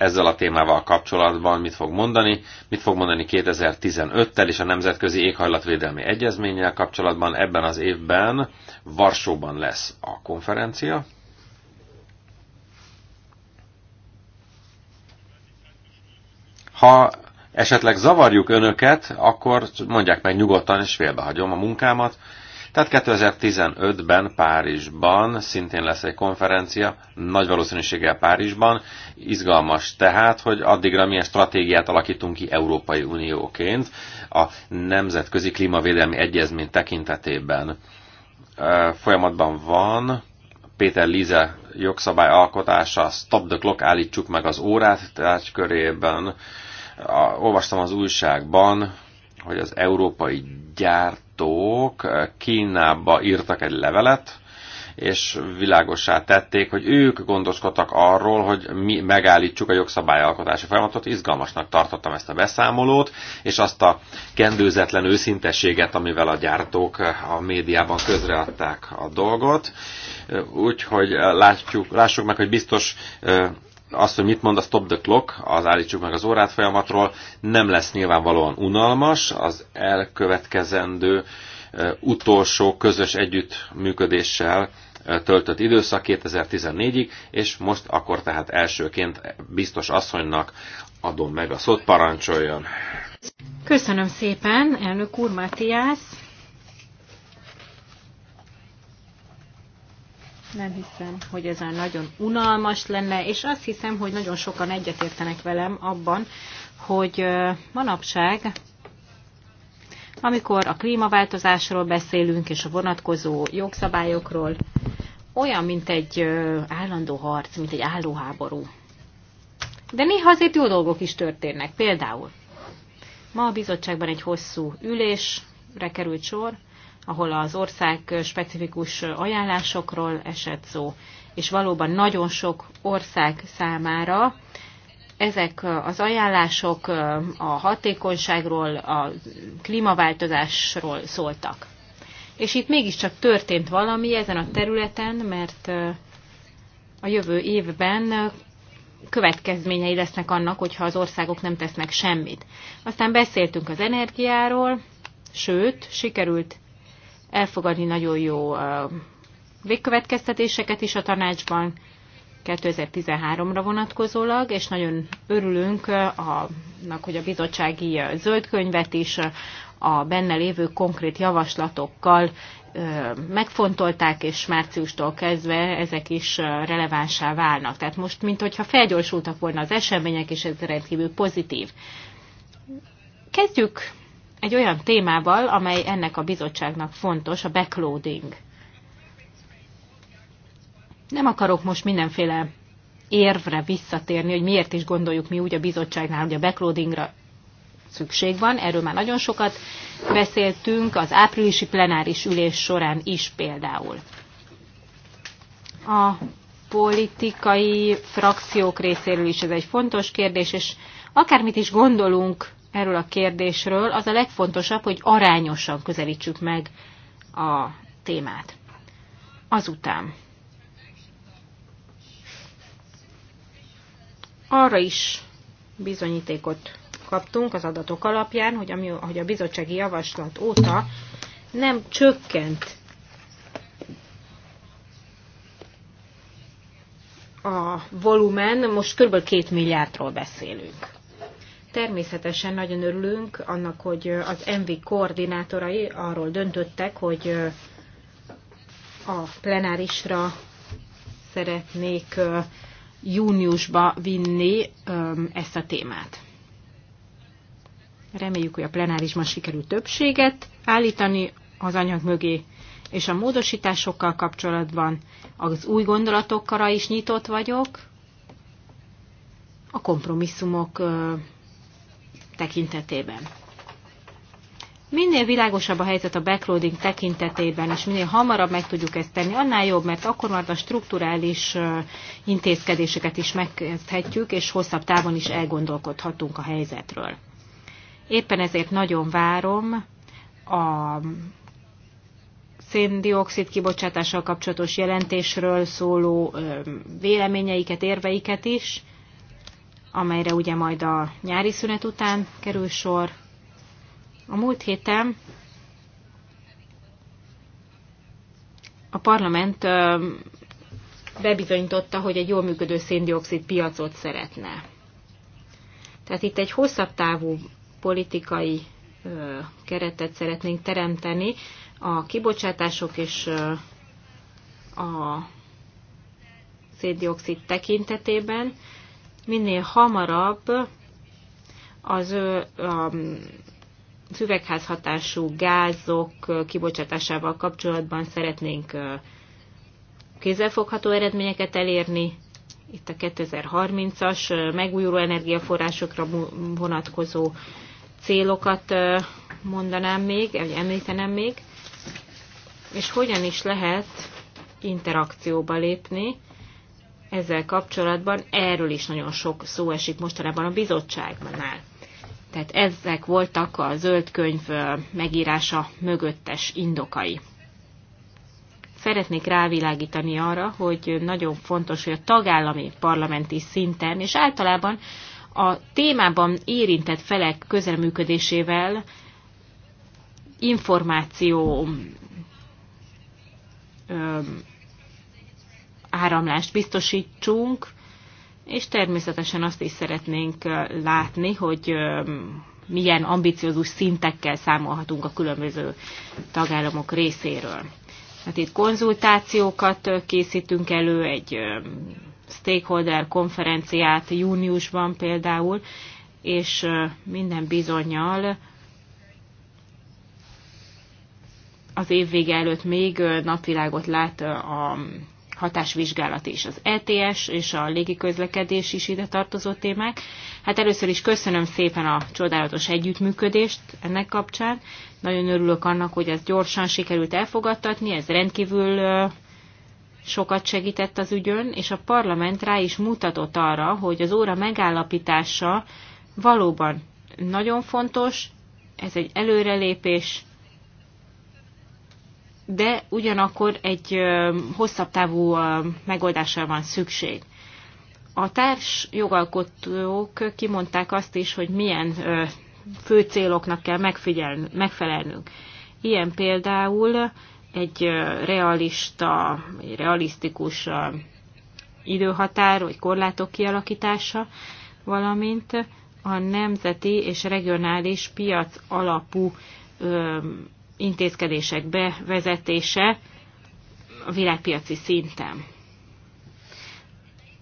ezzel a témával kapcsolatban mit fog mondani, mit fog mondani 2015-tel és a Nemzetközi Éghajlatvédelmi Egyezménnyel kapcsolatban. Ebben az évben Varsóban lesz a konferencia. Ha esetleg zavarjuk önöket, akkor mondják meg nyugodtan, és félbehagyom a munkámat. Tehát 2015-ben Párizsban szintén lesz egy konferencia, nagy valószínűséggel Párizsban. Izgalmas tehát, hogy addigra milyen stratégiát alakítunk ki Európai Unióként a Nemzetközi Klímavédelmi Egyezmény tekintetében. Folyamatban van Péter Lize jogszabály alkotása, Stop the Clock, állítsuk meg az órát tárgykörében. Olvastam az újságban, hogy az európai gyárt kutatók Kínába írtak egy levelet, és világosá tették, hogy ők gondoskodtak arról, hogy mi megállítsuk a jogszabályalkotási folyamatot. Izgalmasnak tartottam ezt a beszámolót, és azt a kendőzetlen őszintességet, amivel a gyártók a médiában közreadták a dolgot. Úgyhogy eh, látjuk, lássuk meg, hogy biztos eh, azt, hogy mit mond a stop the clock, az állítsuk meg az órát folyamatról, nem lesz nyilvánvalóan unalmas, az elkövetkezendő utolsó közös együttműködéssel töltött időszak 2014-ig, és most akkor tehát elsőként biztos asszonynak adom meg a szót, parancsoljon. Köszönöm szépen, elnök úr Matthias. Nem hiszem, hogy ez már nagyon unalmas lenne, és azt hiszem, hogy nagyon sokan egyetértenek velem abban, hogy manapság, amikor a klímaváltozásról beszélünk, és a vonatkozó jogszabályokról, olyan, mint egy állandó harc, mint egy álló háború. De néha azért jó dolgok is történnek. Például ma a bizottságban egy hosszú ülésre került sor, ahol az ország specifikus ajánlásokról esett szó, és valóban nagyon sok ország számára ezek az ajánlások a hatékonyságról, a klímaváltozásról szóltak. És itt mégiscsak történt valami ezen a területen, mert a jövő évben következményei lesznek annak, hogyha az országok nem tesznek semmit. Aztán beszéltünk az energiáról, sőt, sikerült elfogadni nagyon jó végkövetkeztetéseket is a tanácsban 2013-ra vonatkozólag, és nagyon örülünk annak, hogy a bizottsági zöldkönyvet is a benne lévő konkrét javaslatokkal megfontolták, és márciustól kezdve ezek is relevánsá válnak. Tehát most, mint hogyha felgyorsultak volna az események, és ez rendkívül pozitív. Kezdjük egy olyan témával, amely ennek a bizottságnak fontos, a backloading. Nem akarok most mindenféle érvre visszatérni, hogy miért is gondoljuk mi úgy a bizottságnál, hogy a backloadingra szükség van. Erről már nagyon sokat beszéltünk az áprilisi plenáris ülés során is például. A politikai frakciók részéről is ez egy fontos kérdés, és akármit is gondolunk erről a kérdésről, az a legfontosabb, hogy arányosan közelítsük meg a témát. Azután arra is bizonyítékot kaptunk az adatok alapján, hogy, ami, hogy a bizottsági javaslat óta nem csökkent a volumen, most kb. 2 milliárdról beszélünk. Természetesen nagyon örülünk annak, hogy az MV koordinátorai arról döntöttek, hogy a plenárisra szeretnék júniusba vinni ezt a témát. Reméljük, hogy a plenárisban sikerül többséget állítani az anyag mögé, és a módosításokkal kapcsolatban az új gondolatokra is nyitott vagyok. A kompromisszumok tekintetében. Minél világosabb a helyzet a backloading tekintetében, és minél hamarabb meg tudjuk ezt tenni, annál jobb, mert akkor már a strukturális intézkedéseket is megkezdhetjük, és hosszabb távon is elgondolkodhatunk a helyzetről. Éppen ezért nagyon várom a széndiokszid kibocsátással kapcsolatos jelentésről szóló véleményeiket, érveiket is, amelyre ugye majd a nyári szünet után kerül sor. A múlt héten a parlament bebizonyította, hogy egy jól működő széndiokszid piacot szeretne. Tehát itt egy hosszabb távú politikai keretet szeretnénk teremteni a kibocsátások és a széndiokszid tekintetében, minél hamarabb az a szüvegházhatású gázok kibocsátásával kapcsolatban szeretnénk kézzelfogható eredményeket elérni, itt a 2030-as megújuló energiaforrásokra vonatkozó célokat mondanám még, vagy említenem még, és hogyan is lehet interakcióba lépni ezzel kapcsolatban erről is nagyon sok szó esik mostanában a bizottságnál. Tehát ezek voltak a zöld könyv megírása mögöttes indokai. Szeretnék rávilágítani arra, hogy nagyon fontos, hogy a tagállami parlamenti szinten és általában a témában érintett felek közelműködésével információ áramlást biztosítsunk, és természetesen azt is szeretnénk látni, hogy milyen ambiciózus szintekkel számolhatunk a különböző tagállamok részéről. Hát itt konzultációkat készítünk elő, egy stakeholder konferenciát júniusban például, és minden bizonyal az év előtt még napvilágot lát a hatásvizsgálat és Az ETS és a légiközlekedés is ide tartozó témák. Hát először is köszönöm szépen a csodálatos együttműködést ennek kapcsán. Nagyon örülök annak, hogy ez gyorsan sikerült elfogadtatni, ez rendkívül sokat segített az ügyön, és a parlament rá is mutatott arra, hogy az óra megállapítása valóban nagyon fontos, ez egy előrelépés, de ugyanakkor egy hosszabb távú megoldásra van szükség. A társ jogalkotók kimondták azt is, hogy milyen fő céloknak kell megfelelnünk. Ilyen például egy realista, egy realisztikus időhatár vagy korlátok kialakítása, valamint a nemzeti és regionális piac alapú intézkedések bevezetése a világpiaci szinten.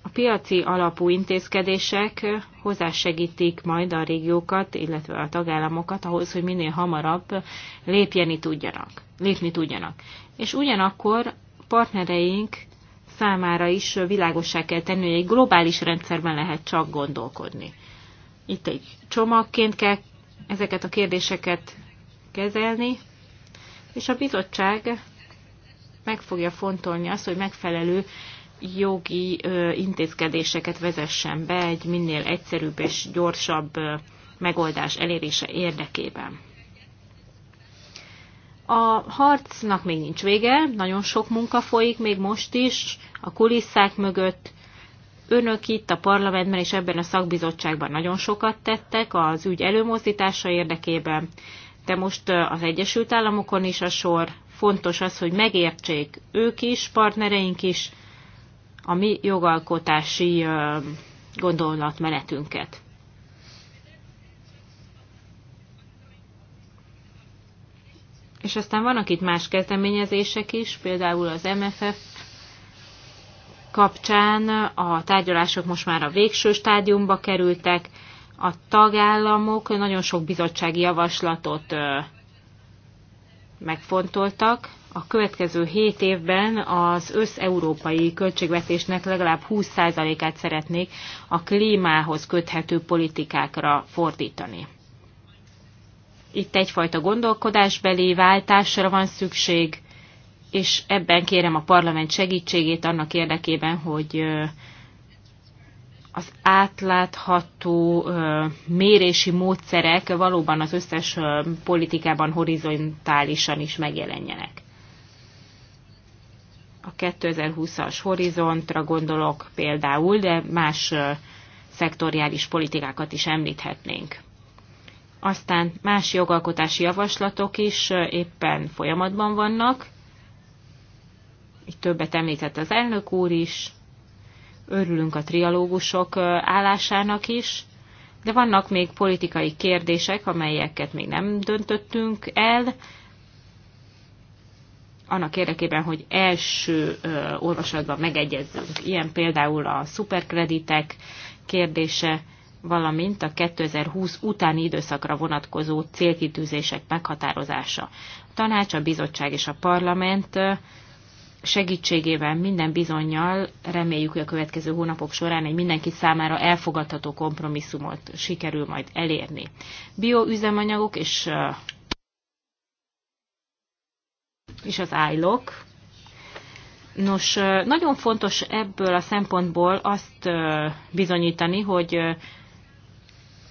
A piaci alapú intézkedések hozzásegítik majd a régiókat, illetve a tagállamokat ahhoz, hogy minél hamarabb lépjeni tudjanak, lépni tudjanak. És ugyanakkor partnereink számára is világossá kell tenni, hogy egy globális rendszerben lehet csak gondolkodni. Itt egy csomagként kell ezeket a kérdéseket kezelni, és a bizottság meg fogja fontolni azt, hogy megfelelő jogi intézkedéseket vezessen be egy minél egyszerűbb és gyorsabb megoldás elérése érdekében. A harcnak még nincs vége, nagyon sok munka folyik még most is, a kulisszák mögött. Önök itt a parlamentben és ebben a szakbizottságban nagyon sokat tettek az ügy előmozdítása érdekében, de most az Egyesült Államokon is a sor. Fontos az, hogy megértsék ők is, partnereink is a mi jogalkotási gondolatmenetünket. És aztán vannak itt más kezdeményezések is, például az MFF kapcsán a tárgyalások most már a végső stádiumba kerültek, a tagállamok nagyon sok bizottsági javaslatot megfontoltak. A következő 7 évben az összeurópai költségvetésnek legalább 20%-át szeretnék a klímához köthető politikákra fordítani. Itt egyfajta gondolkodásbeli váltásra van szükség, és ebben kérem a parlament segítségét annak érdekében, hogy az átlátható mérési módszerek valóban az összes politikában horizontálisan is megjelenjenek. A 2020-as horizontra gondolok például, de más szektoriális politikákat is említhetnénk. Aztán más jogalkotási javaslatok is éppen folyamatban vannak. Itt többet említett az elnök úr is, örülünk a trialógusok állásának is, de vannak még politikai kérdések, amelyeket még nem döntöttünk el, annak érdekében, hogy első olvasatban megegyezzünk. Ilyen például a szuperkreditek kérdése, valamint a 2020 utáni időszakra vonatkozó célkitűzések meghatározása. A tanács, a bizottság és a parlament segítségével minden bizonyal reméljük, hogy a következő hónapok során egy mindenki számára elfogadható kompromisszumot sikerül majd elérni. Bioüzemanyagok és, és az ájlok. Nos, nagyon fontos ebből a szempontból azt bizonyítani, hogy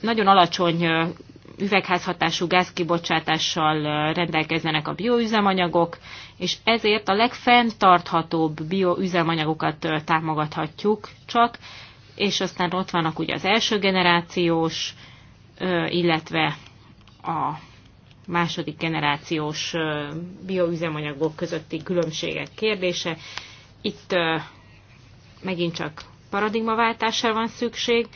nagyon alacsony üvegházhatású gázkibocsátással rendelkezzenek a bioüzemanyagok, és ezért a legfenntarthatóbb bioüzemanyagokat támogathatjuk csak, és aztán ott vannak ugye az első generációs, illetve a második generációs bioüzemanyagok közötti különbségek kérdése. Itt megint csak paradigmaváltásra van szükség,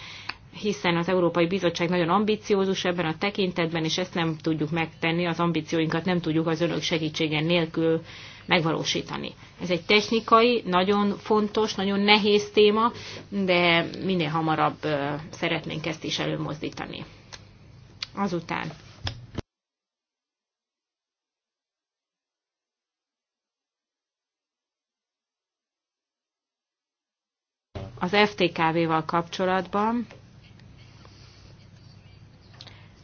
hiszen az Európai Bizottság nagyon ambiciózus ebben a tekintetben, és ezt nem tudjuk megtenni, az ambícióinkat nem tudjuk az önök segítsége nélkül megvalósítani. Ez egy technikai, nagyon fontos, nagyon nehéz téma, de minél hamarabb szeretnénk ezt is előmozdítani. Azután. Az FTKV-val kapcsolatban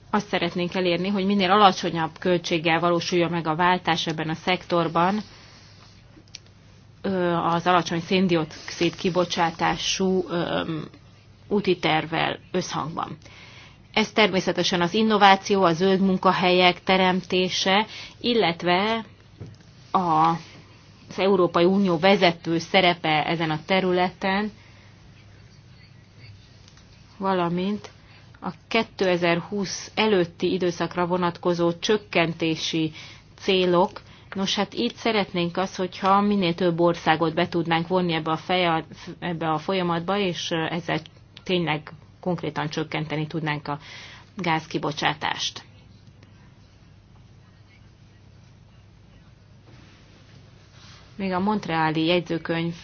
azt szeretnénk elérni, hogy minél alacsonyabb költséggel valósuljon meg a váltás ebben a szektorban, az alacsony széndiokszid kibocsátású úti tervvel összhangban. Ez természetesen az innováció, a zöld munkahelyek teremtése, illetve a, az Európai Unió vezető szerepe ezen a területen, valamint a 2020 előtti időszakra vonatkozó csökkentési célok. Nos, hát így szeretnénk az, hogyha minél több országot be tudnánk vonni ebbe a, feje, ebbe a folyamatba, és ezzel tényleg konkrétan csökkenteni tudnánk a gázkibocsátást. Még a Montreali jegyzőkönyv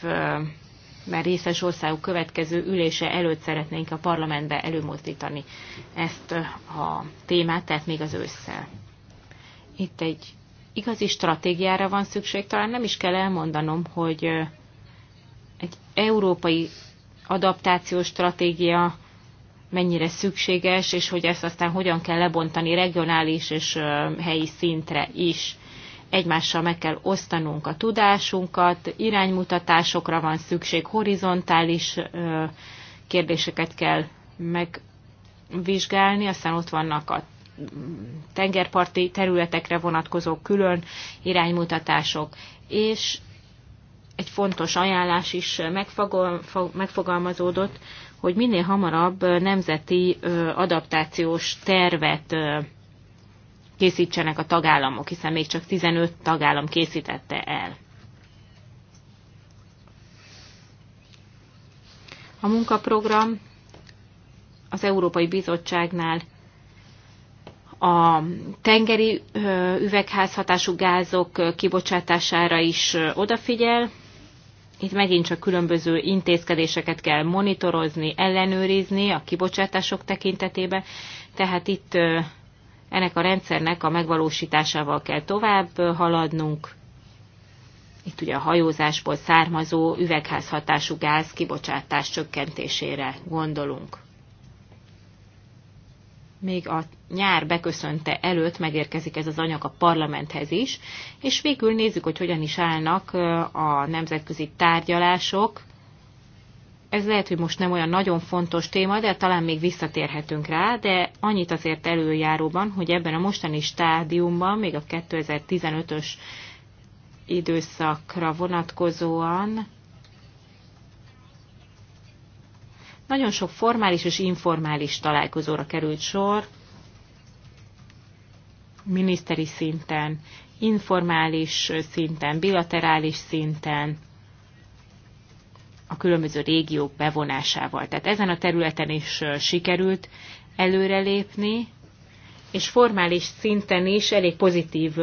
mert részes országú következő ülése előtt szeretnénk a parlamentbe előmozdítani ezt a témát, tehát még az ősszel. Itt egy igazi stratégiára van szükség, talán nem is kell elmondanom, hogy egy európai adaptációs stratégia mennyire szükséges, és hogy ezt aztán hogyan kell lebontani regionális és helyi szintre is egymással meg kell osztanunk a tudásunkat, iránymutatásokra van szükség, horizontális kérdéseket kell megvizsgálni, aztán ott vannak a tengerparti területekre vonatkozó külön iránymutatások, és egy fontos ajánlás is megfogalmazódott, hogy minél hamarabb nemzeti adaptációs tervet készítsenek a tagállamok, hiszen még csak 15 tagállam készítette el. A munkaprogram az Európai Bizottságnál a tengeri üvegházhatású gázok kibocsátására is odafigyel. Itt megint csak különböző intézkedéseket kell monitorozni, ellenőrizni a kibocsátások tekintetében, tehát itt ennek a rendszernek a megvalósításával kell tovább haladnunk. Itt ugye a hajózásból származó üvegházhatású gáz kibocsátás csökkentésére gondolunk. Még a nyár beköszönte előtt megérkezik ez az anyag a parlamenthez is, és végül nézzük, hogy hogyan is állnak a nemzetközi tárgyalások ez lehet, hogy most nem olyan nagyon fontos téma, de talán még visszatérhetünk rá, de annyit azért előjáróban, hogy ebben a mostani stádiumban, még a 2015-ös időszakra vonatkozóan nagyon sok formális és informális találkozóra került sor, miniszteri szinten, informális szinten, bilaterális szinten, a különböző régiók bevonásával. Tehát ezen a területen is sikerült előrelépni, és formális szinten is elég pozitív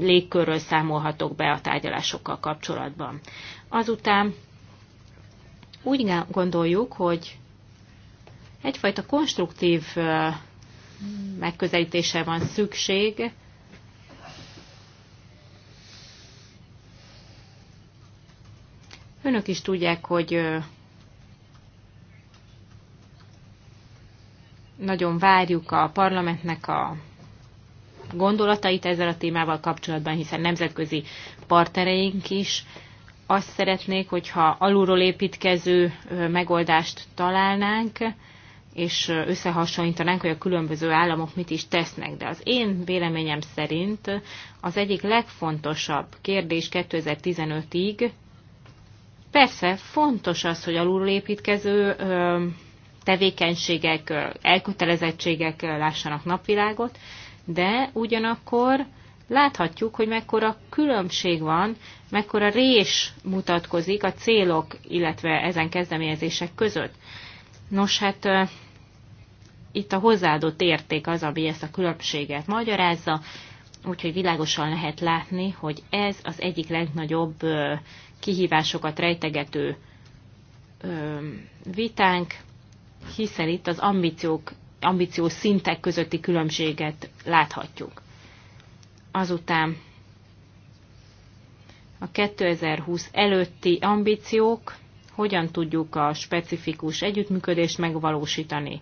légkörről számolhatok be a tárgyalásokkal kapcsolatban. Azután úgy gondoljuk, hogy egyfajta konstruktív megközelítése van szükség, Önök is tudják, hogy nagyon várjuk a parlamentnek a gondolatait ezzel a témával kapcsolatban, hiszen nemzetközi partnereink is azt szeretnék, hogyha alulról építkező megoldást találnánk, és összehasonlítanánk, hogy a különböző államok mit is tesznek. De az én véleményem szerint az egyik legfontosabb kérdés 2015-ig Persze fontos az, hogy alulról építkező tevékenységek, elkötelezettségek lássanak napvilágot, de ugyanakkor láthatjuk, hogy mekkora különbség van, mekkora rés mutatkozik a célok, illetve ezen kezdeményezések között. Nos, hát itt a hozzáadott érték az, ami ezt a különbséget magyarázza, úgyhogy világosan lehet látni, hogy ez az egyik legnagyobb kihívásokat rejtegető vitánk, hiszen itt az ambíciók, ambíció szintek közötti különbséget láthatjuk. Azután a 2020 előtti ambíciók, hogyan tudjuk a specifikus együttműködést megvalósítani.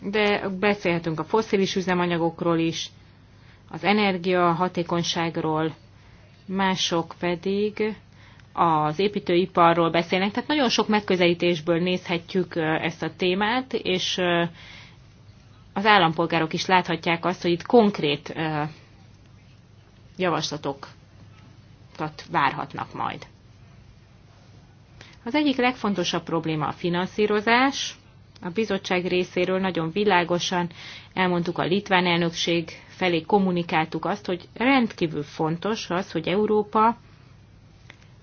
De beszélhetünk a fosszilis üzemanyagokról is, az energia hatékonyságról, mások pedig az építőiparról beszélnek. Tehát nagyon sok megközelítésből nézhetjük ezt a témát, és az állampolgárok is láthatják azt, hogy itt konkrét javaslatokat várhatnak majd. Az egyik legfontosabb probléma a finanszírozás, a bizottság részéről nagyon világosan elmondtuk a litván elnökség felé, kommunikáltuk azt, hogy rendkívül fontos az, hogy Európa,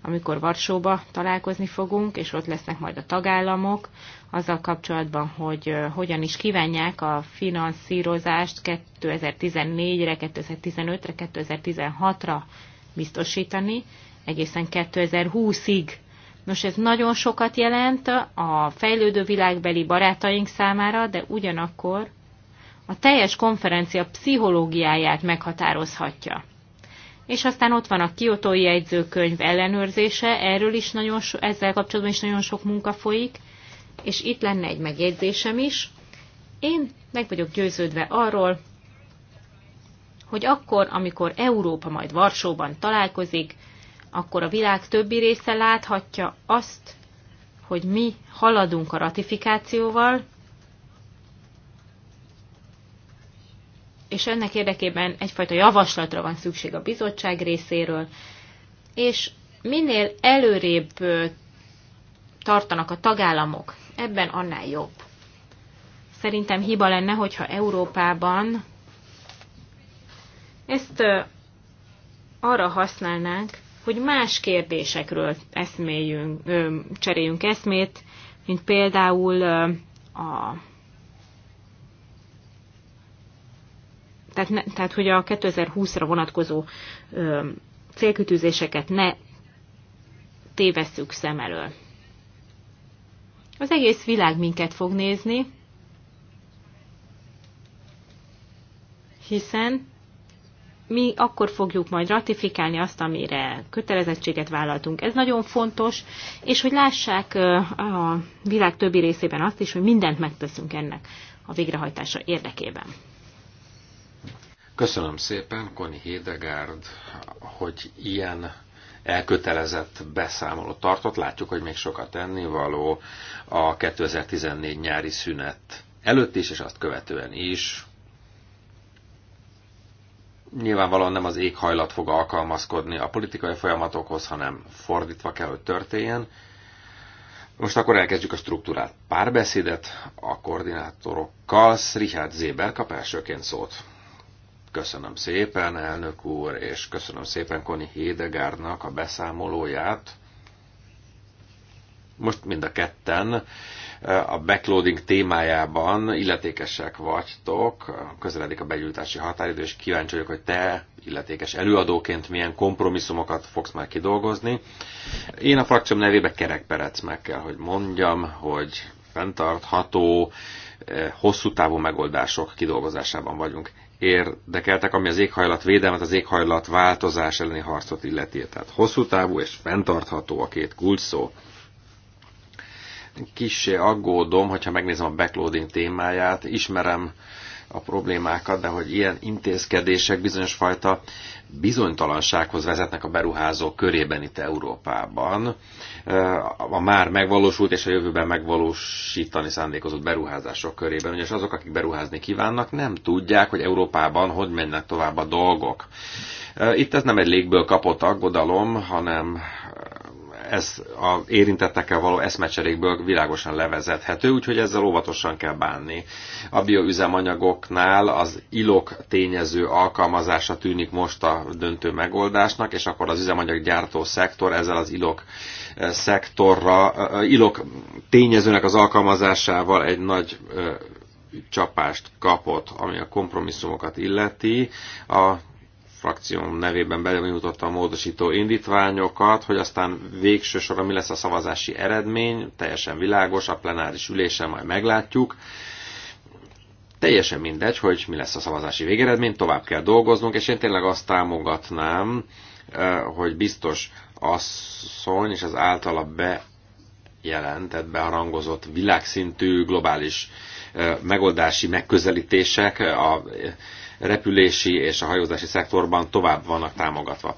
amikor Varsóba találkozni fogunk, és ott lesznek majd a tagállamok, azzal kapcsolatban, hogy hogyan is kívánják a finanszírozást 2014-re, 2015-re, 2016-ra biztosítani, egészen 2020-ig Nos, ez nagyon sokat jelent a fejlődő világbeli barátaink számára, de ugyanakkor a teljes konferencia pszichológiáját meghatározhatja. És aztán ott van a kiotói jegyzőkönyv ellenőrzése, erről is nagyon so, ezzel kapcsolatban is nagyon sok munka folyik, és itt lenne egy megjegyzésem is. Én meg vagyok győződve arról, hogy akkor, amikor Európa majd Varsóban találkozik, akkor a világ többi része láthatja azt, hogy mi haladunk a ratifikációval, és ennek érdekében egyfajta javaslatra van szükség a bizottság részéről, és minél előrébb tartanak a tagállamok, ebben annál jobb. Szerintem hiba lenne, hogyha Európában ezt arra használnánk, hogy más kérdésekről eszméljünk, ö, cseréljünk eszmét, mint például a tehát, ne, tehát hogy a 2020-ra vonatkozó ö, célkütőzéseket ne tévesszük szem elől. Az egész világ minket fog nézni, hiszen mi akkor fogjuk majd ratifikálni azt, amire kötelezettséget vállaltunk. Ez nagyon fontos, és hogy lássák a világ többi részében azt is, hogy mindent megteszünk ennek a végrehajtása érdekében. Köszönöm szépen, Koni Hédegárd, hogy ilyen elkötelezett beszámolót tartott. Látjuk, hogy még sokat ennivaló a 2014 nyári szünet előtt is, és azt követően is nyilvánvalóan nem az éghajlat fog alkalmazkodni a politikai folyamatokhoz, hanem fordítva kell, hogy történjen. Most akkor elkezdjük a struktúrát. Párbeszédet a koordinátorokkal. Richard Zéber kap elsőként szót. Köszönöm szépen, elnök úr, és köszönöm szépen Koni Hédegárnak a beszámolóját. Most mind a ketten a backloading témájában illetékesek vagytok, közeledik a begyújtási határidő, és kíváncsi vagyok, hogy te illetékes előadóként milyen kompromisszumokat fogsz már kidolgozni. Én a frakcióm nevébe kerekperec meg kell, hogy mondjam, hogy fenntartható, eh, hosszú távú megoldások kidolgozásában vagyunk érdekeltek, ami az éghajlat védelmet, az éghajlat változás elleni harcot illeti. Tehát hosszú távú és fenntartható a két kulcs szó kissé aggódom, hogyha megnézem a backloading témáját, ismerem a problémákat, de hogy ilyen intézkedések bizonyos fajta bizonytalansághoz vezetnek a beruházók körében itt Európában. A már megvalósult és a jövőben megvalósítani szándékozott beruházások körében, ugyanis azok, akik beruházni kívánnak, nem tudják, hogy Európában hogy mennek tovább a dolgok. Itt ez nem egy légből kapott aggodalom, hanem ez a érintettekkel való eszmecserékből világosan levezethető, úgyhogy ezzel óvatosan kell bánni. A bioüzemanyagoknál az ilok tényező alkalmazása tűnik most a döntő megoldásnak, és akkor az üzemanyaggyártó szektor ezzel az ilok eh, szektorra, eh, ilok tényezőnek az alkalmazásával egy nagy eh, csapást kapott, ami a kompromisszumokat illeti. A frakcióm nevében benyújtotta a módosító indítványokat, hogy aztán végső soron mi lesz a szavazási eredmény, teljesen világos, a plenáris ülésen majd meglátjuk. Teljesen mindegy, hogy mi lesz a szavazási végeredmény, tovább kell dolgoznunk, és én tényleg azt támogatnám, eh, hogy biztos asszony és az általa bejelentett, beharangozott világszintű globális eh, megoldási megközelítések eh, a repülési és a hajózási szektorban tovább vannak támogatva.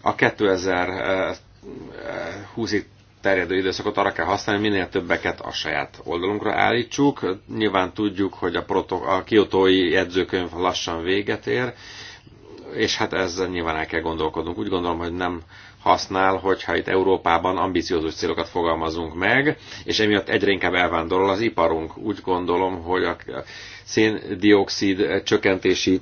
A 2020-ig terjedő időszakot arra kell használni, minél többeket a saját oldalunkra állítsuk. Nyilván tudjuk, hogy a, proto- a kiotói jegyzőkönyv lassan véget ér, és hát ezzel nyilván el kell gondolkodnunk. Úgy gondolom, hogy nem használ, hogyha itt Európában ambiciózus célokat fogalmazunk meg, és emiatt egyre inkább elvándorol az iparunk. Úgy gondolom, hogy a széndiokszid csökkentési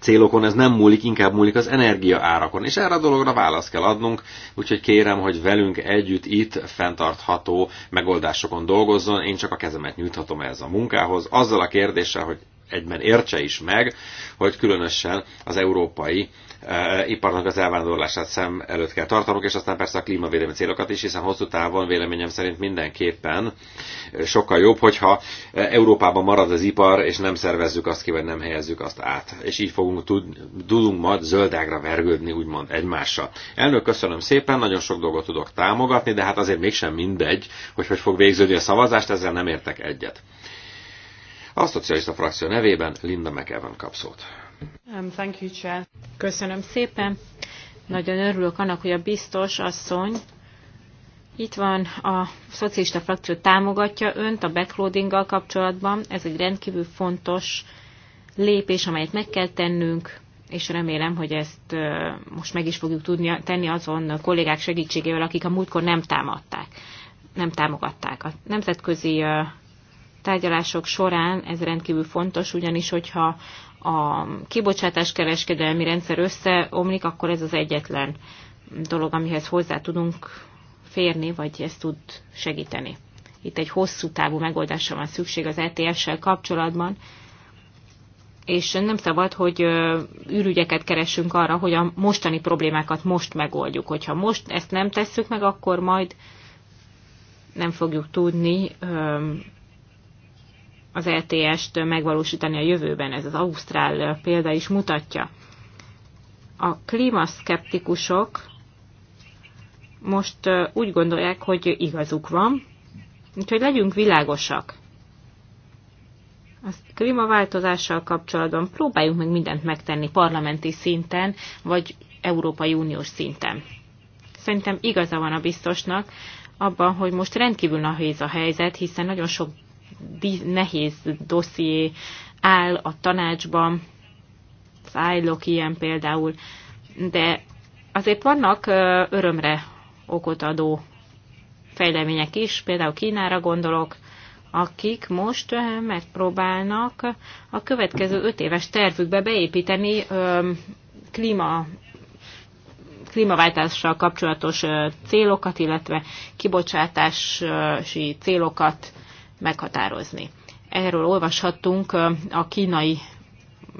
célokon ez nem múlik, inkább múlik az energiaárakon. És erre a dologra választ kell adnunk, úgyhogy kérem, hogy velünk együtt itt fenntartható megoldásokon dolgozzon. Én csak a kezemet nyújthatom ehhez a munkához, azzal a kérdéssel, hogy egyben értse is meg, hogy különösen az európai Eh, iparnak az elvándorlását szem előtt kell tartanunk, és aztán persze a klímavédelmi célokat is, hiszen hosszú távon véleményem szerint mindenképpen sokkal jobb, hogyha eh, Európában marad az ipar, és nem szervezzük azt ki, vagy nem helyezzük azt át. És így fogunk tud, tudunk majd zöldágra vergődni, úgymond egymással. Elnök, köszönöm szépen, nagyon sok dolgot tudok támogatni, de hát azért mégsem mindegy, hogy hogy fog végződni a szavazást, ezzel nem értek egyet. A szocialista frakció nevében Linda McEwan kap szót. Um, Köszönöm szépen. Nagyon örülök annak, hogy a biztos asszony itt van, a szocialista frakció támogatja önt a backloadinggal kapcsolatban. Ez egy rendkívül fontos lépés, amelyet meg kell tennünk, és remélem, hogy ezt most meg is fogjuk tudni tenni azon kollégák segítségével, akik a múltkor nem támadták, nem támogatták. A nemzetközi tárgyalások során ez rendkívül fontos, ugyanis hogyha a kibocsátás kereskedelmi rendszer összeomlik, akkor ez az egyetlen dolog, amihez hozzá tudunk férni, vagy ezt tud segíteni. Itt egy hosszú távú megoldásra van szükség az ETS-sel kapcsolatban, és nem szabad, hogy űrügyeket keressünk arra, hogy a mostani problémákat most megoldjuk. Hogyha most ezt nem tesszük meg, akkor majd nem fogjuk tudni az LTS-t e megvalósítani a jövőben. Ez az Ausztrál példa is mutatja. A klímaszkeptikusok most úgy gondolják, hogy igazuk van, úgyhogy legyünk világosak. A klímaváltozással kapcsolatban próbáljunk meg mindent megtenni parlamenti szinten, vagy Európai Uniós szinten. Szerintem igaza van a biztosnak abban, hogy most rendkívül nehéz a helyzet, hiszen nagyon sok nehéz dosszié áll a tanácsban, szájlok ilyen például, de azért vannak örömre okot adó fejlemények is, például Kínára gondolok, akik most megpróbálnak a következő öt éves tervükbe beépíteni klíma klímaváltással kapcsolatos célokat, illetve kibocsátási célokat meghatározni. Erről olvashattunk a kínai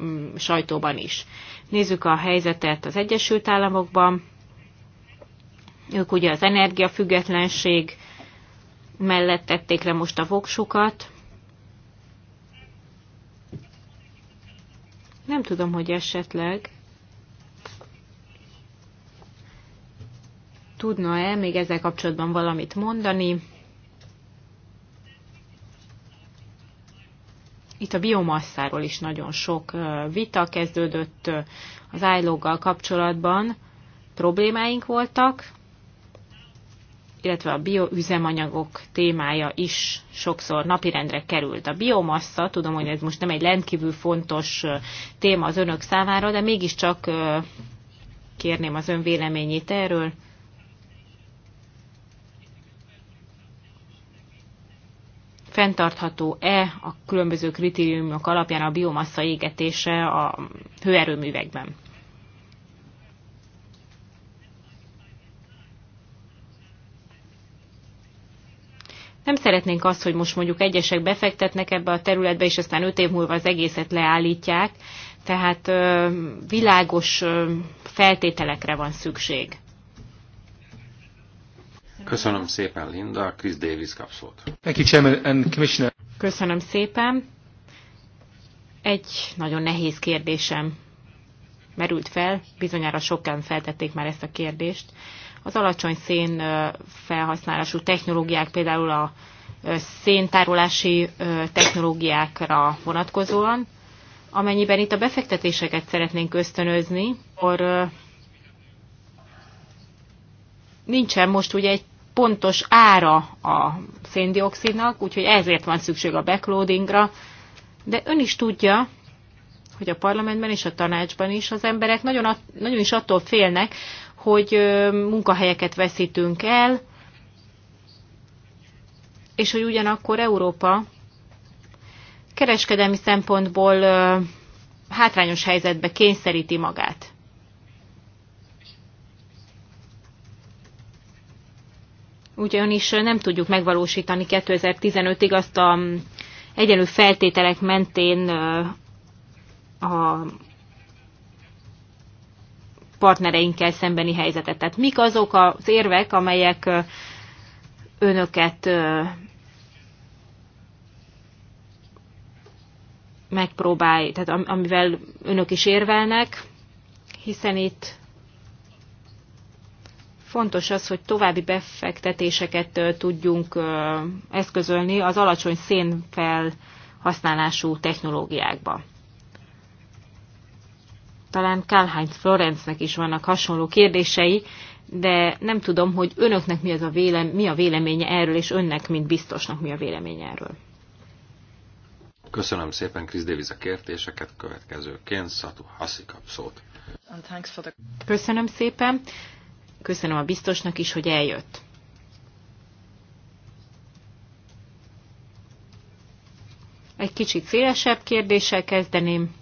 mm, sajtóban is. Nézzük a helyzetet az Egyesült Államokban. Ők ugye az energiafüggetlenség mellett tették le most a voksukat. Nem tudom, hogy esetleg tudna-e még ezzel kapcsolatban valamit mondani. Itt a biomasszáról is nagyon sok vita kezdődött az ájloggal kapcsolatban. Problémáink voltak, illetve a bioüzemanyagok témája is sokszor napirendre került. A biomassa, tudom, hogy ez most nem egy rendkívül fontos téma az önök számára, de mégiscsak kérném az ön véleményét erről. fenntartható-e a különböző kritériumok alapján a biomassa égetése a hőerőművekben. Nem szeretnénk azt, hogy most mondjuk egyesek befektetnek ebbe a területbe, és aztán öt év múlva az egészet leállítják, tehát világos feltételekre van szükség. Köszönöm szépen, Linda. Chris Davis kap szót. Köszönöm szépen. Egy nagyon nehéz kérdésem merült fel, bizonyára sokan feltették már ezt a kérdést. Az alacsony szén felhasználású technológiák, például a széntárolási technológiákra vonatkozóan, amennyiben itt a befektetéseket szeretnénk ösztönözni, akkor nincsen most ugye egy pontos ára a széndiokszidnak, úgyhogy ezért van szükség a backloadingra, de ön is tudja, hogy a parlamentben és a tanácsban is az emberek nagyon, nagyon is attól félnek, hogy munkahelyeket veszítünk el, és hogy ugyanakkor Európa kereskedelmi szempontból hátrányos helyzetbe kényszeríti magát. ugyanis nem tudjuk megvalósítani 2015-ig azt a egyenlő feltételek mentén a partnereinkkel szembeni helyzetet. Tehát mik azok az érvek, amelyek önöket megpróbál, tehát amivel önök is érvelnek, hiszen itt Fontos az, hogy további befektetéseket tudjunk eszközölni az alacsony szénfelhasználású technológiákba. Talán Karl-Heinz Florencnek is vannak hasonló kérdései, de nem tudom, hogy önöknek mi, az a vélem, mi a véleménye erről, és önnek, mint biztosnak mi a véleménye erről. Köszönöm szépen Krisz Davis a kérdéseket, következőként Szatu Haszi szót. Köszönöm szépen. Köszönöm a biztosnak is, hogy eljött. Egy kicsit szélesebb kérdéssel kezdeném.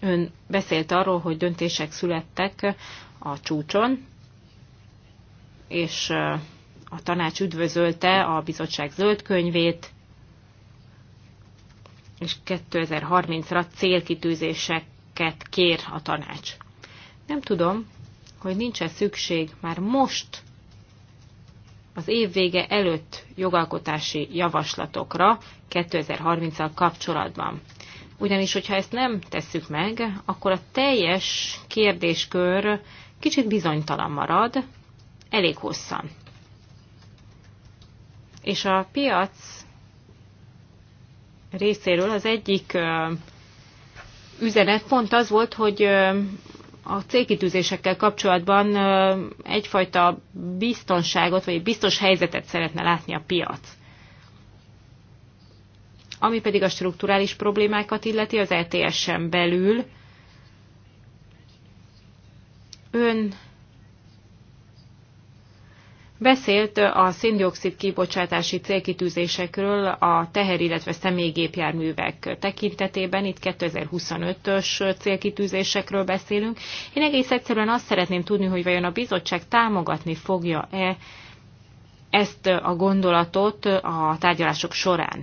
Ön beszélt arról, hogy döntések születtek a csúcson, és uh, a tanács üdvözölte a bizottság zöld könyvét, és 2030-ra célkitűzéseket kér a tanács. Nem tudom, hogy nincs-e szükség már most az év előtt jogalkotási javaslatokra 2030-al kapcsolatban. Ugyanis, hogyha ezt nem tesszük meg, akkor a teljes kérdéskör kicsit bizonytalan marad, elég hosszan. És a piac részéről az egyik üzenet pont az volt, hogy a célkitűzésekkel kapcsolatban egyfajta biztonságot, vagy egy biztos helyzetet szeretne látni a piac. Ami pedig a strukturális problémákat illeti az ETS-en belül, ön Beszélt a széndiokszid kibocsátási célkitűzésekről a teher, illetve személygépjárművek tekintetében. Itt 2025-ös célkitűzésekről beszélünk. Én egész egyszerűen azt szeretném tudni, hogy vajon a bizottság támogatni fogja-e ezt a gondolatot a tárgyalások során.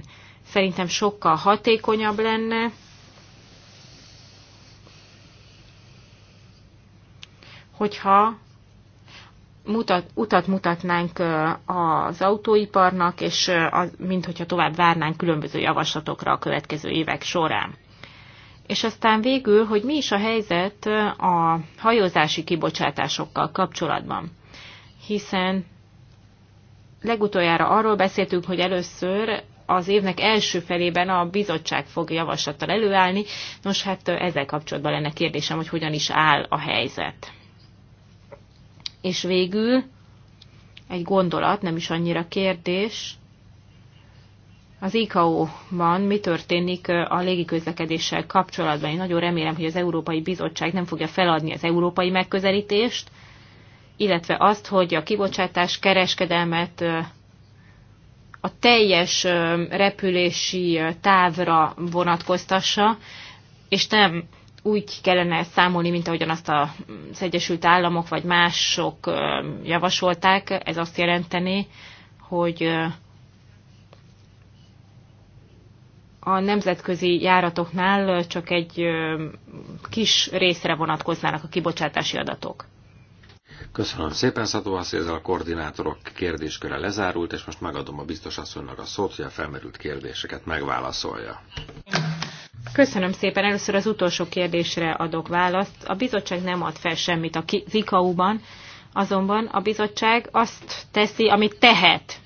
Szerintem sokkal hatékonyabb lenne, hogyha mutat, utat mutatnánk az autóiparnak, és az, mint hogyha tovább várnánk különböző javaslatokra a következő évek során. És aztán végül, hogy mi is a helyzet a hajózási kibocsátásokkal kapcsolatban. Hiszen legutoljára arról beszéltünk, hogy először az évnek első felében a bizottság fog javaslattal előállni. Nos, hát ezzel kapcsolatban lenne kérdésem, hogy hogyan is áll a helyzet. És végül egy gondolat, nem is annyira kérdés, az iko ban mi történik a légiközlekedéssel kapcsolatban. Én nagyon remélem, hogy az Európai Bizottság nem fogja feladni az európai megközelítést, illetve azt, hogy a kibocsátás kereskedelmet a teljes repülési távra vonatkoztassa, és nem úgy kellene számolni, mint ahogyan azt az Egyesült Államok vagy mások javasolták. Ez azt jelenteni, hogy a nemzetközi járatoknál csak egy kis részre vonatkoznának a kibocsátási adatok. Köszönöm szépen, Szató ezzel a koordinátorok kérdésköre lezárult, és most megadom a biztos asszonynak a szót, hogy a felmerült kérdéseket megválaszolja. Köszönöm szépen. Először az utolsó kérdésre adok választ. A bizottság nem ad fel semmit a zikau ban azonban a bizottság azt teszi, amit tehet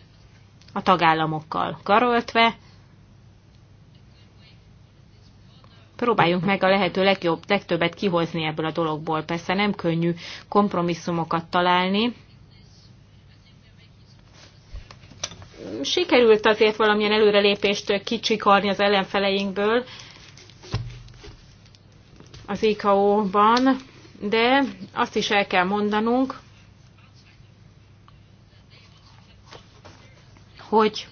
a tagállamokkal karoltve. Próbáljunk meg a lehető legjobb, legtöbbet kihozni ebből a dologból. Persze nem könnyű kompromisszumokat találni, sikerült azért valamilyen előrelépést kicsikarni az ellenfeleinkből, az IKO-ban, de azt is el kell mondanunk, hogy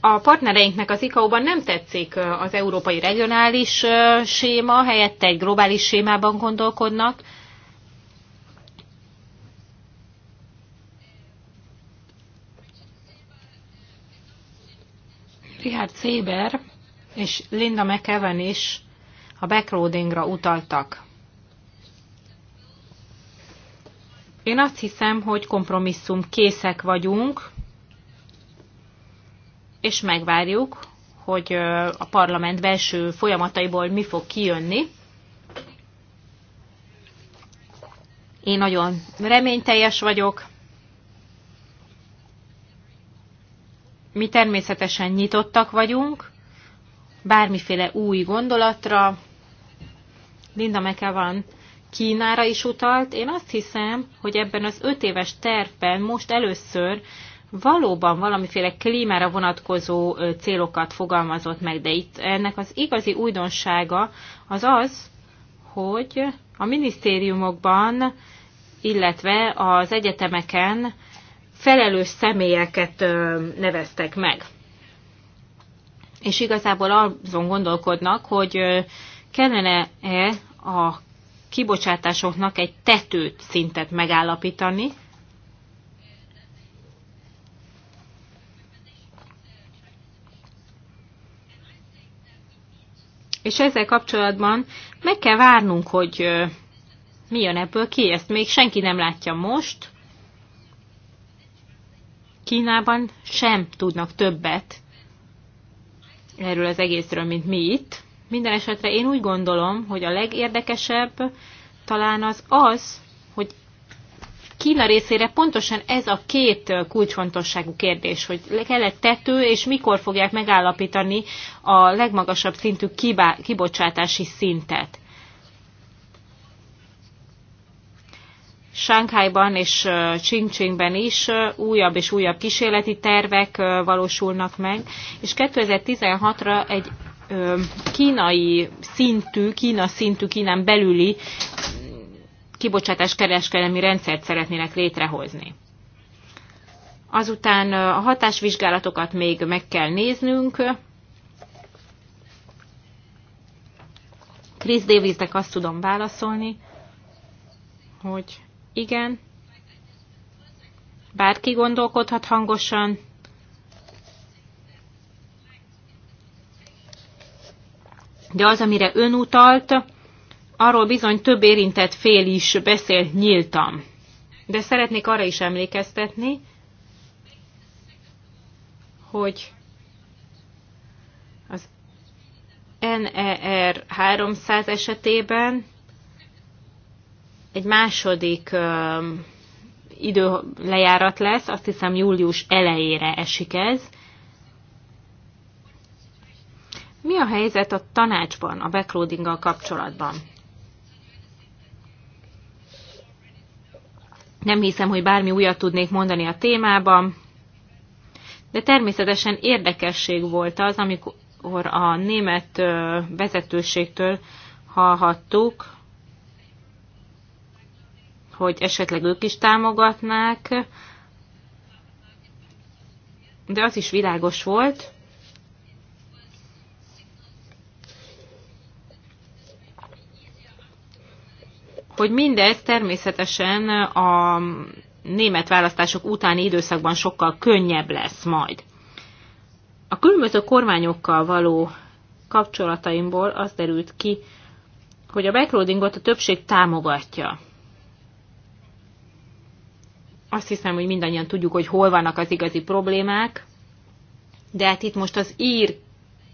a partnereinknek az ICAO-ban nem tetszik az európai regionális séma, helyette egy globális sémában gondolkodnak. Richard Széber és Linda McEwen is a backroadingra utaltak. Én azt hiszem, hogy kompromisszum készek vagyunk, és megvárjuk, hogy a parlament belső folyamataiból mi fog kijönni. Én nagyon reményteljes vagyok. Mi természetesen nyitottak vagyunk, bármiféle új gondolatra. Linda van Kínára is utalt. Én azt hiszem, hogy ebben az öt éves tervben most először valóban valamiféle klímára vonatkozó célokat fogalmazott meg, de itt ennek az igazi újdonsága az az, hogy a minisztériumokban, illetve az egyetemeken felelős személyeket neveztek meg és igazából azon gondolkodnak, hogy kellene-e a kibocsátásoknak egy tetőt szintet megállapítani, És ezzel kapcsolatban meg kell várnunk, hogy mi jön ebből ki, ezt még senki nem látja most. Kínában sem tudnak többet erről az egészről, mint mi itt. Minden esetre én úgy gondolom, hogy a legérdekesebb talán az az, hogy Kína részére pontosan ez a két kulcsfontosságú kérdés, hogy kell-e tető, és mikor fogják megállapítani a legmagasabb szintű kibá, kibocsátási szintet. Sánkhájban és Csingcsingben is újabb és újabb kísérleti tervek valósulnak meg, és 2016-ra egy kínai szintű, Kína szintű, Kínán belüli mm, kibocsátás kereskedelmi rendszert szeretnének létrehozni. Azután a hatásvizsgálatokat még meg kell néznünk. Chris Davisnek azt tudom válaszolni, hogy igen. Bárki gondolkodhat hangosan. De az, amire ön utalt, arról bizony több érintett fél is beszél nyíltan. De szeretnék arra is emlékeztetni, hogy az NER 300 esetében egy második időlejárat lesz, azt hiszem július elejére esik ez. Mi a helyzet a tanácsban, a backloadinggal kapcsolatban? Nem hiszem, hogy bármi újat tudnék mondani a témában, de természetesen érdekesség volt az, amikor a német vezetőségtől hallhattuk, hogy esetleg ők is támogatnák, de az is világos volt, hogy mindez természetesen a német választások utáni időszakban sokkal könnyebb lesz majd. A különböző kormányokkal való kapcsolataimból az derült ki, hogy a backloadingot a többség támogatja azt hiszem, hogy mindannyian tudjuk, hogy hol vannak az igazi problémák, de hát itt most az ír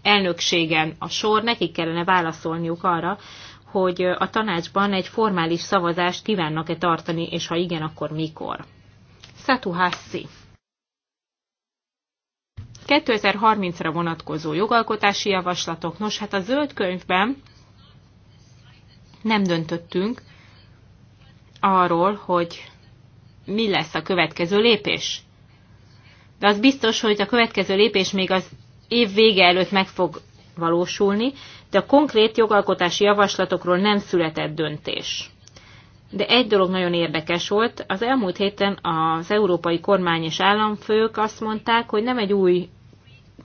elnökségen a sor, nekik kellene válaszolniuk arra, hogy a tanácsban egy formális szavazást kívánnak-e tartani, és ha igen, akkor mikor. Szatu Hassi 2030-ra vonatkozó jogalkotási javaslatok. Nos, hát a zöld könyvben nem döntöttünk arról, hogy mi lesz a következő lépés. De az biztos, hogy a következő lépés még az év vége előtt meg fog valósulni, de a konkrét jogalkotási javaslatokról nem született döntés. De egy dolog nagyon érdekes volt, az elmúlt héten az európai kormány és államfők azt mondták, hogy nem egy új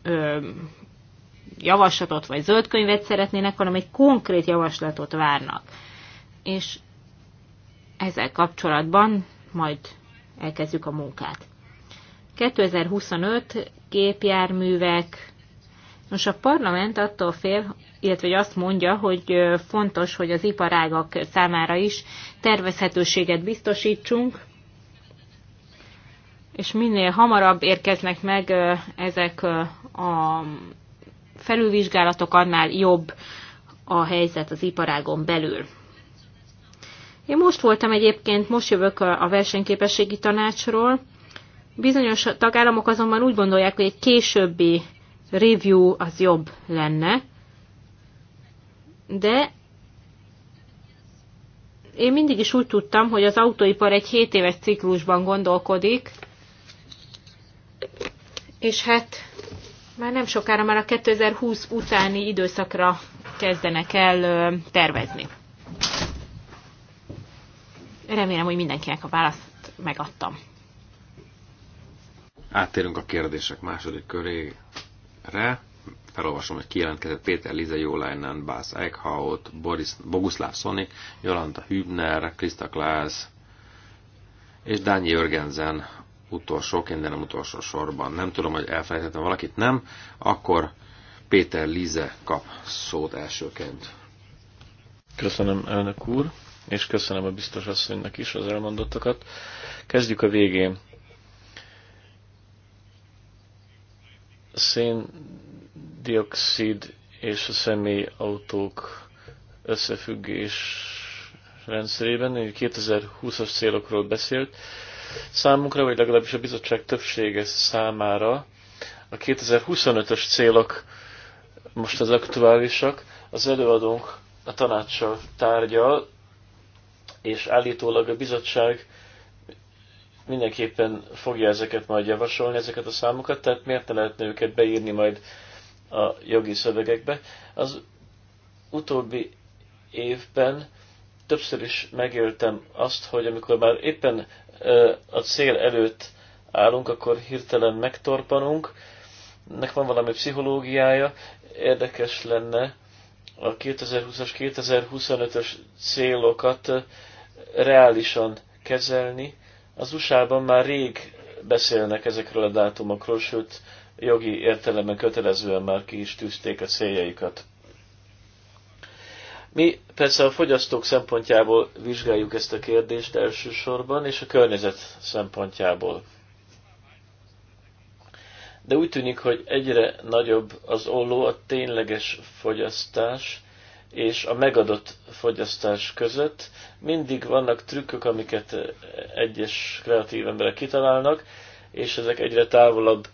ö, javaslatot vagy zöldkönyvet szeretnének, hanem egy konkrét javaslatot várnak. És ezzel kapcsolatban majd elkezdjük a munkát. 2025 gépjárművek. Nos, a parlament attól fél, illetve azt mondja, hogy fontos, hogy az iparágak számára is tervezhetőséget biztosítsunk, és minél hamarabb érkeznek meg ezek a felülvizsgálatok, annál jobb a helyzet az iparágon belül. Én most voltam egyébként, most jövök a versenyképességi tanácsról. Bizonyos tagállamok azonban úgy gondolják, hogy egy későbbi review az jobb lenne, de én mindig is úgy tudtam, hogy az autóipar egy 7 éves ciklusban gondolkodik, és hát már nem sokára, már a 2020 utáni időszakra kezdenek el tervezni. Remélem, hogy mindenkinek a választ megadtam. Áttérünk a kérdések második körére. Felolvasom, hogy kijelentkezett Péter Lize Jólajnán, Bász Eichhaut, Boris, Boguszláv Szonik, Jolanta Hübner, Krista Klász és Dányi Jörgenzen utolsóként, de nem utolsó sorban. Nem tudom, hogy elfelejtettem valakit, nem. Akkor Péter Lize kap szót elsőként. Köszönöm, elnök úr és köszönöm a biztos asszonynak is az elmondottakat. Kezdjük a végén. A széndiokszid és a személyautók összefüggés rendszerében, 2020-as célokról beszélt. Számunkra, vagy legalábbis a bizottság többsége számára a 2025-ös célok most az aktuálisak. Az előadónk a tanácssal tárgyal, és állítólag a bizottság mindenképpen fogja ezeket majd javasolni, ezeket a számokat, tehát miért ne lehetne őket beírni majd a jogi szövegekbe. Az utóbbi évben többször is megéltem azt, hogy amikor már éppen a cél előtt állunk, akkor hirtelen megtorpanunk, nek van valami pszichológiája, érdekes lenne a 2020-as, 2025-ös célokat reálisan kezelni. Az USA-ban már rég beszélnek ezekről a dátumokról, sőt, jogi értelemben kötelezően már ki is tűzték a céljaikat. Mi persze a fogyasztók szempontjából vizsgáljuk ezt a kérdést elsősorban, és a környezet szempontjából. De úgy tűnik, hogy egyre nagyobb az olló a tényleges fogyasztás, és a megadott fogyasztás között. Mindig vannak trükkök, amiket egyes kreatív emberek kitalálnak, és ezek egyre távolabb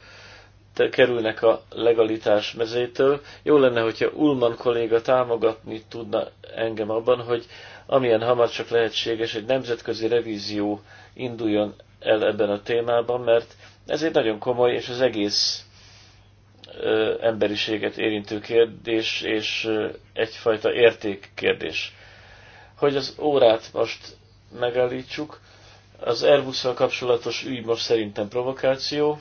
kerülnek a legalitás mezétől. Jó lenne, hogyha Ulman kolléga támogatni tudna engem abban, hogy amilyen hamar csak lehetséges, egy nemzetközi revízió induljon el ebben a témában, mert ez egy nagyon komoly és az egész emberiséget érintő kérdés, és egyfajta érték kérdés. Hogy az órát most megállítsuk, az airbus kapcsolatos ügy most szerintem provokáció.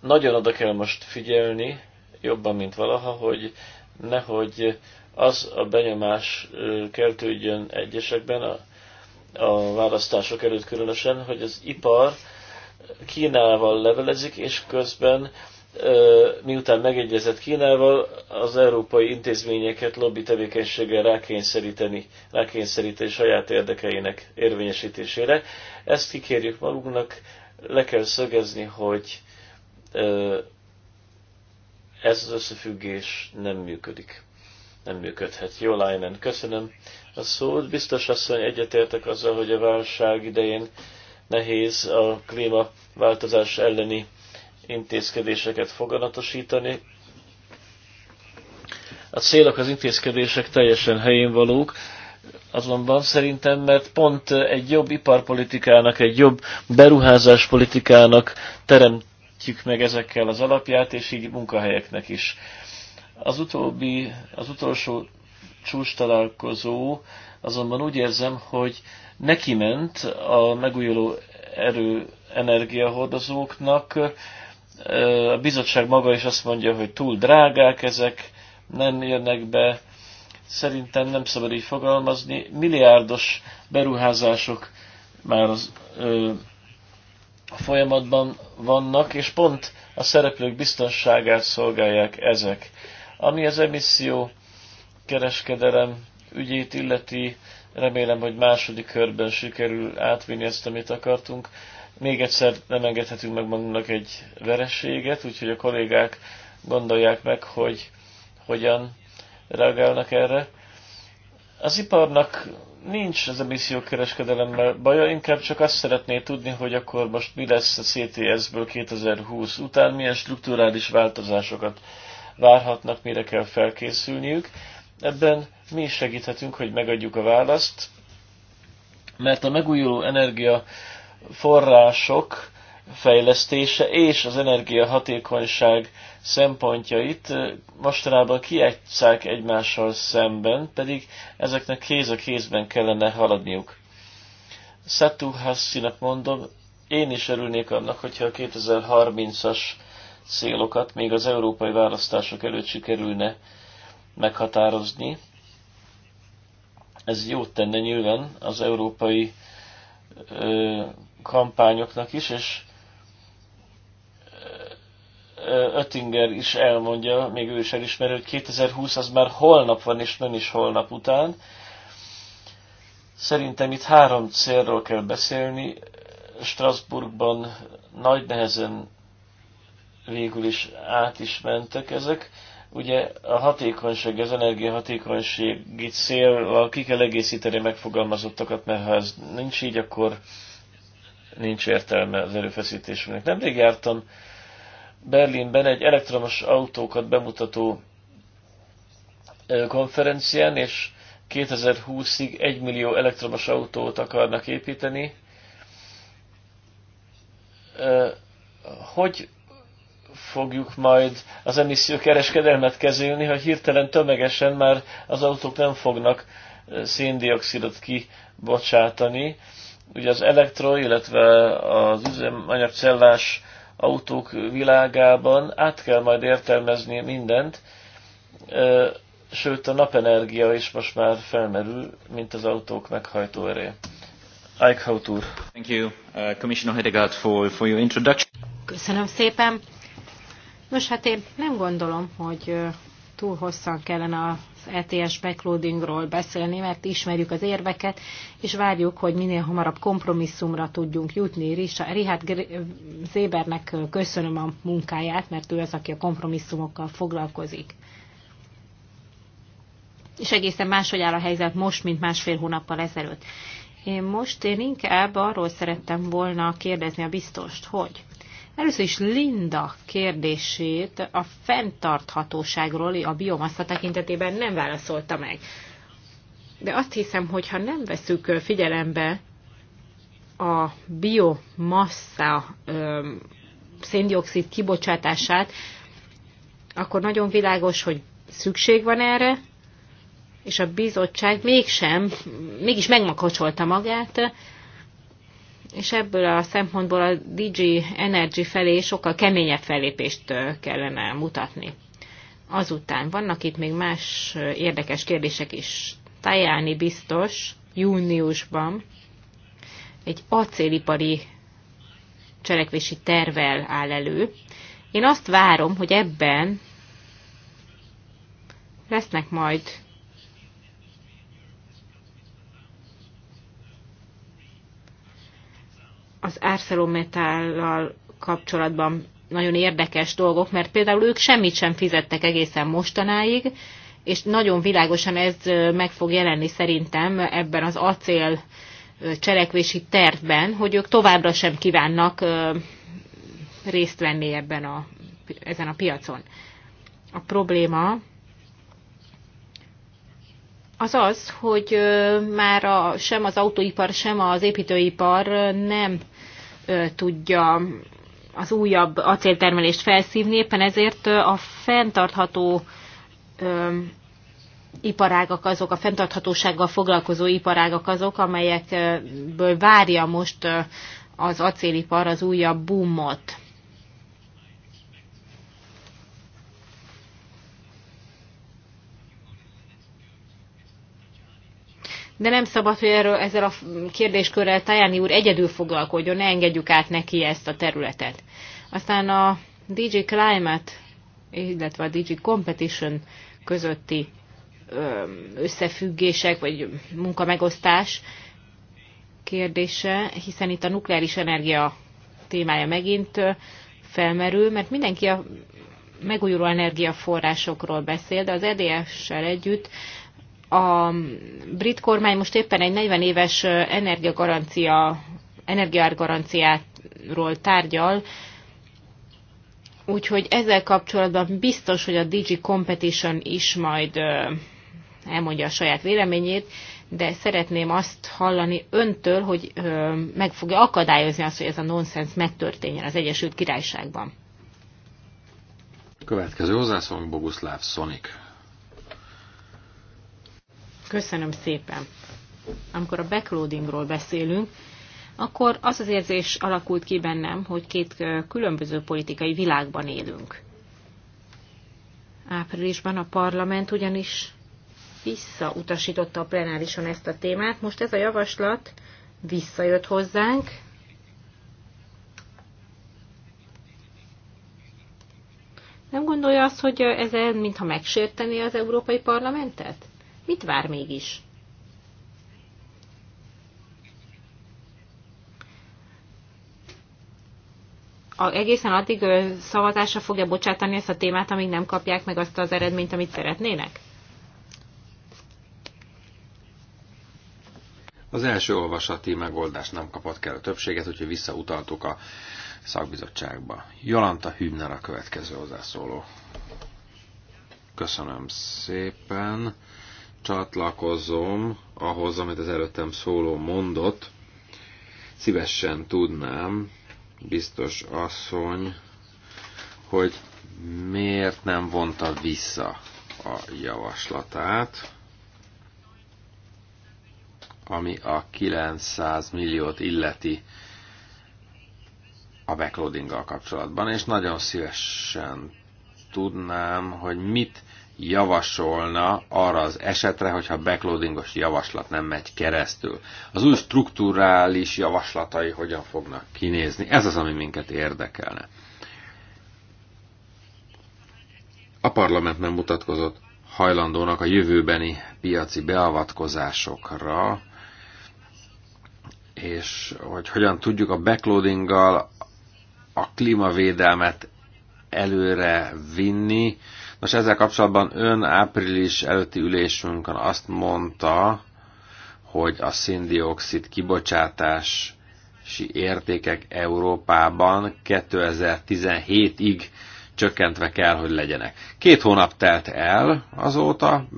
Nagyon oda kell most figyelni, jobban, mint valaha, hogy nehogy az a benyomás keltődjön egyesekben, a, a választások előtt különösen, hogy az ipar Kínával levelezik, és közben miután megegyezett Kínával, az európai intézményeket lobby tevékenységgel rákényszeríteni, rákényszeríteni saját érdekeinek érvényesítésére. Ezt kikérjük magunknak, le kell szögezni, hogy ez az összefüggés nem működik. Nem működhet. Jó, Lájnen, köszönöm a szót. Biztos asszony egyetértek azzal, hogy a válság idején nehéz a klímaváltozás elleni intézkedéseket foganatosítani. A célok, az intézkedések teljesen helyén valók, azonban szerintem, mert pont egy jobb iparpolitikának, egy jobb beruházáspolitikának teremtjük meg ezekkel az alapját, és így munkahelyeknek is. Az utóbbi, az utolsó csúcs találkozó azonban úgy érzem, hogy neki ment a megújuló erő energiahordozóknak. A bizottság maga is azt mondja, hogy túl drágák ezek, nem jönnek be. Szerintem nem szabad így fogalmazni. Milliárdos beruházások már az, ö, a folyamatban vannak, és pont a szereplők biztonságát szolgálják ezek. Ami az emisszió kereskedelem ügyét illeti, remélem, hogy második körben sikerül átvinni ezt, amit akartunk. Még egyszer nem engedhetünk meg magunknak egy vereséget, úgyhogy a kollégák gondolják meg, hogy hogyan reagálnak erre. Az iparnak nincs az emissziókereskedelemmel baja, inkább csak azt szeretné tudni, hogy akkor most mi lesz a CTS-ből 2020 után, milyen strukturális változásokat várhatnak, mire kell felkészülniük Ebben mi is segíthetünk, hogy megadjuk a választ, mert a megújuló energia források fejlesztése és az energiahatékonyság szempontjait mostanában kiegyszák egymással szemben, pedig ezeknek kéz a kézben kellene haladniuk. Satu Hassinak mondom, én is örülnék annak, hogyha a 2030-as célokat még az európai választások előtt sikerülne meghatározni. Ez jót tenne nyilván az európai ö, kampányoknak is, és Öttinger is elmondja, még ő is elismeri, hogy 2020 az már holnap van, és nem is holnap után. Szerintem itt három célról kell beszélni. Strasbourgban nagy nehezen végül is át is mentek ezek. Ugye a hatékonyság, az energiahatékonysági célval ki kell egészíteni megfogalmazottakat, mert ha ez nincs így, akkor nincs értelme az erőfeszítésünknek. Nemrég jártam Berlinben egy elektromos autókat bemutató konferencián, és 2020-ig 1 millió elektromos autót akarnak építeni. Hogy fogjuk majd az kereskedelmet kezelni, ha hirtelen tömegesen már az autók nem fognak széndiokszidot kibocsátani. Ugye az elektro, illetve az üzemanyagcellás autók világában át kell majd értelmezni mindent, sőt a napenergia is most már felmerül, mint az autók meghajtó eré. úr. Thank you, uh, Commissioner Hedegaard, for, for your introduction. Köszönöm szépen Nos, hát én nem gondolom, hogy túl hosszan kellene az ETS backloadingról beszélni, mert ismerjük az érveket, és várjuk, hogy minél hamarabb kompromisszumra tudjunk jutni. Richard Zébernek köszönöm a munkáját, mert ő az, aki a kompromisszumokkal foglalkozik. És egészen máshogy áll a helyzet most, mint másfél hónappal ezelőtt. Én most én inkább arról szerettem volna kérdezni a biztost, hogy Először is Linda kérdését a fenntarthatóságról a biomassa tekintetében nem válaszolta meg. De azt hiszem, hogy ha nem veszük figyelembe a biomassa széndiokszid kibocsátását, akkor nagyon világos, hogy szükség van erre, és a bizottság mégsem, mégis megmakacsolta magát, és ebből a szempontból a DG Energy felé sokkal keményebb fellépést kellene mutatni. Azután vannak itt még más érdekes kérdések is. Tajáni biztos júniusban egy acélipari cselekvési tervel áll elő. Én azt várom, hogy ebben lesznek majd az ArcelorMittal kapcsolatban nagyon érdekes dolgok, mert például ők semmit sem fizettek egészen mostanáig, és nagyon világosan ez meg fog jelenni szerintem ebben az acél cselekvési tervben, hogy ők továbbra sem kívánnak részt venni ebben a, ezen a piacon. A probléma az az, hogy már a, sem az autóipar, sem az építőipar nem tudja az újabb acéltermelést felszívni, éppen ezért a fenntartható iparágak azok, a fenntarthatósággal foglalkozó iparágak azok, amelyekből várja most az acélipar az újabb boomot. de nem szabad, hogy erről, ezzel a kérdéskörrel Tajani úr egyedül foglalkodjon, ne engedjük át neki ezt a területet. Aztán a DJ Climate, illetve a DJ Competition közötti összefüggések, vagy munkamegosztás kérdése, hiszen itt a nukleáris energia témája megint felmerül, mert mindenki a megújuló energiaforrásokról beszél, de az EDS-sel együtt a brit kormány most éppen egy 40 éves energiagarancia, energiárgaranciáról tárgyal, úgyhogy ezzel kapcsolatban biztos, hogy a DG Competition is majd elmondja a saját véleményét, de szeretném azt hallani öntől, hogy meg fogja akadályozni azt, hogy ez a nonsens megtörténjen az Egyesült Királyságban. Következő hozzászólunk Boguszláv Szonik. Köszönöm szépen. Amikor a backloadingról beszélünk, akkor az az érzés alakult ki bennem, hogy két különböző politikai világban élünk. Áprilisban a parlament ugyanis visszautasította a plenárison ezt a témát. Most ez a javaslat visszajött hozzánk. Nem gondolja azt, hogy ez mintha megsérteni az Európai Parlamentet? Mit vár mégis? A, egészen addig ö, szavazásra fogja bocsátani ezt a témát, amíg nem kapják meg azt az eredményt, amit szeretnének? Az első olvasati megoldás nem kapott kell a többséget, úgyhogy visszautaltuk a szakbizottságba. Jolanta Hübner a következő hozzászóló. Köszönöm szépen csatlakozom ahhoz, amit az előttem szóló mondott. Szívesen tudnám, biztos asszony, hogy miért nem vonta vissza a javaslatát, ami a 900 milliót illeti a backloadinggal kapcsolatban, és nagyon szívesen tudnám, hogy mit javasolna arra az esetre, hogyha backloadingos javaslat nem megy keresztül. Az új strukturális javaslatai hogyan fognak kinézni? Ez az, ami minket érdekelne. A parlament nem mutatkozott hajlandónak a jövőbeni piaci beavatkozásokra, és hogy hogyan tudjuk a backloadinggal a klímavédelmet előre vinni, Nos, ezzel kapcsolatban ön április előtti ülésünkön azt mondta, hogy a szindioxid kibocsátási értékek Európában 2017-ig csökkentve kell, hogy legyenek. Két hónap telt el azóta,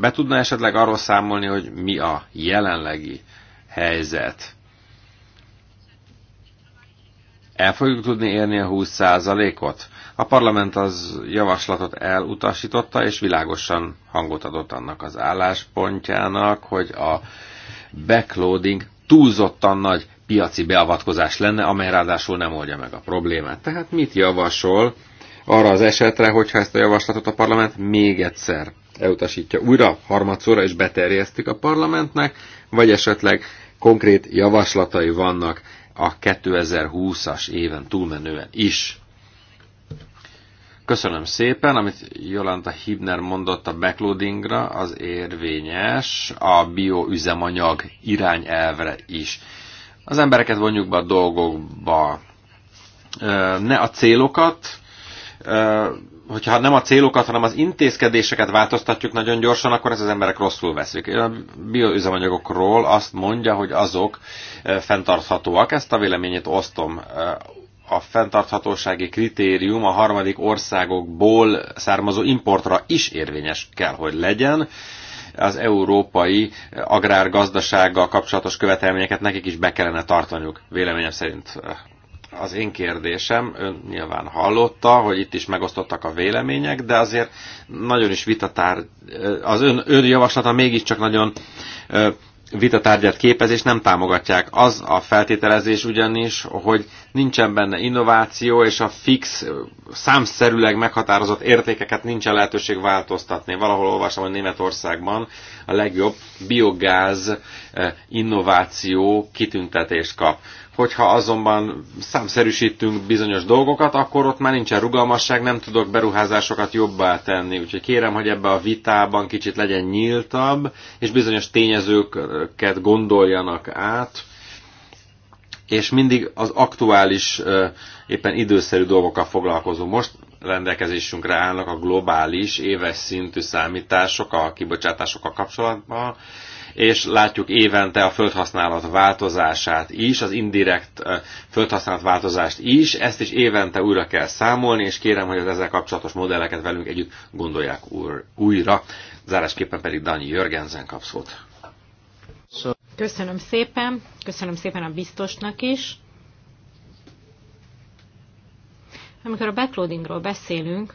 be tudna esetleg arról számolni, hogy mi a jelenlegi helyzet. El fogjuk tudni érni a 20%-ot? A parlament az javaslatot elutasította, és világosan hangot adott annak az álláspontjának, hogy a backloading túlzottan nagy piaci beavatkozás lenne, amely ráadásul nem oldja meg a problémát. Tehát mit javasol arra az esetre, hogyha ezt a javaslatot a parlament még egyszer elutasítja újra, harmadszorra, és beterjesztik a parlamentnek, vagy esetleg konkrét javaslatai vannak a 2020-as éven túlmenően is. Köszönöm szépen, amit Jolanta Hibner mondott a backloadingra, az érvényes a bioüzemanyag irányelvre is. Az embereket vonjuk be a dolgokba. Ne a célokat, hogyha nem a célokat, hanem az intézkedéseket változtatjuk nagyon gyorsan, akkor ez az emberek rosszul veszik. A bioüzemanyagokról azt mondja, hogy azok fenntarthatóak, ezt a véleményét osztom a fenntarthatósági kritérium a harmadik országokból származó importra is érvényes kell, hogy legyen. Az európai agrárgazdasággal kapcsolatos követelményeket nekik is be kellene tartaniuk, véleményem szerint. Az én kérdésem, ön nyilván hallotta, hogy itt is megosztottak a vélemények, de azért nagyon is vitatár, az ön, ön javaslata mégiscsak nagyon vitatárgyat képez, és nem támogatják. Az a feltételezés ugyanis, hogy nincsen benne innováció, és a fix, számszerűleg meghatározott értékeket nincsen lehetőség változtatni. Valahol olvasom, hogy Németországban a legjobb biogáz eh, innováció kitüntetést kap. Hogyha azonban számszerűsítünk bizonyos dolgokat, akkor ott már nincsen rugalmasság, nem tudok beruházásokat jobbá tenni. Úgyhogy kérem, hogy ebbe a vitában kicsit legyen nyíltabb, és bizonyos tényezőket gondoljanak át, és mindig az aktuális, éppen időszerű dolgokkal foglalkozó. Most rendelkezésünkre állnak a globális, éves szintű számítások a kibocsátásokkal kapcsolatban, és látjuk évente a földhasználat változását is, az indirekt földhasználat változást is, ezt is évente újra kell számolni, és kérem, hogy az ezzel kapcsolatos modelleket velünk együtt gondolják újra. Zárásképpen pedig Dani Jörgensen kap szót. Köszönöm szépen, köszönöm szépen a biztosnak is. Amikor a backloadingról beszélünk,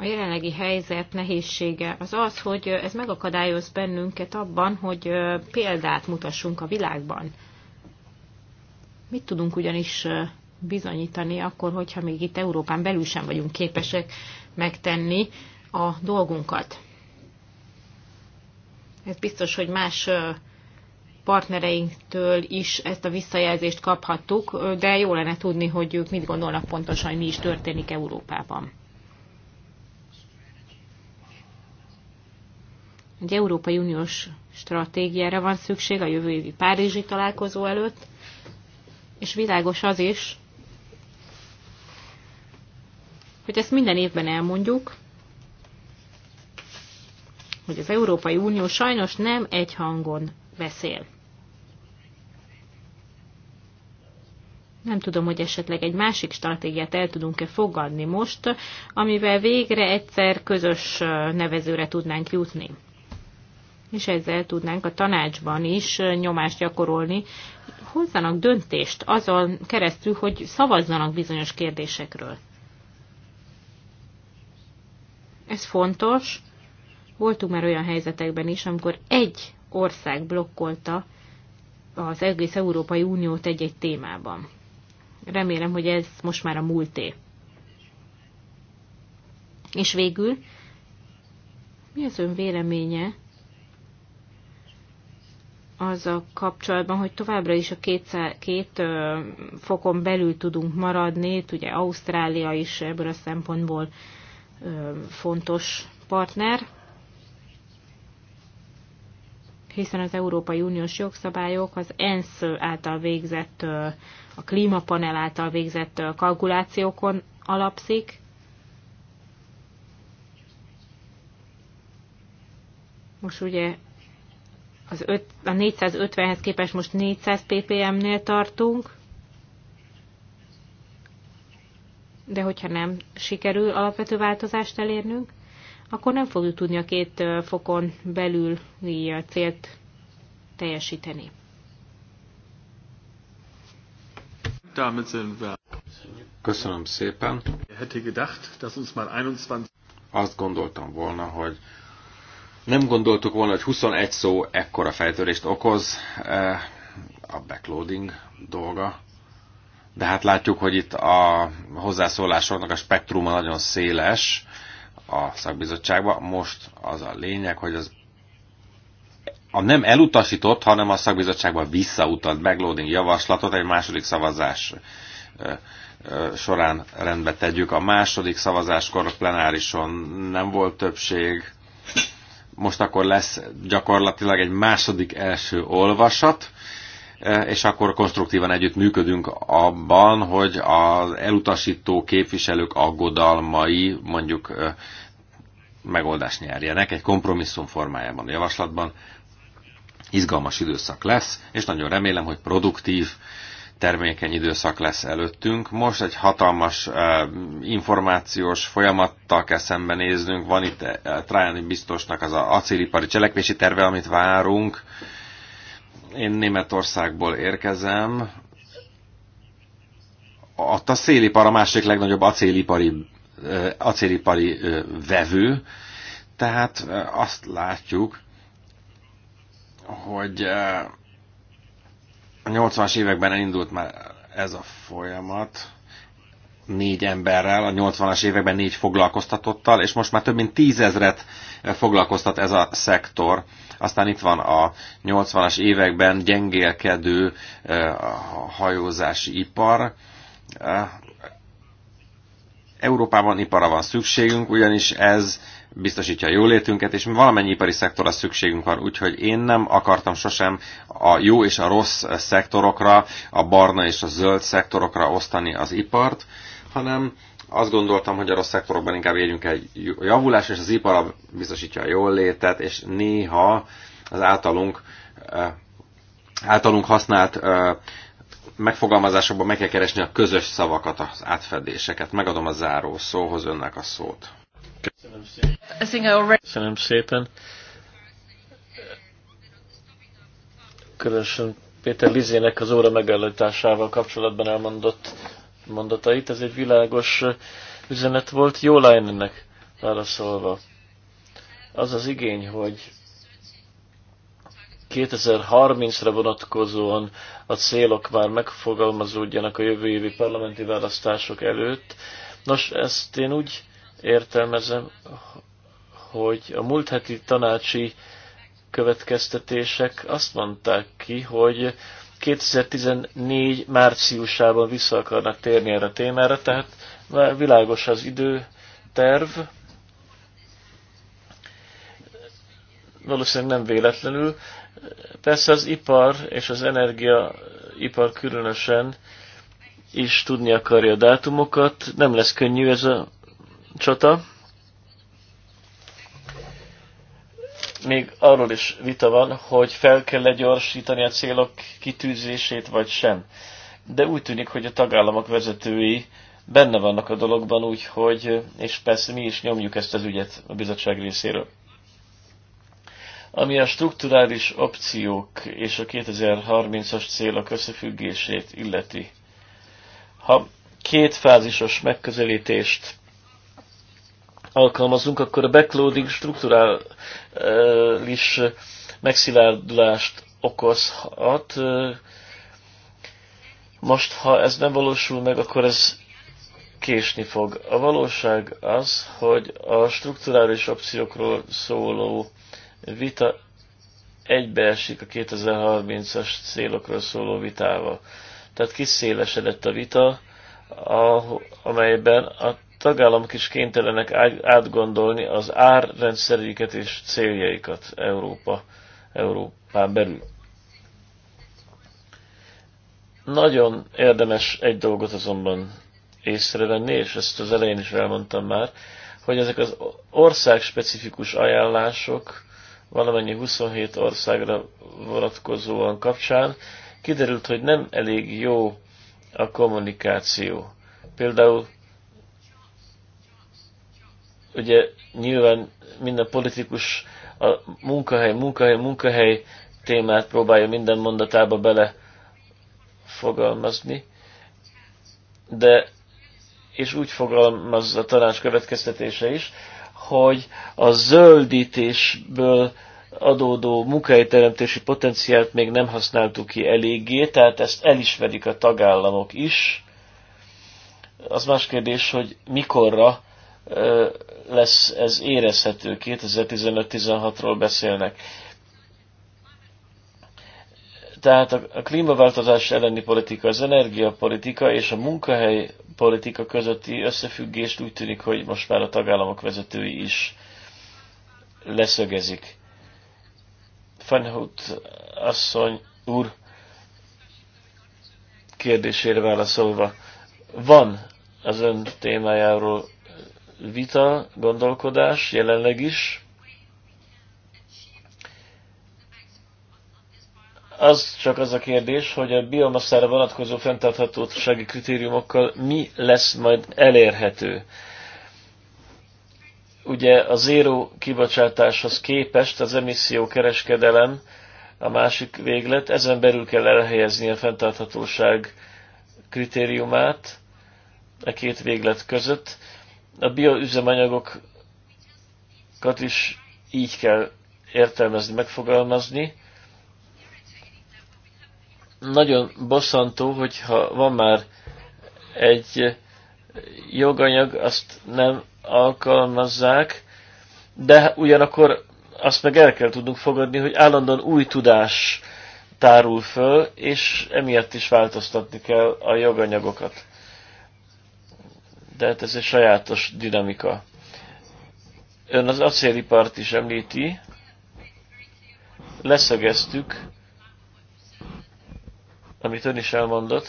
a jelenlegi helyzet nehézsége az az, hogy ez megakadályoz bennünket abban, hogy példát mutassunk a világban. Mit tudunk ugyanis bizonyítani akkor, hogyha még itt Európán belül sem vagyunk képesek megtenni a dolgunkat? Ez biztos, hogy más partnereinktől is ezt a visszajelzést kaphattuk, de jó lenne tudni, hogy ők mit gondolnak pontosan, hogy mi is történik Európában. Egy Európai Uniós stratégiára van szükség a jövő évi Párizsi találkozó előtt, és világos az is, hogy ezt minden évben elmondjuk, hogy az Európai Unió sajnos nem egy hangon beszél. Nem tudom, hogy esetleg egy másik stratégiát el tudunk-e fogadni most, amivel végre egyszer közös nevezőre tudnánk jutni és ezzel tudnánk a tanácsban is nyomást gyakorolni, hozzanak döntést azon keresztül, hogy szavazzanak bizonyos kérdésekről. Ez fontos. Voltunk már olyan helyzetekben is, amikor egy ország blokkolta az egész Európai Uniót egy-egy témában. Remélem, hogy ez most már a múlté. És végül, mi az ön véleménye az a kapcsolatban, hogy továbbra is a két, két fokon belül tudunk maradni, Itt ugye Ausztrália is ebből a szempontból fontos partner, hiszen az Európai Uniós jogszabályok az ENSZ által végzett, a klímapanel által végzett kalkulációkon alapszik, Most ugye az öt, a 450-hez képest most 400 ppm-nél tartunk, de hogyha nem sikerül alapvető változást elérnünk, akkor nem fogjuk tudni a két fokon belül a célt teljesíteni. Köszönöm szépen. Azt gondoltam volna, hogy nem gondoltuk volna, hogy 21 szó ekkora fejtörést okoz eh, a backloading dolga. De hát látjuk, hogy itt a hozzászólásoknak a spektruma nagyon széles a szakbizottságban. Most az a lényeg, hogy az a nem elutasított, hanem a szakbizottságban visszautalt backloading javaslatot egy második szavazás eh, eh, során rendbe tegyük. A második szavazáskor a plenárison nem volt többség, most akkor lesz gyakorlatilag egy második első olvasat, e, és akkor konstruktívan együtt működünk abban, hogy az elutasító képviselők aggodalmai mondjuk e, megoldást nyerjenek egy kompromisszum formájában a javaslatban. Izgalmas időszak lesz, és nagyon remélem, hogy produktív termékeny időszak lesz előttünk. Most egy hatalmas uh, információs folyamattal kell szembenéznünk. Van itt uh, eh, Trajani biztosnak az a acélipari cselekvési terve, amit várunk. Én Németországból érkezem. Ott a szélipar a másik legnagyobb acélipari, uh, acélipari uh, vevő. Tehát uh, azt látjuk, hogy uh, 80-as években elindult már ez a folyamat négy emberrel, a 80-as években négy foglalkoztatottal, és most már több mint tízezret foglalkoztat ez a szektor. Aztán itt van a 80-as években gyengélkedő eh, hajózási ipar, eh, Európában ipara van szükségünk, ugyanis ez biztosítja a jólétünket, és valamennyi ipari szektorra szükségünk van, úgyhogy én nem akartam sosem a jó és a rossz szektorokra, a barna és a zöld szektorokra osztani az ipart, hanem azt gondoltam, hogy a rossz szektorokban inkább érjünk egy javulás, és az ipar biztosítja a jól létet, és néha az általunk általunk használt megfogalmazásokban meg kell keresni a közös szavakat, az átfedéseket. Megadom a záró szóhoz önnek a szót. Köszönöm szépen. Köszönöm szépen. Különösen Péter Lizének az óra megállításával kapcsolatban elmondott mondatait. Ez egy világos üzenet volt. Jó Lájnennek válaszolva. Az az igény, hogy 2030-ra vonatkozóan a célok már megfogalmazódjanak a jövő évi parlamenti választások előtt. Nos, ezt én úgy értelmezem, hogy a múlt heti tanácsi következtetések azt mondták ki, hogy 2014 márciusában vissza akarnak térni erre a témára, tehát már világos az időterv. Valószínűleg nem véletlenül. Persze az ipar és az energiaipar különösen is tudni akarja a dátumokat. Nem lesz könnyű ez a csata. Még arról is vita van, hogy fel kell legyorsítani a célok kitűzését, vagy sem. De úgy tűnik, hogy a tagállamok vezetői benne vannak a dologban, úgyhogy, és persze mi is nyomjuk ezt az ügyet a bizottság részéről. Ami a strukturális opciók és a 2030-as célok összefüggését illeti. Ha kétfázisos megközelítést alkalmazunk, akkor a backloading strukturális megszilárdulást okozhat. Most, ha ez nem valósul meg, akkor ez késni fog. A valóság az, hogy a strukturális opciókról szóló vita egybeesik a 2030-as célokról szóló vitával. Tehát kiszélesedett a vita, ah, amelyben a tagállamok is kénytelenek átgondolni az árrendszerüket és céljaikat Európa, Európán belül. Nagyon érdemes egy dolgot azonban észrevenni, és ezt az elején is elmondtam már, hogy ezek az országspecifikus ajánlások valamennyi 27 országra vonatkozóan kapcsán, kiderült, hogy nem elég jó a kommunikáció. Például ugye nyilván minden politikus a munkahely, munkahely, munkahely témát próbálja minden mondatába bele fogalmazni, de és úgy fogalmaz a tanács következtetése is, hogy a zöldítésből adódó munkahelyteremtési potenciált még nem használtuk ki eléggé, tehát ezt elismerik a tagállamok is. Az más kérdés, hogy mikorra lesz ez érezhető, 2015-16-ról beszélnek. Tehát a klímaváltozás elleni politika, az energiapolitika és a munkahely politika közötti összefüggést úgy tűnik, hogy most már a tagállamok vezetői is leszögezik. Fenhut asszony úr kérdésére válaszolva, van az ön témájáról vita, gondolkodás jelenleg is, Az csak az a kérdés, hogy a biomaszára vonatkozó fenntarthatósági kritériumokkal mi lesz majd elérhető. Ugye a zéró kibocsátáshoz képest az emisszió kereskedelem a másik véglet, ezen belül kell elhelyezni a fenntarthatóság kritériumát a e két véglet között. A bioüzemanyagokat is így kell értelmezni, megfogalmazni nagyon bosszantó, hogyha van már egy joganyag, azt nem alkalmazzák, de ugyanakkor azt meg el kell tudnunk fogadni, hogy állandóan új tudás tárul föl, és emiatt is változtatni kell a joganyagokat. De hát ez egy sajátos dinamika. Ön az acélipart is említi. Leszögeztük, amit ön is elmondott,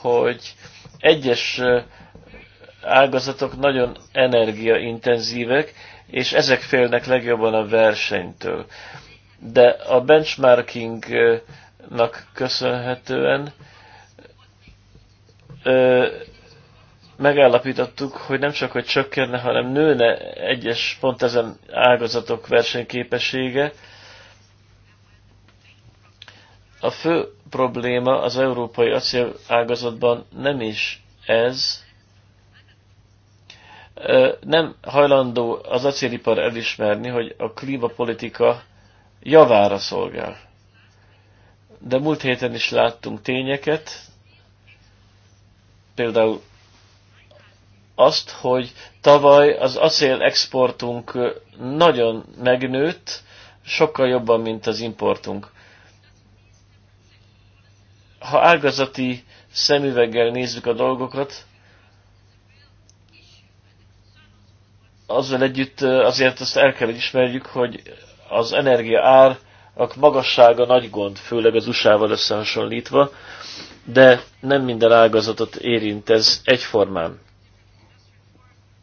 hogy egyes ágazatok nagyon energiaintenzívek, és ezek félnek legjobban a versenytől. De a benchmarkingnak köszönhetően ö, megállapítottuk, hogy nem csak, hogy csökkenne, hanem nőne egyes pont ezen ágazatok versenyképessége, a fő probléma az európai acélágazatban nem is ez, nem hajlandó az acélipar elismerni, hogy a klímapolitika javára szolgál. De múlt héten is láttunk tényeket, például azt, hogy tavaly az acél exportunk nagyon megnőtt, sokkal jobban, mint az importunk ha ágazati szemüveggel nézzük a dolgokat, azzal együtt azért azt el kell, hogy ismerjük, hogy az energia ár magassága nagy gond, főleg az USA-val összehasonlítva, de nem minden ágazatot érint ez egyformán.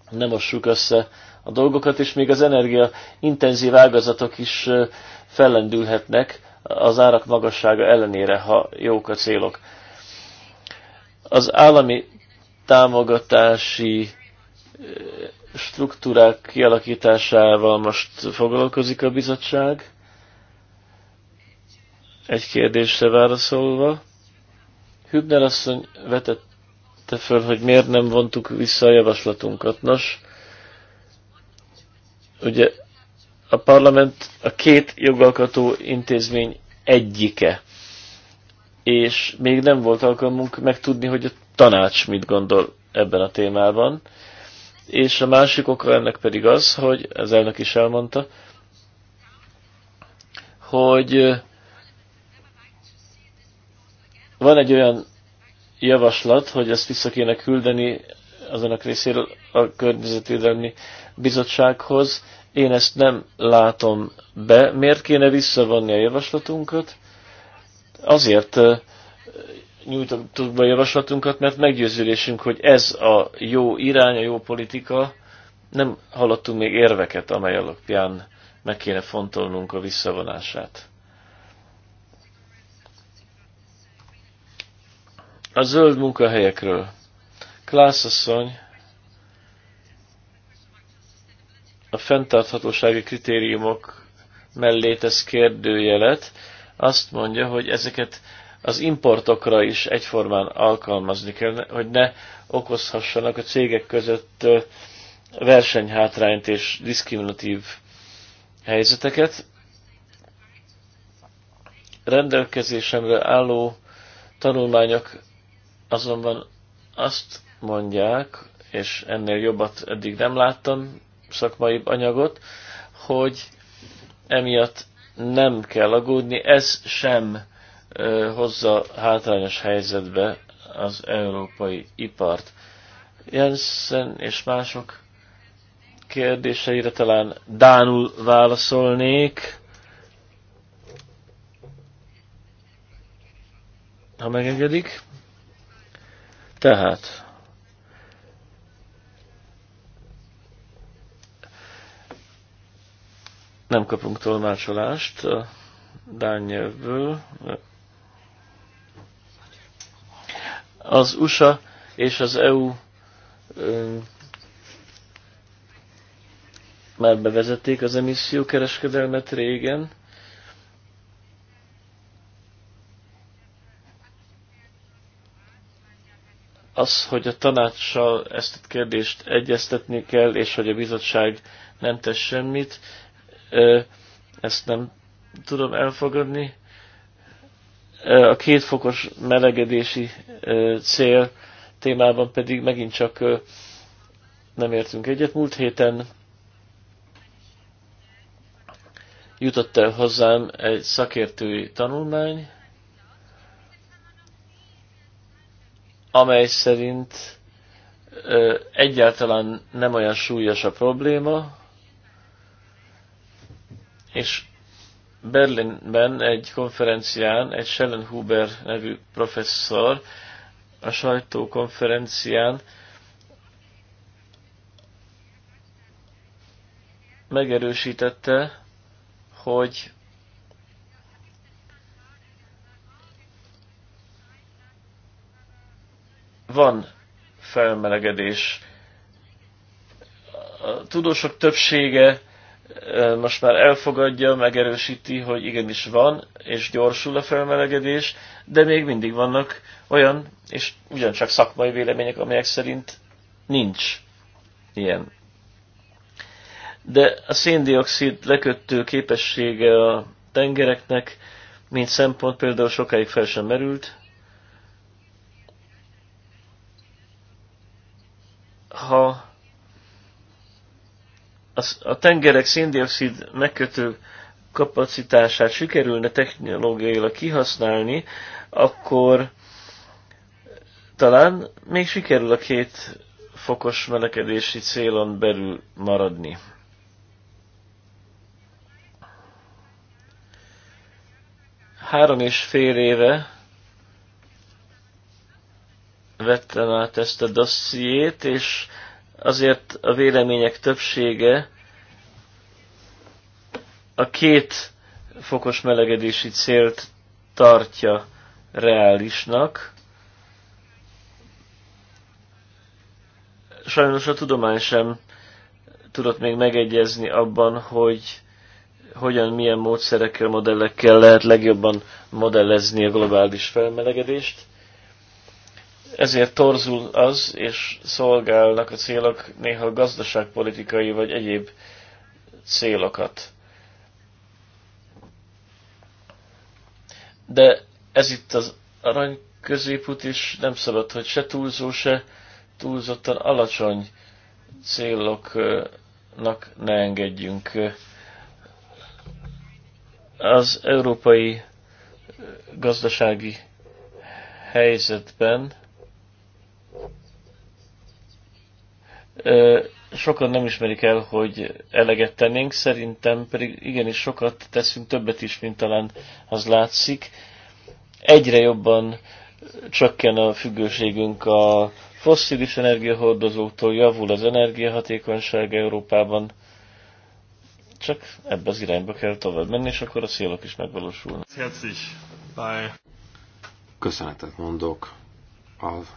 Nem mossuk össze a dolgokat, és még az energia intenzív ágazatok is fellendülhetnek, az árak magassága ellenére, ha jók a célok. Az állami támogatási eh, struktúrák kialakításával most foglalkozik a bizottság. Egy kérdésre válaszolva. Hübner asszony vetette föl, hogy miért nem vontuk vissza a javaslatunkat. Nos, ugye a parlament a két jogalkotó intézmény egyike, és még nem volt alkalmunk megtudni, hogy a tanács mit gondol ebben a témában, és a másik oka ennek pedig az, hogy az elnök is elmondta, hogy van egy olyan javaslat, hogy ezt vissza kéne küldeni azon a részéről a Környezetvédelmi Bizottsághoz, én ezt nem látom be. Miért kéne visszavonni a javaslatunkat? Azért nyújtottuk be a javaslatunkat, mert meggyőződésünk, hogy ez a jó irány, a jó politika. Nem hallottunk még érveket, amely alapján meg kéne fontolnunk a visszavonását. A zöld munkahelyekről. asszony, a fenntarthatósági kritériumok mellé tesz kérdőjelet, azt mondja, hogy ezeket az importokra is egyformán alkalmazni kell, hogy ne okozhassanak a cégek között versenyhátrányt és diszkriminatív helyzeteket. Rendelkezésemre álló tanulmányok azonban azt mondják, és ennél jobbat eddig nem láttam, szakmai anyagot, hogy emiatt nem kell aggódni, ez sem hozza hátrányos helyzetbe az európai ipart. Jensen és mások kérdéseire talán Dánul válaszolnék. Ha megengedik. Tehát, Nem kapunk tolmácsolást a Dán nyelvből. Az USA és az EU már bevezették az emissziókereskedelmet régen, az, hogy a tanácssal ezt a kérdést egyeztetni kell, és hogy a bizottság nem tesz semmit, ezt nem tudom elfogadni. A kétfokos melegedési cél témában pedig megint csak nem értünk egyet. Múlt héten jutott el hozzám egy szakértői tanulmány, amely szerint egyáltalán nem olyan súlyos a probléma, és Berlinben egy konferencián egy Schellenhuber nevű professzor a sajtókonferencián megerősítette, hogy van felmelegedés. A tudósok többsége most már elfogadja, megerősíti, hogy igenis van, és gyorsul a felmelegedés, de még mindig vannak olyan, és ugyancsak szakmai vélemények, amelyek szerint nincs ilyen. De a széndiokszid lekötő képessége a tengereknek, mint szempont például sokáig fel sem merült. Ha a tengerek széndiokszid megkötő kapacitását sikerülne technológiailag kihasználni, akkor talán még sikerül a két fokos melekedési célon belül maradni. Három és fél éve vettem át ezt a dossziét, és azért a vélemények többsége a két fokos melegedési célt tartja reálisnak. Sajnos a tudomány sem tudott még megegyezni abban, hogy hogyan, milyen módszerekkel, modellekkel lehet legjobban modellezni a globális felmelegedést ezért torzul az, és szolgálnak a célok néha gazdaságpolitikai vagy egyéb célokat. De ez itt az arany középút is nem szabad, hogy se túlzó, se túlzottan alacsony céloknak ne engedjünk. Az európai gazdasági helyzetben Sokan nem ismerik el, hogy eleget tennénk, szerintem pedig igenis sokat teszünk, többet is, mint talán az látszik. Egyre jobban csökken a függőségünk a fosszilis energiahordozóktól, javul az energiahatékonyság Európában, csak ebbe az irányba kell tovább menni, és akkor a célok is megvalósulnak. Köszönetet mondok az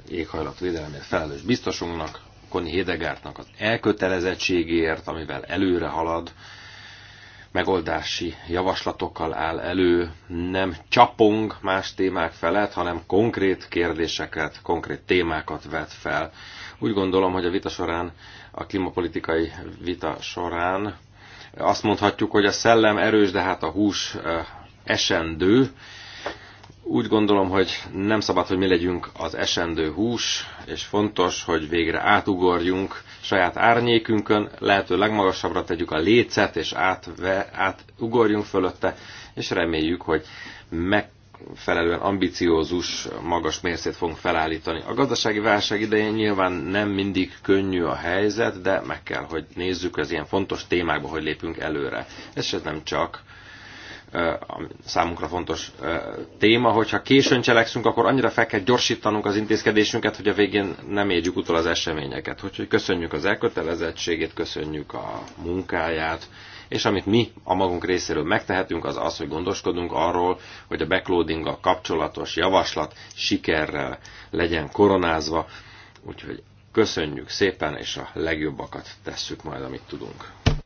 védelemért felelős biztosunknak, Koni Hedegártnak az elkötelezettségéért, amivel előre halad, megoldási javaslatokkal áll elő, nem csapong más témák felett, hanem konkrét kérdéseket, konkrét témákat vet fel. Úgy gondolom, hogy a vita során, a klimapolitikai vita során azt mondhatjuk, hogy a szellem erős, de hát a hús esendő, úgy gondolom, hogy nem szabad, hogy mi legyünk az esendő hús, és fontos, hogy végre átugorjunk saját árnyékünkön, lehető legmagasabbra tegyük a lécet, és átve, átugorjunk fölötte, és reméljük, hogy megfelelően ambiciózus, magas mércét fogunk felállítani. A gazdasági válság idején nyilván nem mindig könnyű a helyzet, de meg kell, hogy nézzük az ilyen fontos témákba, hogy lépünk előre. És ez nem csak számunkra fontos téma, hogyha későn cselekszünk, akkor annyira fel kell gyorsítanunk az intézkedésünket, hogy a végén nem érjük utol az eseményeket. Úgyhogy köszönjük az elkötelezettségét, köszönjük a munkáját, és amit mi a magunk részéről megtehetünk, az az, hogy gondoskodunk arról, hogy a a kapcsolatos javaslat sikerrel legyen koronázva. Úgyhogy köszönjük szépen, és a legjobbakat tesszük majd, amit tudunk.